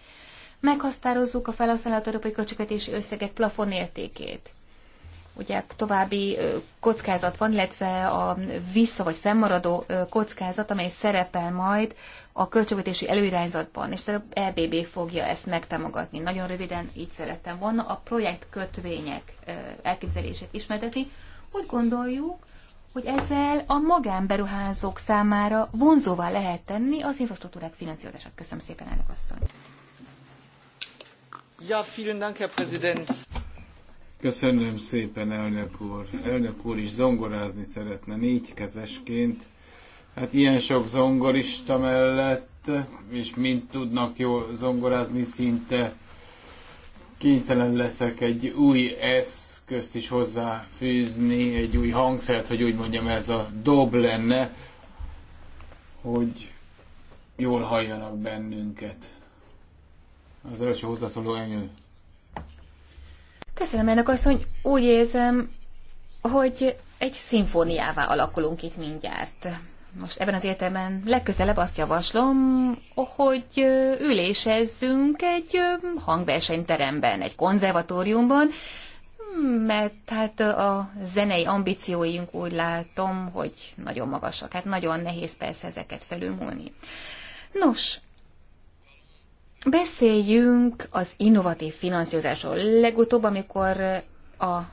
Meghasztározzuk a felhasználat európai költségvetési összegek értékét ugye további kockázat van, illetve a vissza vagy fennmaradó kockázat, amely szerepel majd a költségvetési előirányzatban, és a EBB fogja ezt megtámogatni. Nagyon röviden így szerettem volna a projekt kötvények elképzelését ismerteti. Úgy gondoljuk, hogy ezzel a magánberuházók számára vonzóvá lehet tenni az infrastruktúrák finanszírozását. Köszönöm szépen, elnök asszony! Ja, vielen Dank, Herr Präsident! Köszönöm szépen, elnök úr. Elnök úr is zongorázni szeretne négykezesként. Hát ilyen sok zongorista mellett, és mind tudnak jó zongorázni, szinte kénytelen leszek egy új eszközt is hozzáfűzni, egy új hangszert, hogy úgy mondjam, ez a dob lenne, hogy jól halljanak bennünket. Az első hozzászóló engem. Köszönöm, elnök asszony. Úgy érzem, hogy egy szimfóniává alakulunk itt mindjárt. Most ebben az értelemben legközelebb azt javaslom, hogy ülésezzünk egy hangversenyteremben, egy konzervatóriumban, mert hát a zenei ambícióink úgy látom, hogy nagyon magasak. Hát nagyon nehéz persze ezeket felülmúlni. Nos, Beszéljünk az innovatív finanszírozásról. Legutóbb, amikor eh, a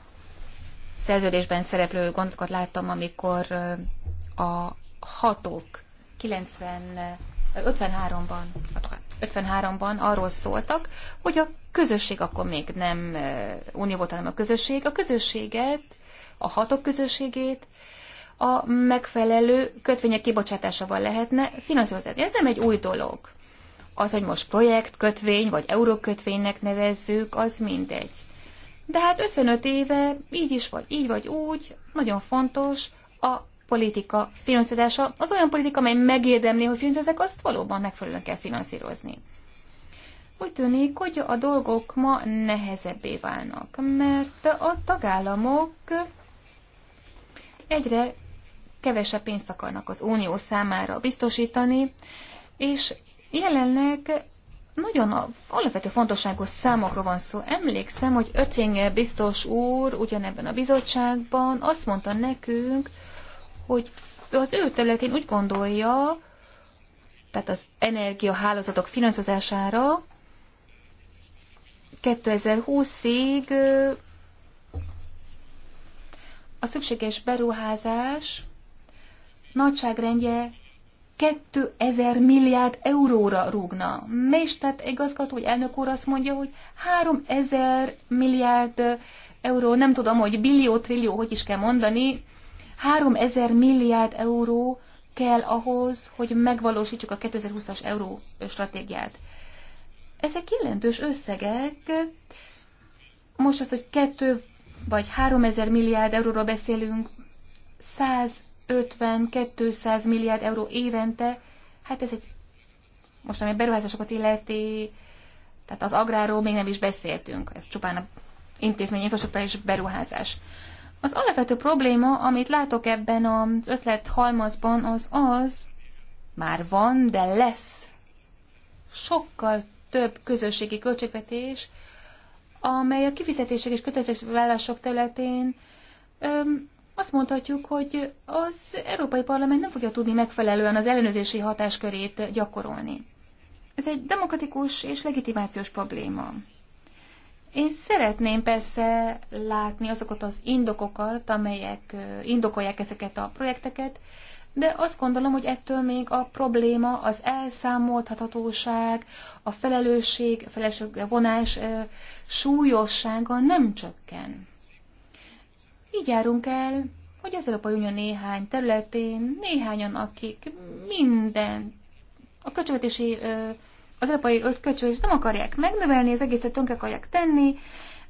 szerződésben szereplő gondokat láttam, amikor eh, a hatok 90 53-ban, 53-ban arról szóltak, hogy a közösség akkor még nem eh, unió volt, hanem a közösség, a közösséget, a hatok közösségét a megfelelő kötvények kibocsátásával lehetne finanszírozni. Ez nem egy új dolog. Az, hogy most projektkötvény vagy eurókötvénynek nevezzük, az mindegy. De hát 55 éve, így is vagy, így vagy úgy, nagyon fontos a politika finanszírozása. Az olyan politika, amely megérdemli, hogy finanszírozzák, azt valóban megfelelően kell finanszírozni. Úgy tűnik, hogy a dolgok ma nehezebbé válnak, mert a tagállamok egyre kevesebb pénzt akarnak az unió számára biztosítani, és Jelenleg nagyon alapvető fontosságú számokról van szó. Emlékszem, hogy Öttinger biztos úr ugyanebben a bizottságban azt mondta nekünk, hogy az ő területén úgy gondolja, tehát az energiahálózatok finanszírozására 2020-ig a szükséges beruházás nagyságrendje 2000 milliárd euróra rúgna. Mestert igazgató, hogy elnök úr azt mondja, hogy 3000 milliárd euró, nem tudom, hogy billió, trillió, hogy is kell mondani, 3000 milliárd euró kell ahhoz, hogy megvalósítsuk a 2020-as euró stratégiát. Ezek jelentős összegek. Most az, hogy 2 vagy 3000 milliárd euróról beszélünk, 100 50-200 milliárd euró évente, hát ez egy, most ami a beruházásokat illeti, tehát az agráról még nem is beszéltünk, ez csupán a intézmény infrastruktúrális beruházás. Az alapvető probléma, amit látok ebben az ötlet halmazban, az az, már van, de lesz sokkal több közösségi költségvetés, amely a kifizetések és kötelezettségvállások területén öm, azt mondhatjuk, hogy az Európai Parlament nem fogja tudni megfelelően az ellenőrzési hatáskörét gyakorolni. Ez egy demokratikus és legitimációs probléma. Én szeretném persze látni azokat az indokokat, amelyek indokolják ezeket a projekteket, de azt gondolom, hogy ettől még a probléma, az elszámolthatatóság, a felelősség, a felelősség vonás súlyossága nem csökken. Így járunk el, hogy az Európai Unió néhány területén, néhányan, akik minden a költségvetési, az európai költségvetést nem akarják megnövelni, az egészet tönkre akarják tenni,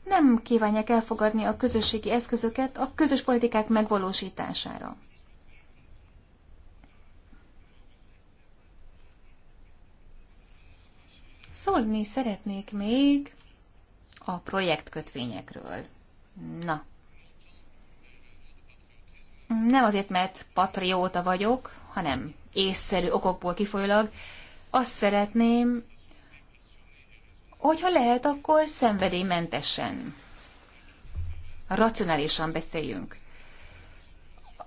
nem kívánják elfogadni a közösségi eszközöket a közös politikák megvalósítására. Szólni szeretnék még a projektkötvényekről. Na, nem azért, mert patrióta vagyok, hanem észszerű okokból kifolyólag, azt szeretném, hogyha lehet, akkor szenvedélymentesen, racionálisan beszéljünk.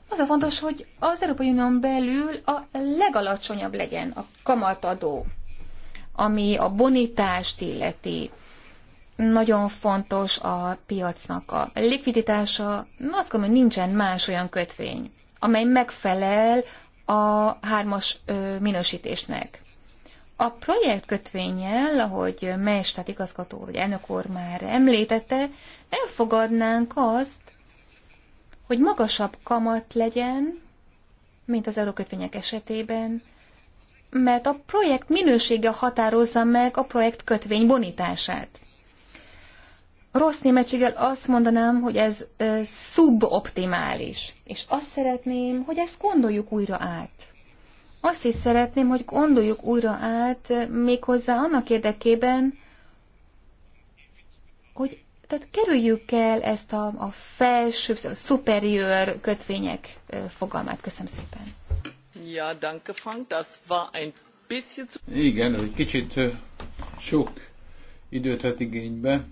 Az a fontos, hogy az Európai Unión belül a legalacsonyabb legyen a kamatadó, ami a bonitást illeti, nagyon fontos a piacnak a likviditása. Na azt gondolom, hogy nincsen más olyan kötvény, amely megfelel a hármas ö, minősítésnek. A projekt kötvényel, ahogy Meistát igazgató vagy elnök úr már említette, elfogadnánk azt, hogy magasabb kamat legyen, mint az eurókötvények esetében, mert a projekt minősége határozza meg a projekt kötvény bonitását rossz németséggel azt mondanám, hogy ez ö, szuboptimális. És azt szeretném, hogy ezt gondoljuk újra át. Azt is szeretném, hogy gondoljuk újra át, méghozzá annak érdekében, hogy tehát kerüljük el ezt a, a felső, a superior kötvények fogalmát. Köszönöm szépen. Ja, danke Frank, das war ein bisschen... Igen, ez egy kicsit sok időt vett igénybe.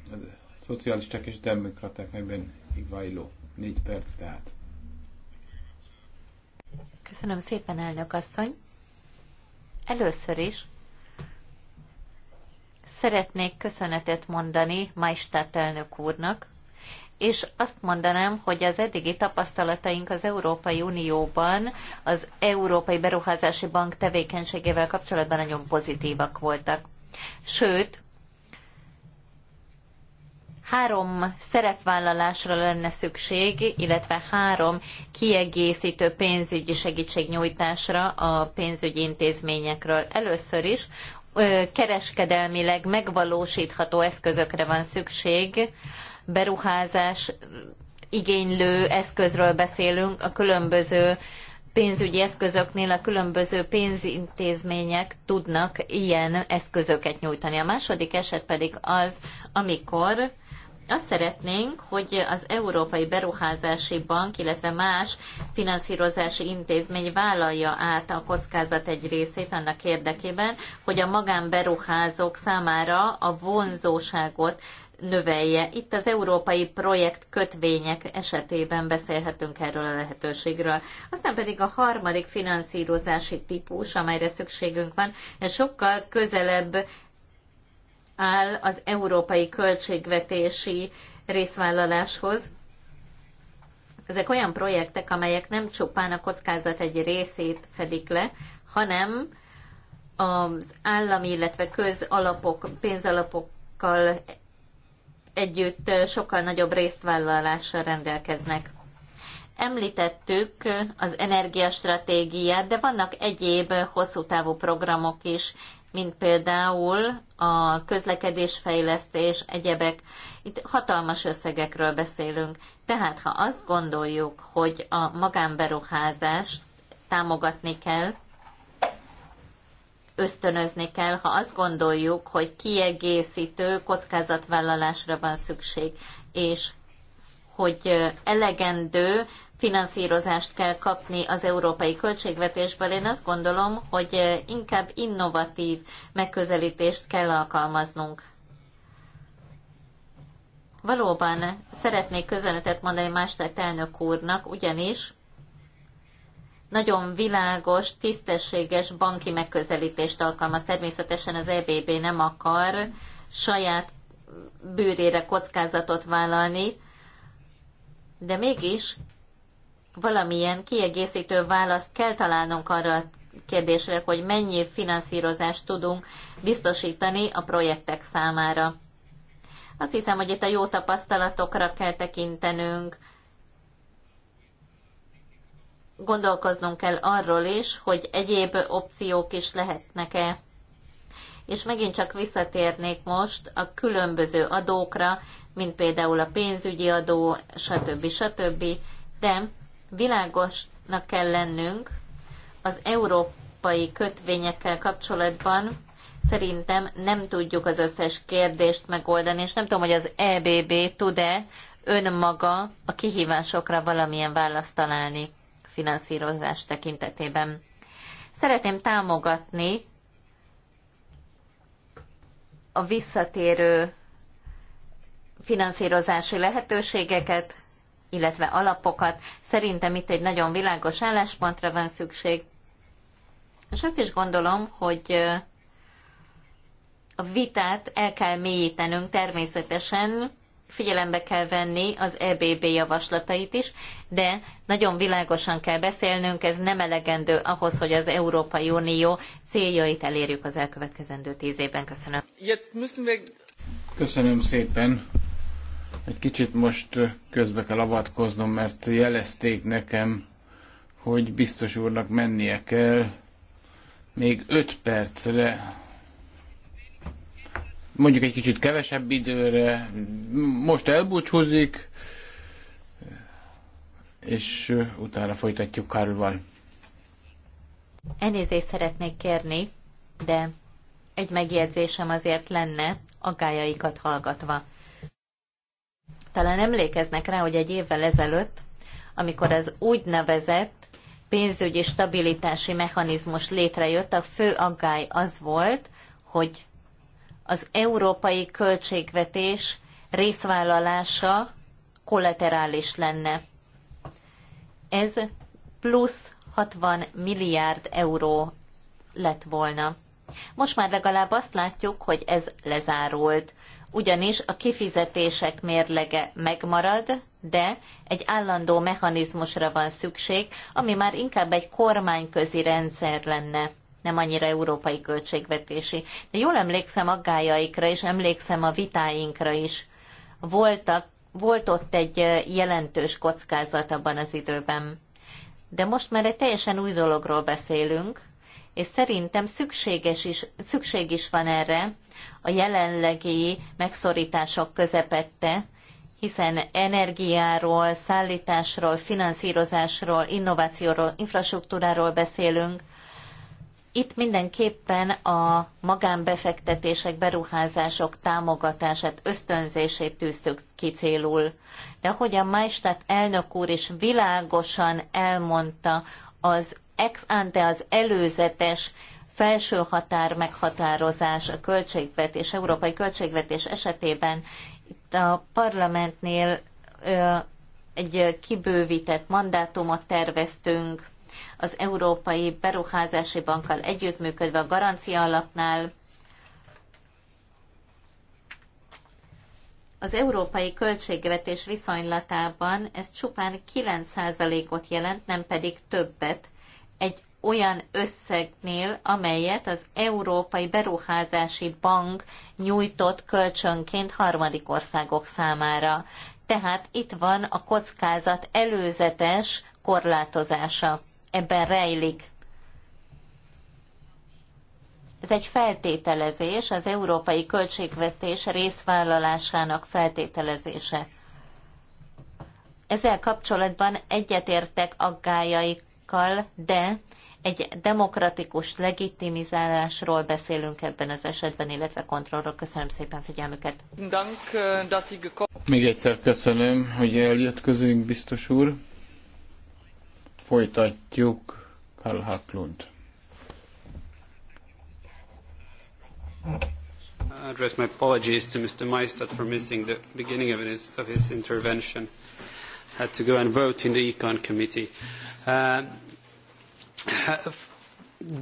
Szocialisták és demokraták nevében Ivajló. Négy perc tehát. Köszönöm szépen, elnök asszony. Először is szeretnék köszönetet mondani Majstát elnök úrnak, és azt mondanám, hogy az eddigi tapasztalataink az Európai Unióban az Európai Beruházási Bank tevékenységével kapcsolatban nagyon pozitívak voltak. Sőt, három szerepvállalásra lenne szükség, illetve három kiegészítő pénzügyi segítségnyújtásra a pénzügyi intézményekről. Először is kereskedelmileg megvalósítható eszközökre van szükség, beruházás igénylő eszközről beszélünk, a különböző pénzügyi eszközöknél a különböző pénzintézmények tudnak ilyen eszközöket nyújtani. A második eset pedig az, amikor azt szeretnénk, hogy az Európai Beruházási Bank, illetve más finanszírozási intézmény vállalja át a kockázat egy részét annak érdekében, hogy a magánberuházók számára a vonzóságot növelje. Itt az európai projekt kötvények esetében beszélhetünk erről a lehetőségről. Aztán pedig a harmadik finanszírozási típus, amelyre szükségünk van, sokkal közelebb áll az európai költségvetési részvállaláshoz. Ezek olyan projektek, amelyek nem csupán a kockázat egy részét fedik le, hanem az állami, illetve közalapok, pénzalapokkal együtt sokkal nagyobb résztvállalással rendelkeznek. Említettük az energiastratégiát, de vannak egyéb hosszú távú programok is, mint például a közlekedésfejlesztés, egyebek. Itt hatalmas összegekről beszélünk. Tehát, ha azt gondoljuk, hogy a magánberuházást támogatni kell, ösztönözni kell, ha azt gondoljuk, hogy kiegészítő kockázatvállalásra van szükség, és hogy elegendő finanszírozást kell kapni az európai költségvetésből. Én azt gondolom, hogy eh, inkább innovatív megközelítést kell alkalmaznunk. Valóban szeretnék köszönetet mondani Mástert elnök úrnak, ugyanis nagyon világos, tisztességes banki megközelítést alkalmaz. Természetesen az EBB nem akar saját bőrére kockázatot vállalni, de mégis valamilyen kiegészítő választ kell találnunk arra a kérdésre, hogy mennyi finanszírozást tudunk biztosítani a projektek számára. Azt hiszem, hogy itt a jó tapasztalatokra kell tekintenünk, gondolkoznunk kell arról is, hogy egyéb opciók is lehetnek-e. És megint csak visszatérnék most a különböző adókra, mint például a pénzügyi adó, stb. stb. De világosnak kell lennünk az európai kötvényekkel kapcsolatban, szerintem nem tudjuk az összes kérdést megoldani, és nem tudom, hogy az EBB tud-e önmaga a kihívásokra valamilyen választ találni finanszírozás tekintetében. Szeretném támogatni a visszatérő finanszírozási lehetőségeket, illetve alapokat. Szerintem itt egy nagyon világos álláspontra van szükség. És azt is gondolom, hogy a vitát el kell mélyítenünk természetesen, figyelembe kell venni az EBB javaslatait is, de nagyon világosan kell beszélnünk, ez nem elegendő ahhoz, hogy az Európai Unió céljait elérjük az elkövetkezendő tíz évben. Köszönöm. Köszönöm szépen. Egy kicsit most közbe kell avatkoznom, mert jelezték nekem, hogy biztos úrnak mennie kell még 5 percre, mondjuk egy kicsit kevesebb időre, most elbúcsúzik, és utána folytatjuk Karlval. Elnézést szeretnék kérni, de egy megjegyzésem azért lenne, a aggájaikat hallgatva. Talán emlékeznek rá, hogy egy évvel ezelőtt, amikor az úgynevezett pénzügyi stabilitási mechanizmus létrejött, a fő aggály az volt, hogy az európai költségvetés részvállalása kollaterális lenne. Ez plusz 60 milliárd euró lett volna. Most már legalább azt látjuk, hogy ez lezárult ugyanis a kifizetések mérlege megmarad, de egy állandó mechanizmusra van szükség, ami már inkább egy kormányközi rendszer lenne nem annyira európai költségvetési. De jól emlékszem aggájaikra, és emlékszem a vitáinkra is. Voltak, volt ott egy jelentős kockázat abban az időben. De most már egy teljesen új dologról beszélünk, és szerintem szükséges is, szükség is van erre a jelenlegi megszorítások közepette, hiszen energiáról, szállításról, finanszírozásról, innovációról, infrastruktúráról beszélünk. Itt mindenképpen a magánbefektetések, beruházások támogatását, ösztönzését tűztük ki célul. De ahogy a Maestat elnök úr is világosan elmondta, az ex ante az előzetes felső határ meghatározás a költségvetés, európai költségvetés esetében itt a parlamentnél egy kibővített mandátumot terveztünk, az Európai Beruházási Bankkal együttműködve a garancia alapnál. Az európai költségvetés viszonylatában ez csupán 9%-ot jelent, nem pedig többet, egy olyan összegnél, amelyet az Európai Beruházási Bank nyújtott kölcsönként harmadik országok számára. Tehát itt van a kockázat előzetes korlátozása. Ebben rejlik. Ez egy feltételezés, az európai költségvetés részvállalásának feltételezése. Ezzel kapcsolatban egyetértek aggájaik kal, de egy demokratikus legitimizálásról beszélünk ebben az esetben, illetve kontrollról. Köszönöm szépen figyelmüket. Eh, Még egyszer köszönöm, hogy eljött közünk, biztos úr. Folytatjuk Karl Haklund. Address my apologies to Mr. Meistert for missing the beginning of his, of his intervention. Had to go and vote in the Econ Committee. Uh, Uh,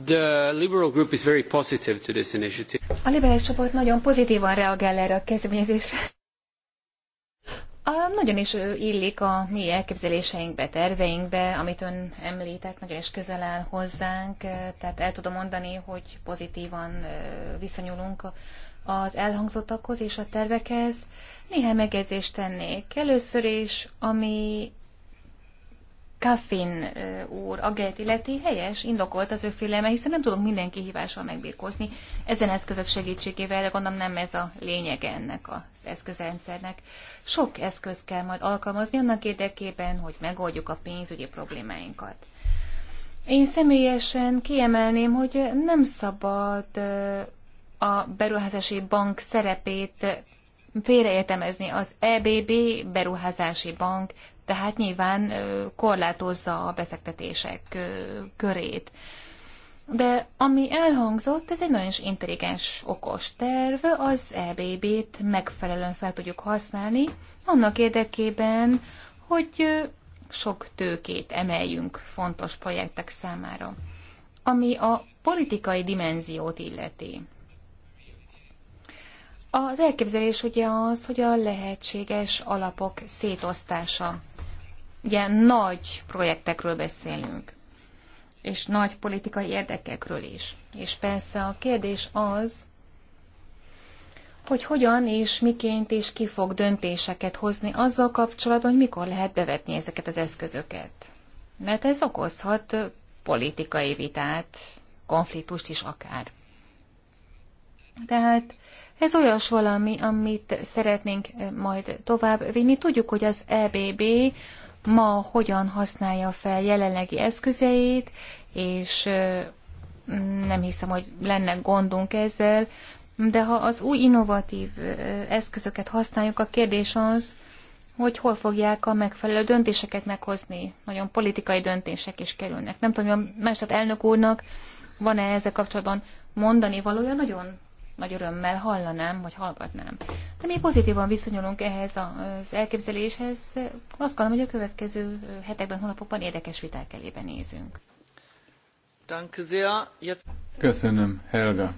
the liberal group is very positive to this initiative. A liberális csoport nagyon pozitívan reagál erre a kezdeményezésre. nagyon is illik a mi elképzeléseinkbe, terveinkbe, amit ön említett, nagyon is közel áll hozzánk, tehát el tudom mondani, hogy pozitívan viszonyulunk az elhangzottakhoz és a tervekhez. Néhány megjegyzést tennék. Először is, ami Kaffin úr aggályt illeti helyes, indokolt az ő félelme, hiszen nem tudunk minden kihívással megbírkozni. Ezen eszközök segítségével, de gondolom nem ez a lényege ennek az eszközrendszernek. Sok eszköz kell majd alkalmazni annak érdekében, hogy megoldjuk a pénzügyi problémáinkat. Én személyesen kiemelném, hogy nem szabad a beruházási bank szerepét félreértelmezni. Az EBB beruházási bank tehát nyilván korlátozza a befektetések körét. De ami elhangzott, ez egy nagyon is intelligens, okos terv, az EBB-t megfelelően fel tudjuk használni, annak érdekében, hogy sok tőkét emeljünk fontos projektek számára. Ami a politikai dimenziót illeti. Az elképzelés ugye az, hogy a lehetséges alapok szétosztása Ugye nagy projektekről beszélünk, és nagy politikai érdekekről is. És persze a kérdés az, hogy hogyan és miként és ki fog döntéseket hozni azzal kapcsolatban, hogy mikor lehet bevetni ezeket az eszközöket. Mert ez okozhat politikai vitát, konfliktust is akár. Tehát ez olyas valami, amit szeretnénk majd tovább vinni. Tudjuk, hogy az EBB ma hogyan használja fel jelenlegi eszközeit, és nem hiszem, hogy lenne gondunk ezzel, de ha az új innovatív eszközöket használjuk, a kérdés az, hogy hol fogják a megfelelő döntéseket meghozni. Nagyon politikai döntések is kerülnek. Nem tudom, hogy a másod elnök úrnak van-e ezzel kapcsolatban mondani valója, nagyon nagy örömmel hallanám, vagy hallgatnám. De mi pozitívan viszonyulunk ehhez az elképzeléshez. Azt gondolom, hogy a következő hetekben, hónapokban érdekes viták elébe nézünk. Köszönöm, Helga.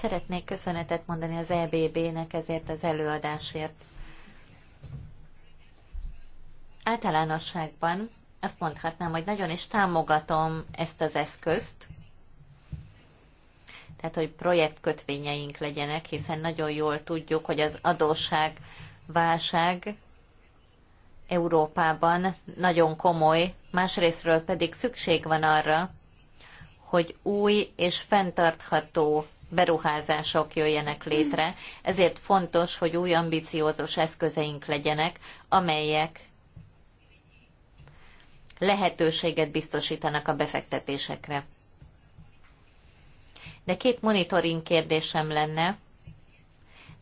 Szeretnék köszönetet mondani az EBB-nek ezért az előadásért. Általánosságban azt mondhatnám, hogy nagyon is támogatom ezt az eszközt, tehát hogy projektkötvényeink legyenek, hiszen nagyon jól tudjuk, hogy az adósság válság Európában nagyon komoly, másrésztről pedig szükség van arra, hogy új és fenntartható beruházások jöjjenek létre, ezért fontos, hogy új ambiciózus eszközeink legyenek, amelyek lehetőséget biztosítanak a befektetésekre. De két monitoring kérdésem lenne.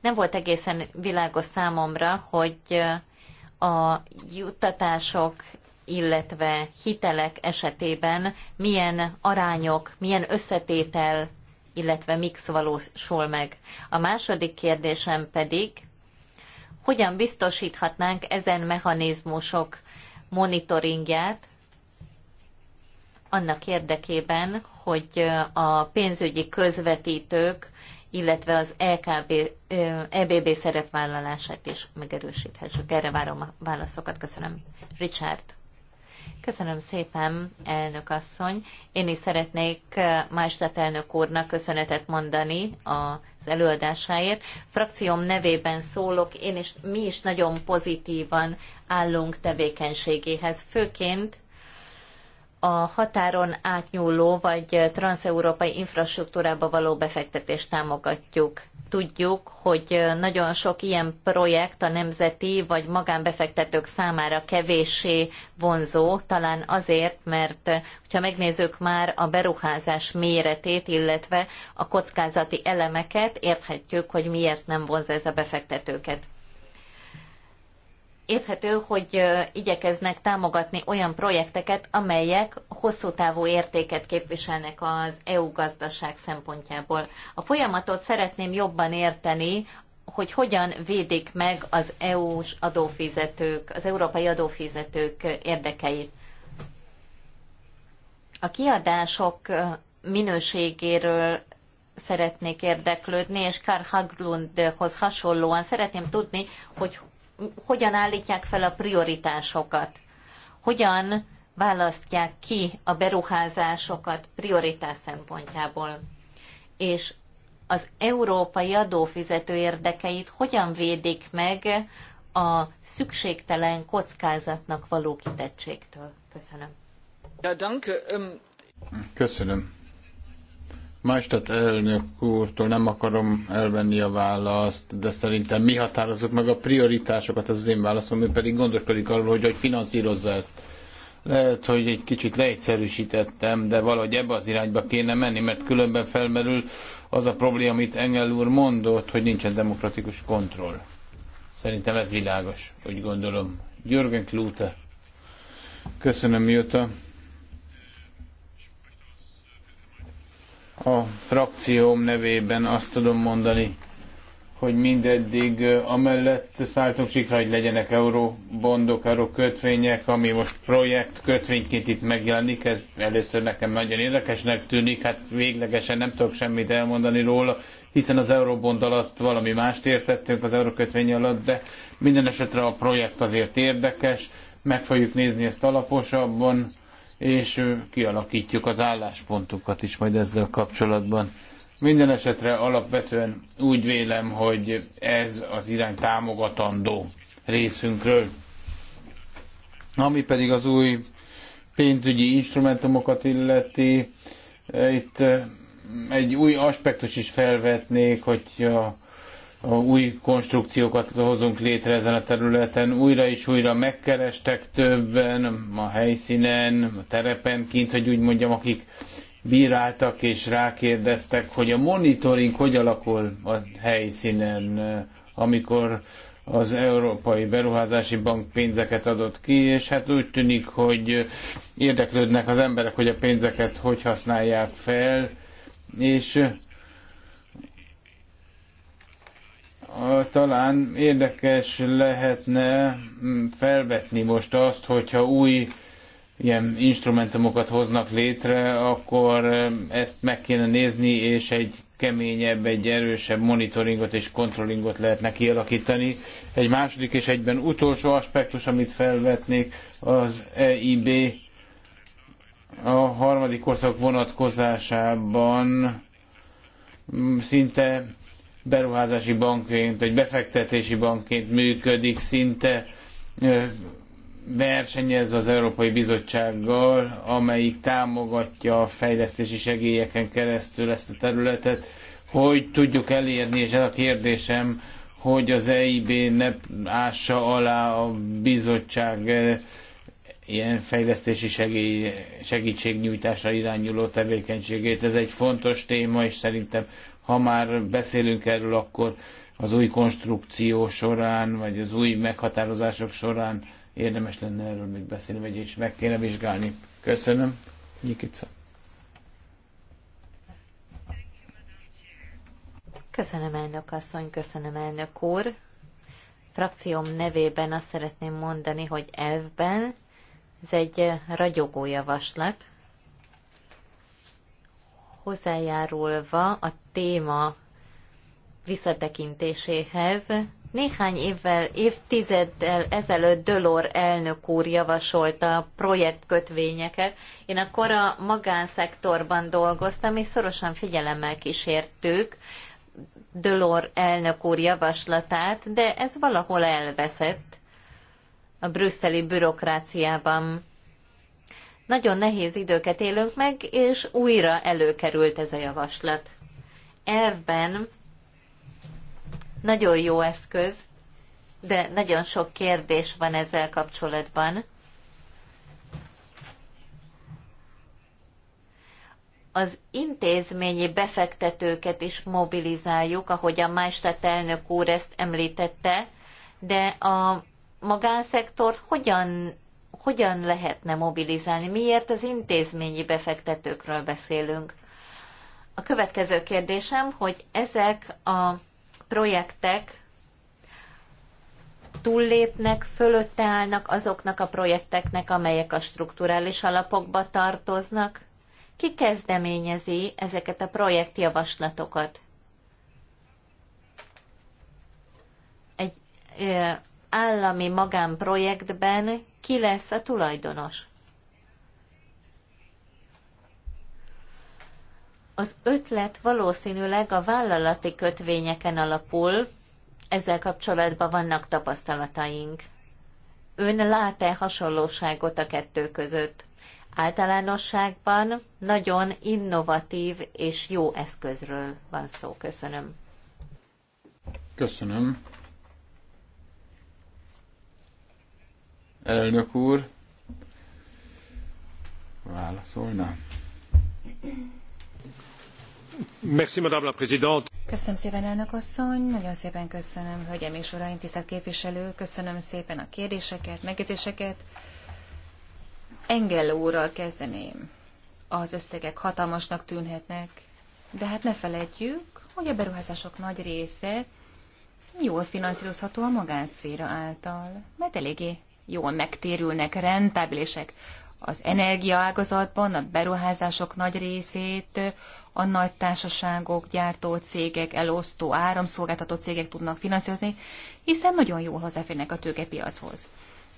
Nem volt egészen világos számomra, hogy a juttatások, illetve hitelek esetében milyen arányok, milyen összetétel, illetve mix valósul meg. A második kérdésem pedig, hogyan biztosíthatnánk ezen mechanizmusok monitoringját annak érdekében, hogy a pénzügyi közvetítők, illetve az EKB, EBB szerepvállalását is megerősíthessük. Erre várom a válaszokat. Köszönöm. Richard. Köszönöm szépen, elnök asszony. Én is szeretnék Mástat elnök úrnak köszönetet mondani az előadásáért. Frakcióm nevében szólok, én is, mi is nagyon pozitívan állunk tevékenységéhez, főként a határon átnyúló vagy transeurópai infrastruktúrába való befektetést támogatjuk. Tudjuk, hogy nagyon sok ilyen projekt a nemzeti vagy magánbefektetők számára kevéssé vonzó, talán azért, mert ha megnézzük már a beruházás méretét, illetve a kockázati elemeket, érthetjük, hogy miért nem vonz ez a befektetőket érthető, hogy igyekeznek támogatni olyan projekteket, amelyek hosszú távú értéket képviselnek az EU gazdaság szempontjából. A folyamatot szeretném jobban érteni, hogy hogyan védik meg az EU-s adófizetők, az európai adófizetők érdekeit. A kiadások minőségéről szeretnék érdeklődni, és Karl Haglundhoz hasonlóan szeretném tudni, hogy hogyan állítják fel a prioritásokat, hogyan választják ki a beruházásokat prioritás szempontjából, és az európai adófizető érdekeit hogyan védik meg a szükségtelen kockázatnak való kitettségtől. Köszönöm. Um, Köszönöm. Mástat elnök úrtól nem akarom elvenni a választ, de szerintem mi határozott meg a prioritásokat, az én válaszom, ő pedig gondoskodik arról, hogy hogy finanszírozza ezt. Lehet, hogy egy kicsit leegyszerűsítettem, de valahogy ebbe az irányba kéne menni, mert különben felmerül az a probléma, amit Engel úr mondott, hogy nincsen demokratikus kontroll. Szerintem ez világos, úgy gondolom. Jürgen Klute. Köszönöm, Jutta. A frakcióm nevében azt tudom mondani, hogy mindeddig amellett szálltunk sikra, hogy legyenek euró kötvények, ami most projekt kötvényként itt megjelenik, ez először nekem nagyon érdekesnek tűnik, hát véglegesen nem tudok semmit elmondani róla, hiszen az eurobond alatt valami mást értettünk az eurókötvény alatt, de minden esetre a projekt azért érdekes, meg fogjuk nézni ezt alaposabban, és kialakítjuk az álláspontunkat is majd ezzel kapcsolatban. Minden esetre alapvetően úgy vélem, hogy ez az irány támogatandó részünkről. Ami pedig az új pénzügyi instrumentumokat illeti, itt egy új aspektus is felvetnék, hogy a a új konstrukciókat hozunk létre ezen a területen. Újra és újra megkerestek többen a helyszínen, a terepen kint, hogy úgy mondjam, akik bíráltak és rákérdeztek, hogy a monitoring hogy alakul a helyszínen, amikor az Európai Beruházási Bank pénzeket adott ki, és hát úgy tűnik, hogy érdeklődnek az emberek, hogy a pénzeket hogy használják fel, és talán érdekes lehetne mm, felvetni most azt, hogyha új ilyen instrumentumokat hoznak létre, akkor mm, ezt meg kéne nézni, és egy keményebb, egy erősebb monitoringot és kontrollingot lehetne kialakítani. Egy második és egyben utolsó aspektus, amit felvetnék, az EIB a harmadik ország vonatkozásában mm, szinte beruházási bankként, egy befektetési bankként működik, szinte versenyez az Európai Bizottsággal, amelyik támogatja a fejlesztési segélyeken keresztül ezt a területet. Hogy tudjuk elérni, és ez a kérdésem, hogy az EIB ne ássa alá a bizottság ilyen fejlesztési segély, segítségnyújtásra irányuló tevékenységét. Ez egy fontos téma, és szerintem ha már beszélünk erről, akkor az új konstrukció során, vagy az új meghatározások során érdemes lenne erről még beszélni, vagy is meg kéne vizsgálni. Köszönöm. Nyikica. Köszönöm, elnök asszony, köszönöm, elnök úr. Frakcióm nevében azt szeretném mondani, hogy elvben ez egy ragyogó javaslat, hozzájárulva a téma visszatekintéséhez. Néhány évvel, évtizeddel ezelőtt Dölor elnök úr javasolta a projektkötvényeket. Én akkor a magánszektorban dolgoztam, és szorosan figyelemmel kísértük Dölor elnök úr javaslatát, de ez valahol elveszett a brüsszeli bürokráciában. Nagyon nehéz időket élünk meg, és újra előkerült ez a javaslat. Elvben nagyon jó eszköz, de nagyon sok kérdés van ezzel kapcsolatban. az intézményi befektetőket is mobilizáljuk, ahogy a Májstát elnök úr ezt említette, de a magánszektort hogyan hogyan lehetne mobilizálni, miért az intézményi befektetőkről beszélünk. A következő kérdésem, hogy ezek a projektek túllépnek, fölötte állnak azoknak a projekteknek, amelyek a strukturális alapokba tartoznak? Ki kezdeményezi ezeket a projektjavaslatokat? Egy állami magánprojektben ki lesz a tulajdonos. Az ötlet valószínűleg a vállalati kötvényeken alapul, ezzel kapcsolatban vannak tapasztalataink. Ön lát-e hasonlóságot a kettő között? Általánosságban nagyon innovatív és jó eszközről van szó. Köszönöm. Köszönöm. elnök úr. Válaszolna. Merci, madame la présidente. Köszönöm szépen, elnök asszony, nagyon szépen köszönöm, hölgyem és uraim, tisztelt képviselő, köszönöm szépen a kérdéseket, megjegyzéseket. Engel úrral kezdeném. Az összegek hatalmasnak tűnhetnek, de hát ne felejtjük, hogy a beruházások nagy része jól finanszírozható a magánszféra által, mert eléggé jól megtérülnek, rentábilisek. Az energiaágazatban a beruházások nagy részét a nagy társaságok, gyártó cégek, elosztó, áramszolgáltató cégek tudnak finanszírozni, hiszen nagyon jól hozzáférnek a tőkepiachoz.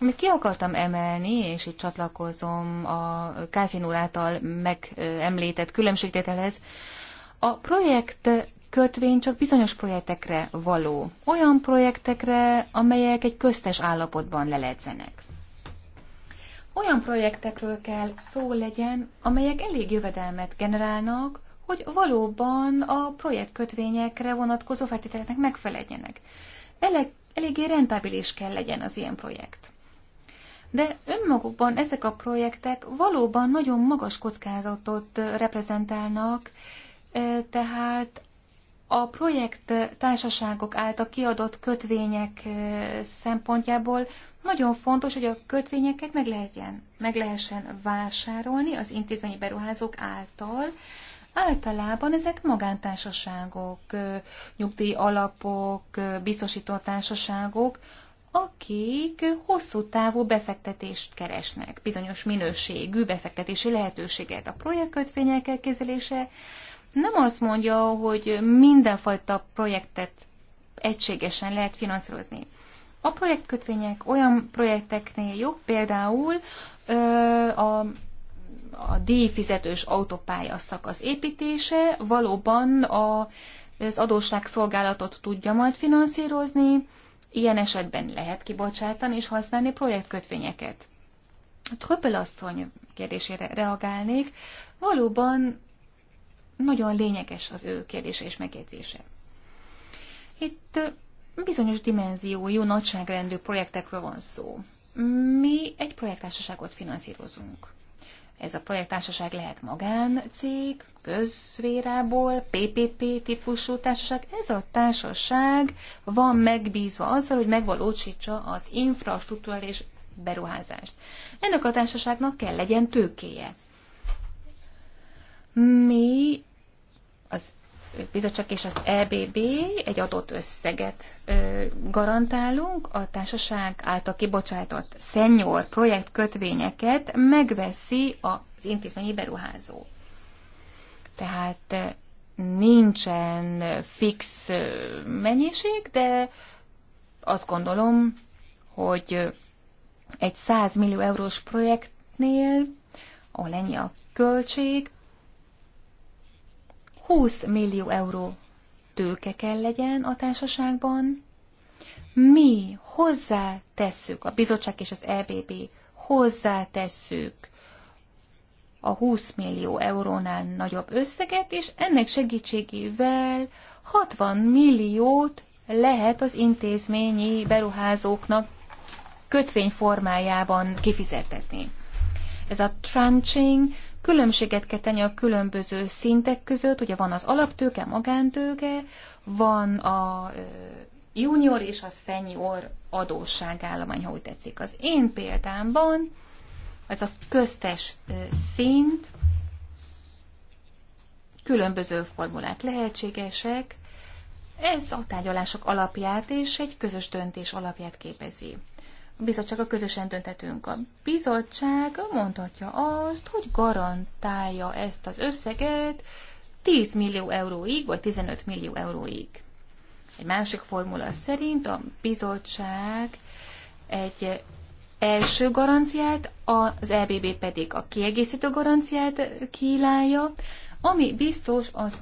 Amit ki akartam emelni, és itt csatlakozom a Káfinúr úr által megemlített különbségtételhez, a projekt kötvény csak bizonyos projektekre való, olyan projektekre, amelyek egy köztes állapotban leledzenek. Olyan projektekről kell szó legyen, amelyek elég jövedelmet generálnak, hogy valóban a projektkötvényekre vonatkozó feltételeknek megfeleljenek. Elég, eléggé rentábilis kell legyen az ilyen projekt. De önmagukban ezek a projektek valóban nagyon magas kockázatot reprezentálnak, eh, tehát a projekt társaságok által kiadott kötvények szempontjából nagyon fontos, hogy a kötvényeket meg, lehetjen, meg lehessen vásárolni az intézményi beruházók által. Általában ezek magántársaságok, nyugdíj alapok, biztosító társaságok, akik hosszú távú befektetést keresnek, bizonyos minőségű befektetési lehetőséget. A projektkötvények elkezelése nem azt mondja, hogy mindenfajta projektet egységesen lehet finanszírozni. A projektkötvények olyan projekteknél jó, például ö, a a díjfizetős autópálya szakasz építése valóban a, az adósságszolgálatot tudja majd finanszírozni, ilyen esetben lehet kibocsátani és használni projektkötvényeket. Tröppel asszony kérdésére reagálnék. Valóban nagyon lényeges az ő kérdése és megjegyzése. Itt bizonyos dimenziójú, nagyságrendű projektekről van szó. Mi egy projekttársaságot finanszírozunk. Ez a projekttársaság lehet magáncég, közvérából, PPP típusú társaság. Ez a társaság van megbízva azzal, hogy megvalósítsa az infrastruktúrális beruházást. Ennek a társaságnak kell legyen tőkéje. Mi az bizottság és az EBB egy adott összeget ö, garantálunk, a társaság által kibocsátott projekt projektkötvényeket megveszi az intézményi beruházó. Tehát nincsen fix mennyiség, de azt gondolom, hogy egy 100 millió eurós projektnél, ahol ennyi a költség, 20 millió euró tőke kell legyen a társaságban. Mi hozzátesszük, a bizottság és az EBB hozzátesszük a 20 millió eurónál nagyobb összeget, és ennek segítségével 60 milliót lehet az intézményi beruházóknak kötvény formájában kifizetetni. Ez a tranching Különbséget kell tenni a különböző szintek között, ugye van az alaptőke, magántőke, van a junior és a senior adósságállomány, ha úgy tetszik. Az én példámban ez a köztes szint, különböző formulák lehetségesek, ez a tárgyalások alapját és egy közös döntés alapját képezi bizottság a közösen döntetünk. A bizottság mondhatja azt, hogy garantálja ezt az összeget 10 millió euróig, vagy 15 millió euróig. Egy másik formula szerint a bizottság egy első garanciát, az EBB pedig a kiegészítő garanciát kínálja. Ami biztos az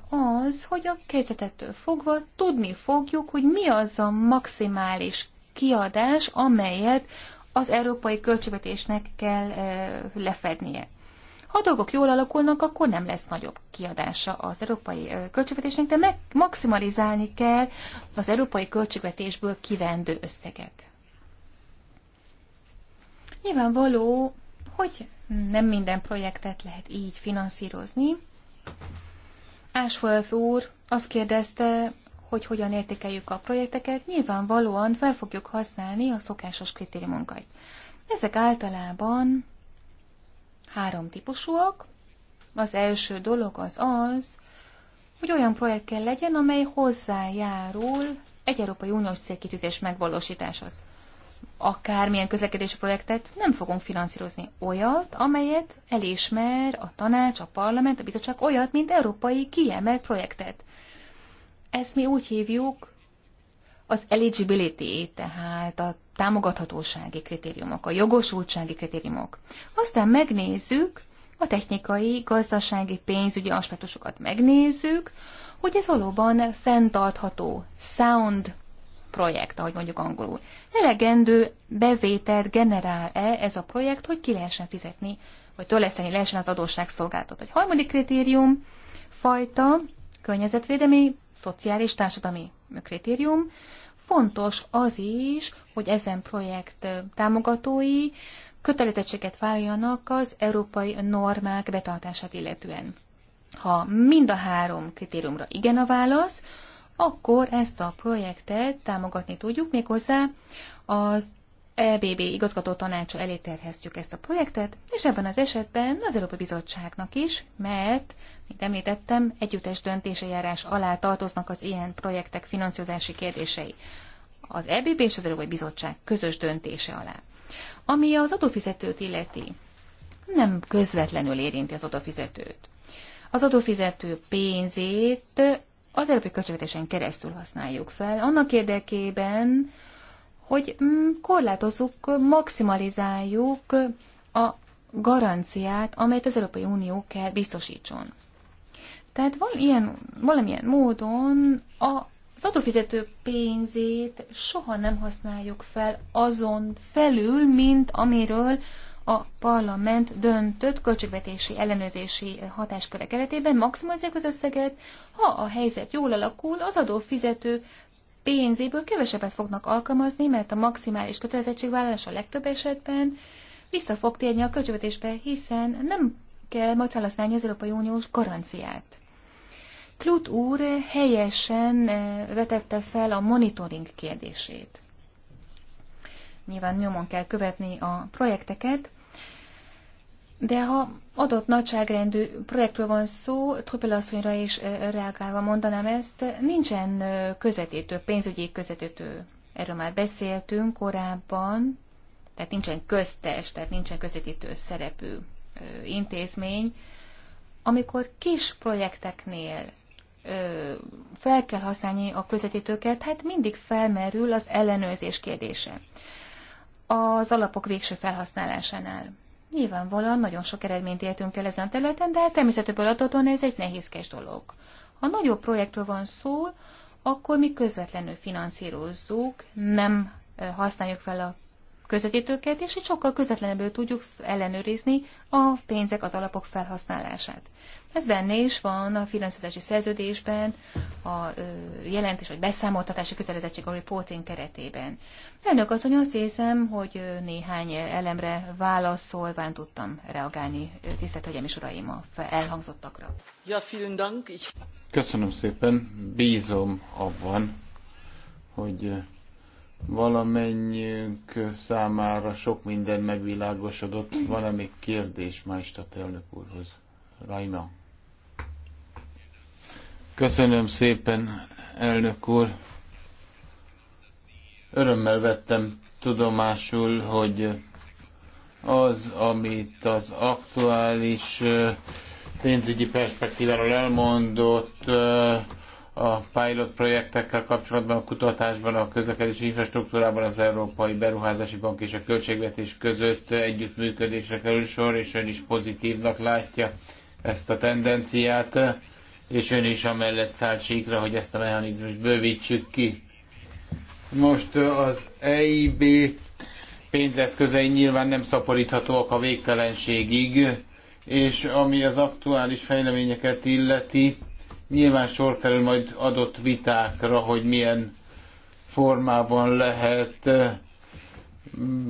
az, hogy a kezdetettől fogva tudni fogjuk, hogy mi az a maximális kiadás, amelyet az európai költségvetésnek kell lefednie. Ha a dolgok jól alakulnak, akkor nem lesz nagyobb kiadása az európai költségvetésnek, de meg maximalizálni kell az európai költségvetésből kivendő összeget. Nyilvánvaló, hogy nem minden projektet lehet így finanszírozni. Ásfolf úr azt kérdezte, hogy hogyan értékeljük a projekteket, nyilvánvalóan fel fogjuk használni a szokásos kritériumunkat. Ezek általában három típusúak. Az első dolog az az, hogy olyan projekt kell legyen, amely hozzájárul egy Európai Uniós célkitűzés megvalósításhoz. Akármilyen közlekedési projektet nem fogunk finanszírozni. Olyat, amelyet elismer a tanács, a parlament, a bizottság, olyat, mint európai kiemelt projektet. Ezt mi úgy hívjuk az eligibility, tehát a támogathatósági kritériumok, a jogosultsági kritériumok. Aztán megnézzük a technikai, gazdasági, pénzügyi aspektusokat megnézzük, hogy ez valóban fenntartható, sound projekt, ahogy mondjuk angolul. Elegendő bevételt generál-e ez a projekt, hogy ki lehessen fizetni, vagy törleszteni lehessen az adósságszolgáltat. Egy harmadik kritérium fajta, környezetvédelmi, szociális, társadalmi kritérium. Fontos az is, hogy ezen projekt támogatói kötelezettséget vállaljanak az európai normák betartását illetően. Ha mind a három kritériumra igen a válasz, akkor ezt a projektet támogatni tudjuk, méghozzá az EBB igazgató tanácsa elé terhesztjük ezt a projektet, és ebben az esetben az Európai Bizottságnak is, mert mint említettem, együttes döntéseljárás alá tartoznak az ilyen projektek finanszírozási kérdései. Az EBB és az Európai Bizottság közös döntése alá. Ami az adófizetőt illeti, nem közvetlenül érinti az adófizetőt. Az adófizető pénzét az európai költségvetésen keresztül használjuk fel, annak érdekében, hogy mm, korlátozzuk, maximalizáljuk a garanciát, amelyet az Európai Unió kell biztosítson. Tehát van ilyen, valamilyen módon a az adófizető pénzét soha nem használjuk fel azon felül, mint amiről a parlament döntött költségvetési ellenőrzési hatásköre keretében, maximalizálják az összeget, ha a helyzet jól alakul, az adófizető pénzéből kevesebbet fognak alkalmazni, mert a maximális kötelezettségvállalás a legtöbb esetben vissza fog térni a költségvetésbe, hiszen nem kell majd felhasználni az Európai Uniós garanciát. Klut úr helyesen eh, vetette fel a monitoring kérdését. Nyilván nyomon kell követni a projekteket, de ha adott nagyságrendű projektről van szó, Tropel asszonyra is eh, reagálva mondanám ezt, nincsen eh, közvetítő, pénzügyi közvetítő. Erről már beszéltünk korábban, tehát nincsen köztes, tehát nincsen közvetítő szerepű intézmény. Amikor kis projekteknél fel kell használni a közvetítőket, hát mindig felmerül az ellenőrzés kérdése. Az alapok végső felhasználásánál. Nyilvánvalóan nagyon sok eredményt értünk el ezen a területen, de természetből adatóan ez egy nehézkes dolog. Ha nagyobb projektről van szó, akkor mi közvetlenül finanszírozzuk, nem használjuk fel a közvetítőket, és így sokkal közvetlenebből tudjuk ellenőrizni a pénzek, az alapok felhasználását. Ez benne is van a finanszírozási szerződésben, a jelentés vagy beszámoltatási kötelezettség a reporting keretében. Elnök hogy azt hiszem, hogy néhány elemre válaszolván tudtam reagálni, tisztelt Hölgyeim és Uraim, a elhangzottakra. Ja, vielen Dank. Köszönöm szépen, bízom abban, hogy valamennyiünk számára sok minden megvilágosodott. Van-e még kérdés Májstat elnök úrhoz? Raimond. Köszönöm szépen, elnök úr. Örömmel vettem tudomásul, hogy az, amit az aktuális pénzügyi perspektíváról elmondott a pilot projektekkel kapcsolatban, a kutatásban, a közlekedési infrastruktúrában az Európai Beruházási Bank és a költségvetés között együttműködésre kerül sor, és ön is pozitívnak látja ezt a tendenciát és ön is amellett szállt síkra, hogy ezt a mechanizmust bővítsük ki. Most az EIB pénzeszközei nyilván nem szaporíthatóak a végtelenségig, és ami az aktuális fejleményeket illeti, nyilván sor kerül majd adott vitákra, hogy milyen formában lehet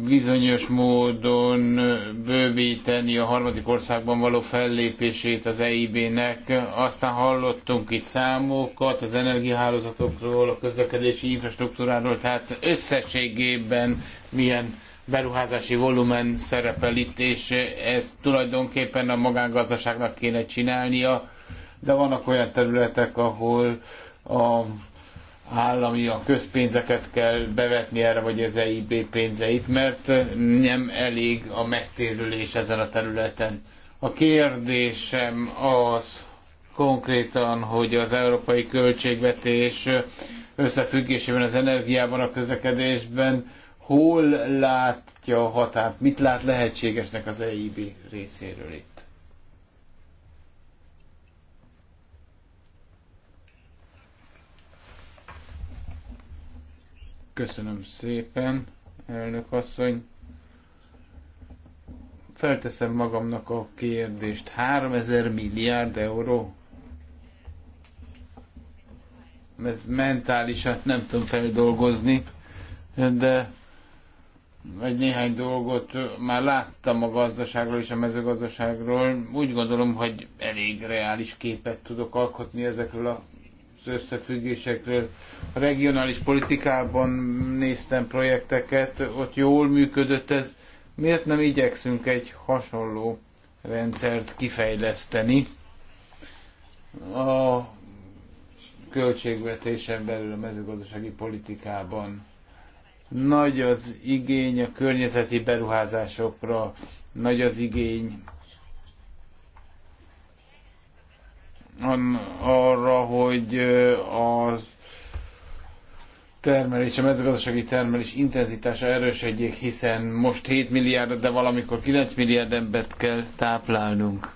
bizonyos módon bővíteni a harmadik országban való fellépését az EIB-nek. Aztán hallottunk itt számokat az energiahálózatokról, a közlekedési infrastruktúráról, tehát összességében milyen beruházási volumen szerepel itt, és ezt tulajdonképpen a magángazdaságnak kéne csinálnia, de vannak olyan területek, ahol a állami a közpénzeket kell bevetni erre, vagy az EIB pénzeit, mert nem elég a megtérülés ezen a területen. A kérdésem az konkrétan, hogy az európai költségvetés összefüggésében az energiában, a közlekedésben hol látja a határt, mit lát lehetségesnek az EIB részéről itt? Köszönöm szépen, elnök asszony. Felteszem magamnak a kérdést. 3000 milliárd euró? Ez mentálisan hát nem tudom feldolgozni, de egy néhány dolgot már láttam a gazdaságról és a mezőgazdaságról. Úgy gondolom, hogy elég reális képet tudok alkotni ezekről a összefüggésekről. A regionális politikában néztem projekteket, ott jól működött ez. Miért nem igyekszünk egy hasonló rendszert kifejleszteni a költségvetésen belül a mezőgazdasági politikában? Nagy az igény a környezeti beruházásokra, nagy az igény arra, hogy a termelés, a mezőgazdasági termelés intenzitása erősödjék, hiszen most 7 milliárd, de valamikor 9 milliárd embert kell táplálnunk.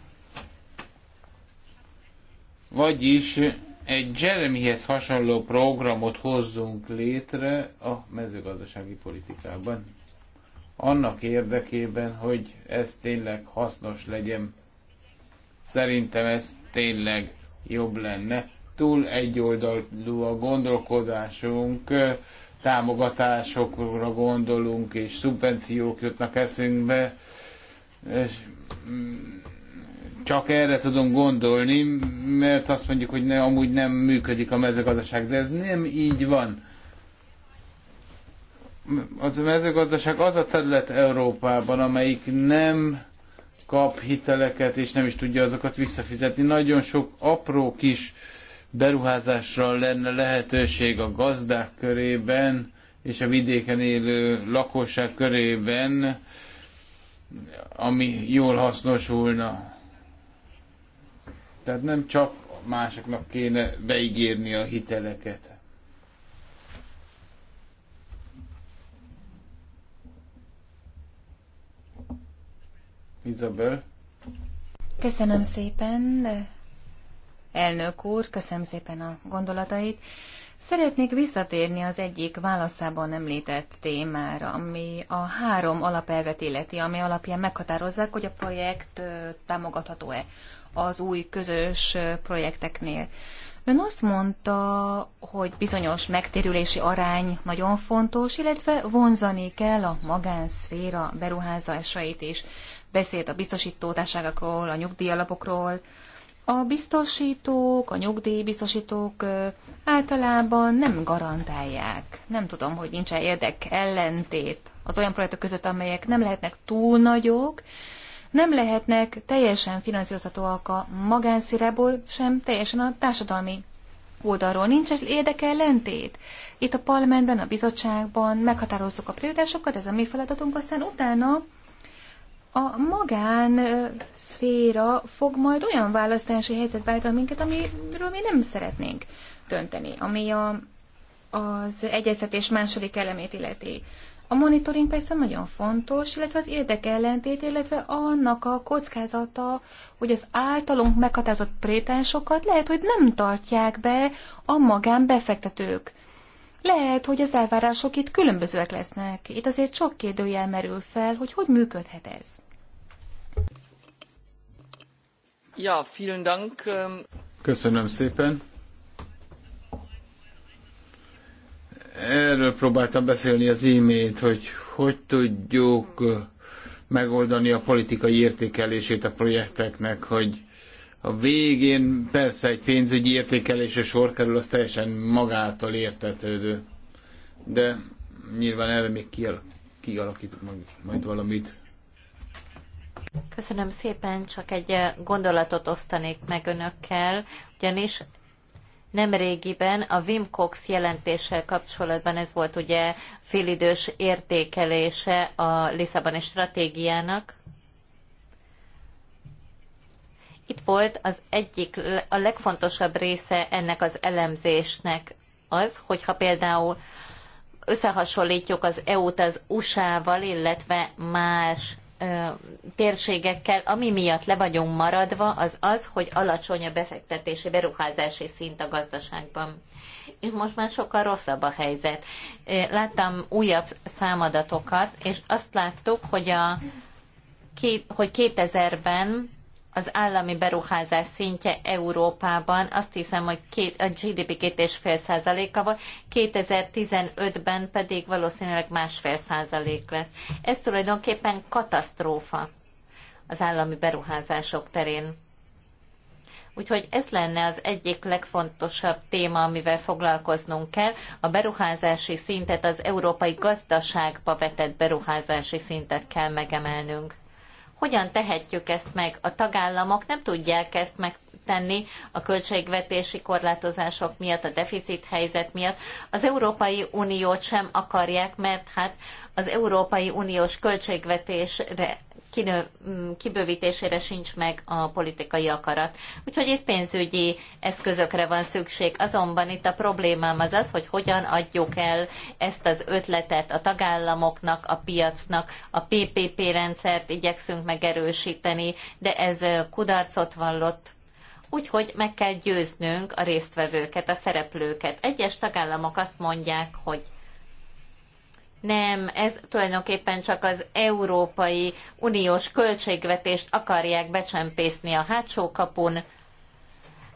Vagyis egy Jeremyhez hasonló programot hozzunk létre a mezőgazdasági politikában. Annak érdekében, hogy ez tényleg hasznos legyen Szerintem ez tényleg jobb lenne. Túl egyoldalú a gondolkodásunk, támogatásokra gondolunk, és szubvenciók jutnak eszünkbe, és mm, csak erre tudunk gondolni, mert azt mondjuk, hogy ne, amúgy nem működik a mezőgazdaság, de ez nem így van. Az a mezőgazdaság az a terület Európában, amelyik nem kap hiteleket, és nem is tudja azokat visszafizetni. Nagyon sok apró kis beruházásra lenne lehetőség a gazdák körében, és a vidéken élő lakosság körében, ami jól hasznosulna. Tehát nem csak másoknak kéne beígérni a hiteleket. Isabel. Köszönöm szépen, elnök úr, köszönöm szépen a gondolatait. Szeretnék visszatérni az egyik válaszában említett témára, ami a három alapelvet illeti, ami alapján meghatározzák, hogy a projekt támogatható-e az új közös projekteknél. Ön azt mondta, hogy bizonyos megtérülési arány nagyon fontos, illetve vonzani kell a magánszféra beruházásait is beszélt a biztosítótárságokról, a nyugdíjalapokról. A biztosítók, a nyugdíjbiztosítók általában nem garantálják. Nem tudom, hogy nincs-e érdek ellentét az olyan projektek között, amelyek nem lehetnek túl nagyok, nem lehetnek teljesen finanszírozhatóak a magánszírából, sem teljesen a társadalmi oldalról. Nincs ellentét. Itt a parlamentben, a bizottságban meghatározzuk a prioritásokat, ez a mi feladatunk, aztán utána a magán szféra fog majd olyan választási helyzetbe állítani minket, amiről mi nem szeretnénk dönteni, ami a, az egyeztetés második elemét illeti. A monitoring persze nagyon fontos, illetve az érdekellentét, illetve annak a kockázata, hogy az általunk meghatározott prétásokat lehet, hogy nem tartják be a magán befektetők. Lehet, hogy az elvárások itt különbözőek lesznek. Itt azért sok kérdőjel merül fel, hogy hogy működhet ez. Ja, vielen Dank. Ähm, Köszönöm szépen. Erről próbáltam beszélni az imént, hogy hogy tudjuk megoldani a politikai értékelését a projekteknek, hogy a végén persze egy pénzügyi értékelésre sor kerül, az teljesen magától értetődő. De nyilván erre még kialakítunk majd valamit. Köszönöm szépen, csak egy eh, gondolatot osztanék meg önökkel, ugyanis nemrégiben a Wim Cox jelentéssel kapcsolatban ez volt ugye félidős értékelése a Lisszaboni stratégiának. Itt volt az egyik, a legfontosabb része ennek az elemzésnek az, hogyha például összehasonlítjuk az EU-t az USA-val, illetve más térségekkel, ami miatt le vagyunk maradva, az az, hogy alacsony a befektetési beruházási szint a gazdaságban. És most már sokkal rosszabb a helyzet. Láttam újabb számadatokat, és azt láttuk, hogy, a, hogy 2000-ben az állami beruházás szintje Európában azt hiszem, hogy két, a GDP 2,5%-a volt, 2015-ben pedig valószínűleg másfél százalék lett. Ez tulajdonképpen katasztrófa az állami beruházások terén. Úgyhogy ez lenne az egyik legfontosabb téma, amivel foglalkoznunk kell, a beruházási szintet, az európai gazdaságba vetett beruházási szintet kell megemelnünk. Hogyan tehetjük ezt meg? A tagállamok nem tudják ezt meg tenni a költségvetési korlátozások miatt, a deficit helyzet miatt. Az Európai Uniót sem akarják, mert hát az Európai Uniós költségvetésre kinő, mm, kibővítésére sincs meg a politikai akarat. Úgyhogy itt pénzügyi eszközökre van szükség. Azonban itt a problémám az az, hogy hogyan adjuk el ezt az ötletet a tagállamoknak, a piacnak, a PPP rendszert igyekszünk megerősíteni, de ez kudarcot vallott Úgyhogy meg kell győznünk a résztvevőket, a szereplőket. Egyes tagállamok azt mondják, hogy nem, ez tulajdonképpen csak az Európai Uniós költségvetést akarják becsempészni a hátsó kapun.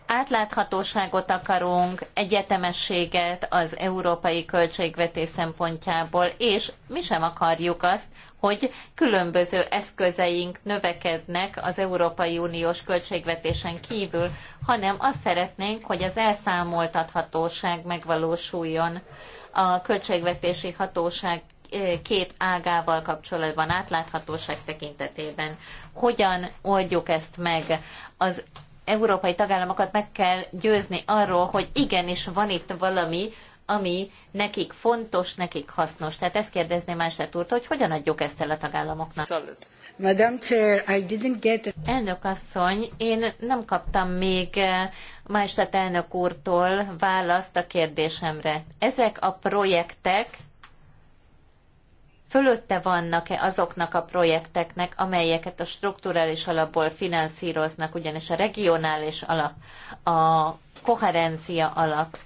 Átláthatóságot akarunk, egyetemességet az európai költségvetés szempontjából, és mi sem akarjuk azt, hogy különböző eszközeink növekednek az Európai Uniós költségvetésen kívül, hanem azt szeretnénk, hogy az elszámoltathatóság megvalósuljon a költségvetési hatóság eh, két ágával kapcsolatban, átláthatóság tekintetében. Hogyan oldjuk ezt meg? Az európai tagállamokat meg kell győzni arról, hogy igenis van itt valami, ami nekik fontos, nekik hasznos. Tehát ezt kérdezném Mását úrtól, hogy hogyan adjuk ezt el a tagállamoknak. Madam Chair, I didn't get it. Elnök asszony, én nem kaptam még eh, Mását elnök úrtól választ a kérdésemre. Ezek a projektek fölötte vannak-e azoknak a projekteknek, amelyeket a strukturális alapból finanszíroznak, ugyanis a regionális alap, a koherencia alap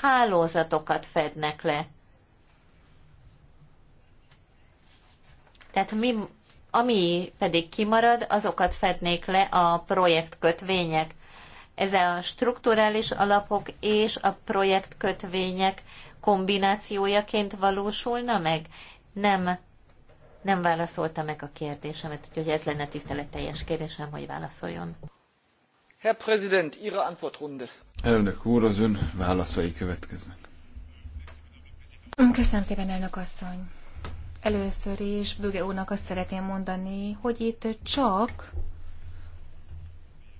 hálózatokat fednek le. Tehát mi, ami pedig kimarad, azokat fednék le a projektkötvények. Ez a strukturális alapok és a projektkötvények kombinációjaként valósulna meg? Nem, nem válaszolta meg a kérdésemet, úgyhogy ez lenne tiszteletteljes kérdésem, hogy válaszoljon. Herr Präsident, Ihre Antwortrunde. Elnök úr, az ön válaszai következnek. Köszönöm szépen, elnök asszony. Először is Böge úrnak azt szeretném mondani, hogy itt csak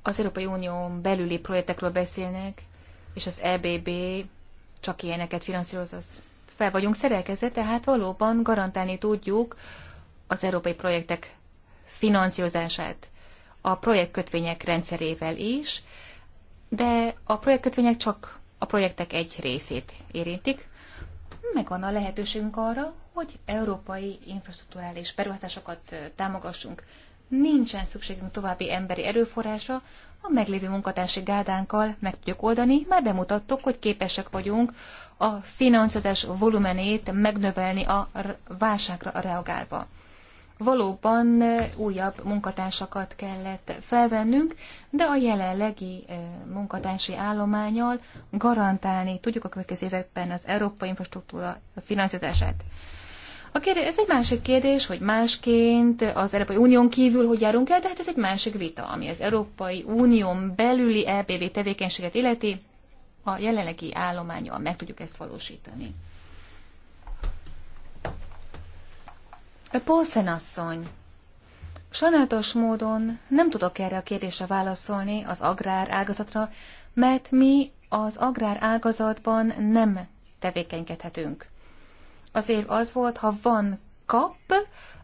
az Európai unió belüli projektekről beszélnek, és az EBB csak ilyeneket finanszíroz, fel vagyunk szerelkezve, tehát valóban garantálni tudjuk az európai projektek finanszírozását a projektkötvények rendszerével is, de a projektkötvények csak a projektek egy részét érintik. Megvan a lehetőségünk arra, hogy európai infrastruktúrális beruházásokat támogassunk. Nincsen szükségünk további emberi erőforrásra, a meglévő munkatársi gádánkkal meg tudjuk oldani, már bemutattuk, hogy képesek vagyunk a finanszírozás volumenét megnövelni a válságra reagálva valóban újabb munkatársakat kellett felvennünk, de a jelenlegi munkatársi állományal garantálni tudjuk a következő években az európai infrastruktúra finanszírozását. A kérdés, ez egy másik kérdés, hogy másként az Európai Unión kívül hogy járunk el, de hát ez egy másik vita, ami az Európai Unión belüli EBV tevékenységet illeti, a jelenlegi állományjal meg tudjuk ezt valósítani. Paulsen asszony, sajnálatos módon nem tudok erre a kérdésre válaszolni az agrár ágazatra, mert mi az agrár ágazatban nem tevékenykedhetünk. Az év az volt, ha van kap,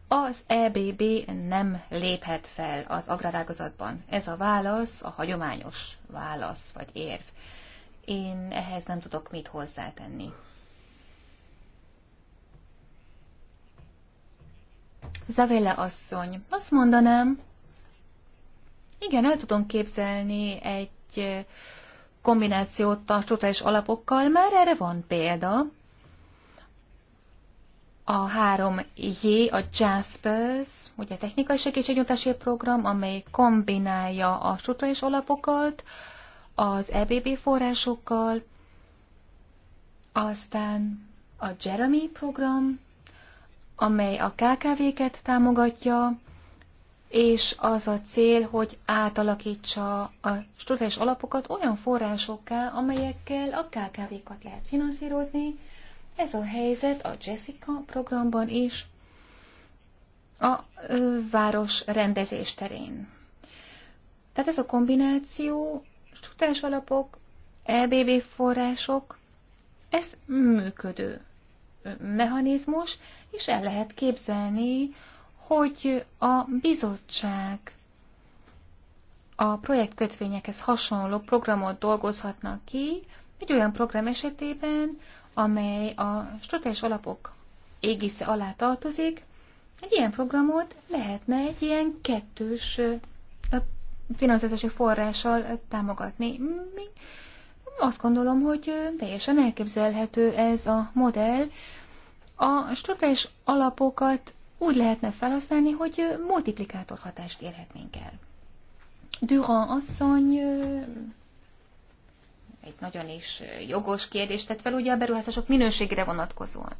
az EBB nem léphet fel az agrárágazatban. Ez a válasz a hagyományos válasz vagy érv. Én ehhez nem tudok mit hozzátenni. Zavella asszony, azt mondanám, igen, el tudom képzelni egy kombinációt a csodás alapokkal, már erre van példa. A 3J, a JASPERS, ugye technikai segítségnyújtási program, amely kombinálja a struktúrális alapokat az EBB forrásokkal, aztán a Jeremy program, amely a KKV-ket támogatja, és az a cél, hogy átalakítsa a struktúrás alapokat olyan forrásokká, amelyekkel a KKV-kat lehet finanszírozni. Ez a helyzet a Jessica programban is, a város rendezés terén. Tehát ez a kombináció, struktúrás alapok, EBB források, ez működő mechanizmus, és el lehet képzelni, hogy a bizottság a projektkötvényekhez hasonló programot dolgozhatnak ki, egy olyan program esetében, amely a stratégiai alapok égisze alá tartozik, egy ilyen programot lehetne egy ilyen kettős finanszírozási forrással támogatni. Mi azt gondolom, hogy teljesen elképzelhető ez a modell. A struktúrális alapokat úgy lehetne felhasználni, hogy multiplikátor hatást érhetnénk el. Durand asszony egy nagyon is jogos kérdést tett fel, ugye a beruházások minőségére vonatkozóan.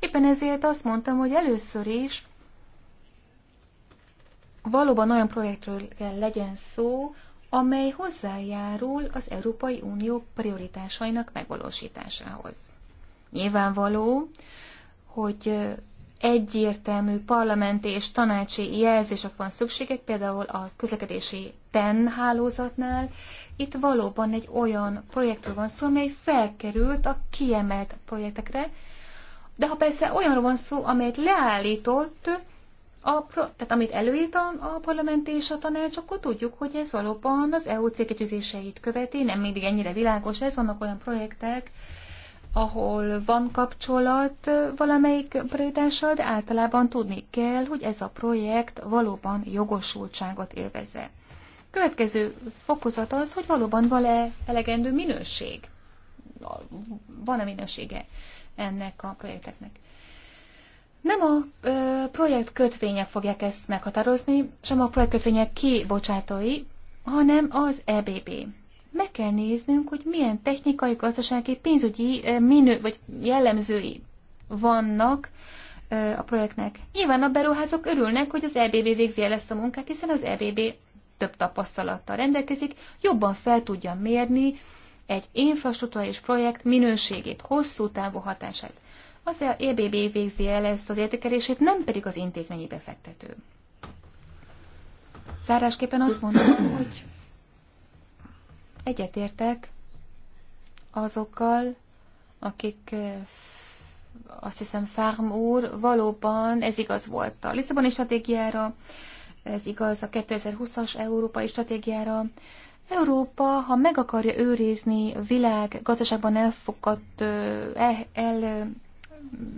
Éppen ezért azt mondtam, hogy először is valóban olyan projektről kell legyen szó, amely hozzájárul az Európai Unió prioritásainak megvalósításához. Nyilvánvaló, hogy egyértelmű parlamenti és tanácsi jelzések van szükségek, például a közlekedési TEN hálózatnál. Itt valóban egy olyan projektről van szó, amely felkerült a kiemelt projektekre, de ha persze olyanról van szó, amelyet leállított, a, tehát amit előírt a, a parlament és a tanács, akkor tudjuk, hogy ez valóban az EU célkitűzéseit követi, nem mindig ennyire világos ez, vannak olyan projektek, ahol van kapcsolat valamelyik prioritással, de általában tudni kell, hogy ez a projekt valóban jogosultságot élvezze. Következő fokozat az, hogy valóban van-e elegendő minőség. Van-e minősége ennek a projekteknek. Nem a ö, projekt kötvények fogják ezt meghatározni, sem a projekt kötvények kibocsátói, hanem az EBB. Meg kell néznünk, hogy milyen technikai, gazdasági, pénzügyi minő, vagy jellemzői vannak ö, a projektnek. Nyilván a beruházók örülnek, hogy az EBB végzi el ezt a munkát, hiszen az EBB több tapasztalattal rendelkezik, jobban fel tudja mérni egy infrastruktúrális projekt minőségét, hosszú távú hatását. Az EBB végzi el ezt az értékelését, nem pedig az intézményi befektető. Zárásképpen azt mondom, hogy egyetértek azokkal, akik azt hiszem Fárm úr, valóban ez igaz volt a Lisszaboni stratégiára, ez igaz a 2020-as európai stratégiára. Európa, ha meg akarja őrizni világ gazdaságban elfogadt, e- el, el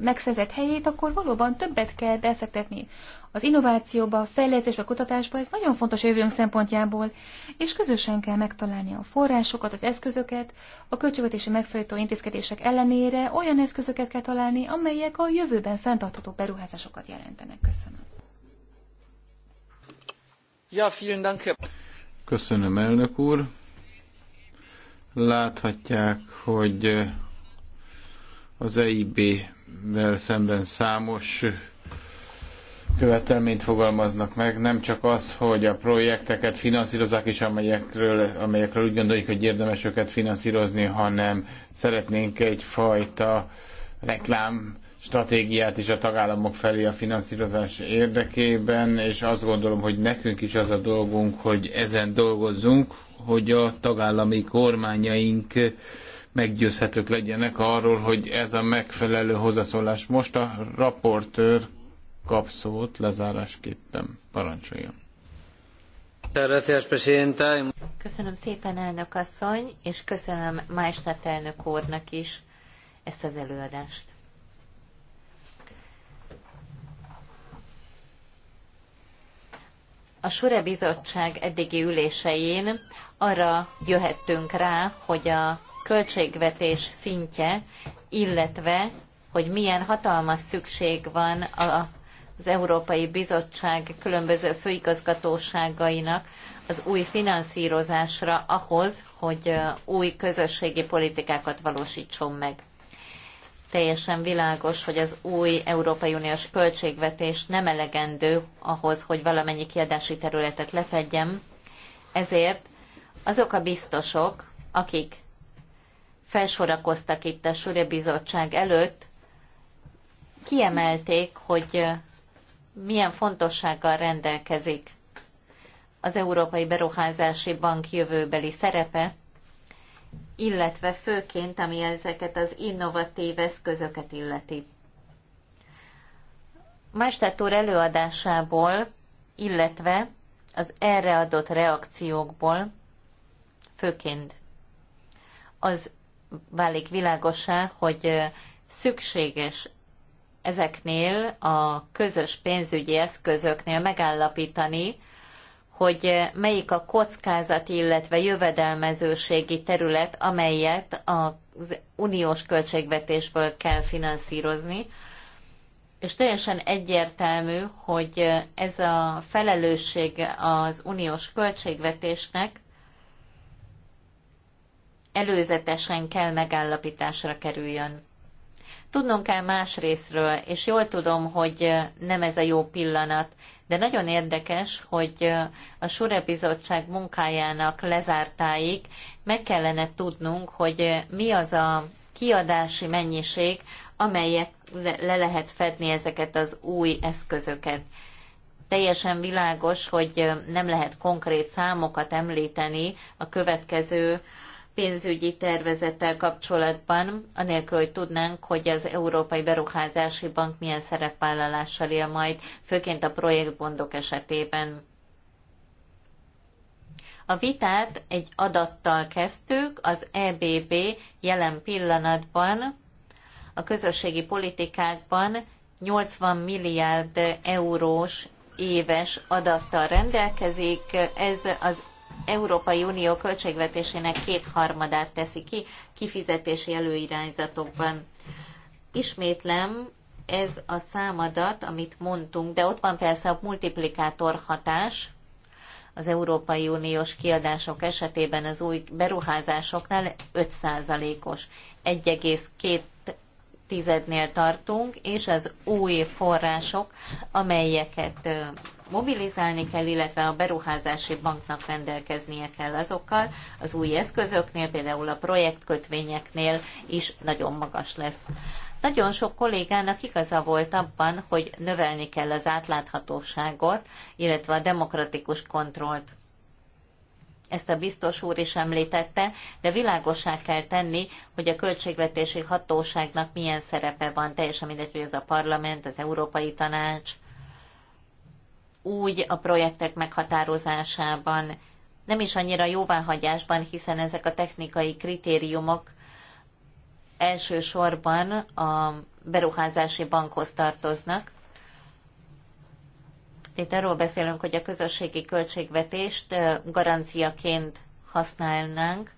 megszerzett helyét, akkor valóban többet kell befektetni az innovációba, a fejlesztésbe, a kutatásba, ez nagyon fontos jövőnk szempontjából, és közösen kell megtalálni a forrásokat, az eszközöket, a költségvetési megszorító intézkedések ellenére olyan eszközöket kell találni, amelyek a jövőben fenntartható beruházásokat jelentenek. Köszönöm. Ja, vielen Dank. Köszönöm, elnök úr. Láthatják, hogy az EIB-vel szemben számos követelményt fogalmaznak meg, nem csak az, hogy a projekteket finanszírozzák is, amelyekről, amelyekről úgy gondoljuk, hogy érdemes őket finanszírozni, hanem szeretnénk egyfajta reklám stratégiát is a tagállamok felé a finanszírozás érdekében, és azt gondolom, hogy nekünk is az a dolgunk, hogy ezen dolgozzunk, hogy a tagállami kormányaink meggyőzhetők legyenek arról, hogy ez a megfelelő hozzászólás. Most a raportőr kap szót lezárásképpen. Parancsoljon. Köszönöm szépen, elnök asszony, és köszönöm Májstát elnök úrnak is ezt az előadást. A Sure Bizottság eddigi ülésein arra jöhettünk rá, hogy a költségvetés szintje, illetve hogy milyen hatalmas szükség van a az Európai Bizottság különböző főigazgatóságainak az új finanszírozásra ahhoz, hogy új közösségi politikákat valósítson meg. Teljesen világos, hogy az új Európai Uniós költségvetés nem elegendő ahhoz, hogy valamennyi kiadási területet lefedjem, ezért azok a biztosok, akik felsorakoztak itt a Sure Bizottság előtt, kiemelték, hogy milyen fontossággal rendelkezik az Európai Beruházási Bank jövőbeli szerepe, illetve főként, ami ezeket az innovatív eszközöket illeti. Mástert úr előadásából, illetve az erre adott reakciókból, főként az válik világosá, hogy szükséges ezeknél a közös pénzügyi eszközöknél megállapítani, hogy melyik a kockázat, illetve jövedelmezőségi terület, amelyet az uniós költségvetésből kell finanszírozni. És teljesen egyértelmű, hogy ez a felelősség az uniós költségvetésnek előzetesen kell megállapításra kerüljön. Tudnunk kell más részről, és jól tudom, hogy nem ez a jó pillanat, de nagyon érdekes, hogy a Sure Bizottság munkájának lezártáig meg kellene tudnunk, hogy mi az a kiadási mennyiség, amelyet le lehet fedni ezeket az új eszközöket. Teljesen világos, hogy nem lehet konkrét számokat említeni a következő pénzügyi tervezettel kapcsolatban, anélkül, hogy tudnánk, hogy az Európai Beruházási Bank milyen szerepvállalással él majd, főként a projektbondok esetében. A vitát egy adattal kezdtük, az EBB jelen pillanatban a közösségi politikákban 80 milliárd eurós éves adattal rendelkezik. Ez az Európai Unió költségvetésének kétharmadát teszi ki kifizetési előirányzatokban. Ismétlem, ez a számadat, amit mondtunk, de ott van persze a multiplikátor hatás, az Európai Uniós kiadások esetében az új beruházásoknál 5%-os. 1,2-nél tartunk, és az új források, amelyeket mobilizálni kell, illetve a beruházási banknak rendelkeznie kell azokkal. Az új eszközöknél, például a projektkötvényeknél is nagyon magas lesz. Nagyon sok kollégának igaza volt abban, hogy növelni kell az átláthatóságot, illetve a demokratikus kontrollt. Ezt a biztos úr is említette, de világosá kell tenni, hogy a költségvetési hatóságnak milyen szerepe van, teljesen mindegy, hogy ez a parlament, az Európai Tanács, úgy a projektek meghatározásában, nem is annyira jóváhagyásban, hiszen ezek a technikai kritériumok elsősorban a beruházási bankhoz tartoznak. Itt arról beszélünk, hogy a közösségi költségvetést garanciaként használnánk,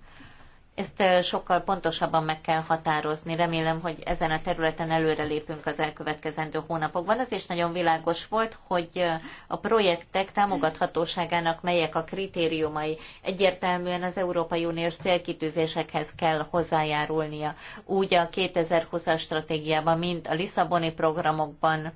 ezt sokkal pontosabban meg kell határozni. Remélem, hogy ezen a területen előre lépünk az elkövetkezendő hónapokban. Az is nagyon világos volt, hogy a projektek támogathatóságának melyek a kritériumai. Egyértelműen az Európai Uniós célkitűzésekhez kell hozzájárulnia. Úgy a 2020-as stratégiában, mint a Lisszaboni programokban,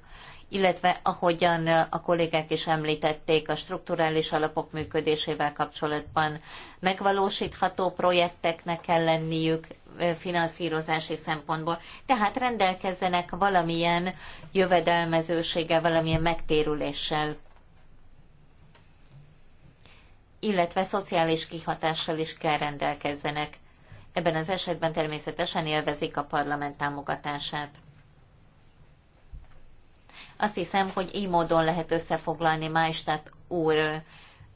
illetve ahogyan a kollégák is említették a strukturális alapok működésével kapcsolatban megvalósítható projekteknek kell lenniük finanszírozási szempontból, tehát rendelkezzenek valamilyen jövedelmezőséggel, valamilyen megtérüléssel illetve szociális kihatással is kell rendelkezzenek. Ebben az esetben természetesen élvezik a parlament támogatását. Azt hiszem, hogy így módon lehet összefoglalni Májstát úr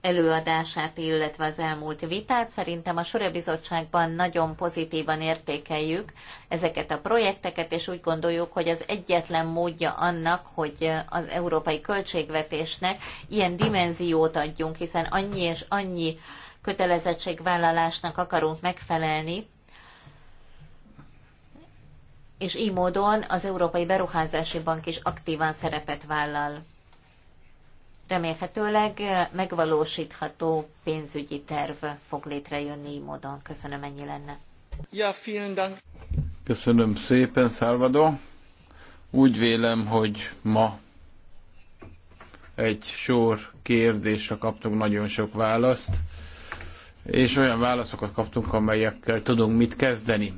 előadását, illetve az elmúlt vitát. Szerintem a Sure Bizottságban nagyon pozitívan értékeljük ezeket a projekteket, és úgy gondoljuk, hogy az egyetlen módja annak, hogy az európai költségvetésnek ilyen dimenziót adjunk, hiszen annyi és annyi kötelezettségvállalásnak akarunk megfelelni, és így módon az Európai Beruházási Bank is aktívan szerepet vállal remélhetőleg megvalósítható pénzügyi terv fog létrejönni így módon. Köszönöm, ennyi lenne. Ja, vielen Dank. Köszönöm szépen, Szálvadó. Úgy vélem, hogy ma egy sor kérdésre kaptunk nagyon sok választ, és olyan válaszokat kaptunk, amelyekkel tudunk mit kezdeni.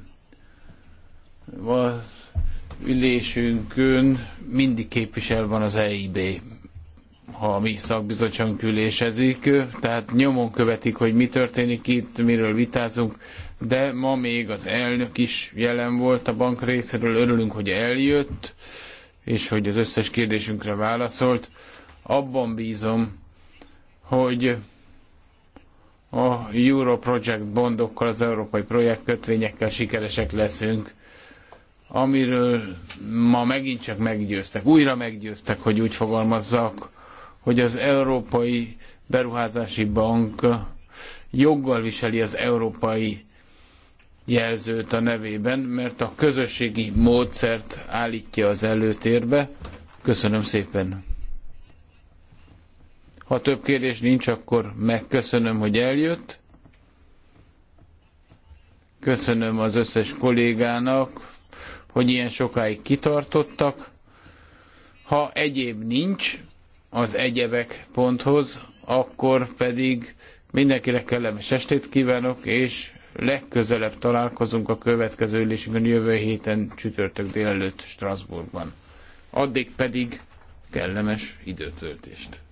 Az ülésünkön mindig képvisel van az EIB ha a mi szakbizottságunk ülésezik, tehát nyomon követik, hogy mi történik itt, miről vitázunk, de ma még az elnök is jelen volt a bank részéről, örülünk, hogy eljött, és hogy az összes kérdésünkre válaszolt. Abban bízom, hogy a Euro Project bondokkal, az európai projektkötvényekkel sikeresek leszünk, amiről ma megint csak meggyőztek, újra meggyőztek, hogy úgy fogalmazzak, hogy az Európai Beruházási Bank joggal viseli az európai jelzőt a nevében, mert a közösségi módszert állítja az előtérbe. Köszönöm szépen! Ha több kérdés nincs, akkor megköszönöm, hogy eljött. Köszönöm az összes kollégának, hogy ilyen sokáig kitartottak. Ha egyéb nincs, az egyebek ponthoz, akkor pedig mindenkinek kellemes estét kívánok, és legközelebb találkozunk a következő ülésünkön jövő héten csütörtök délelőtt Strasbourgban. Addig pedig kellemes időtöltést.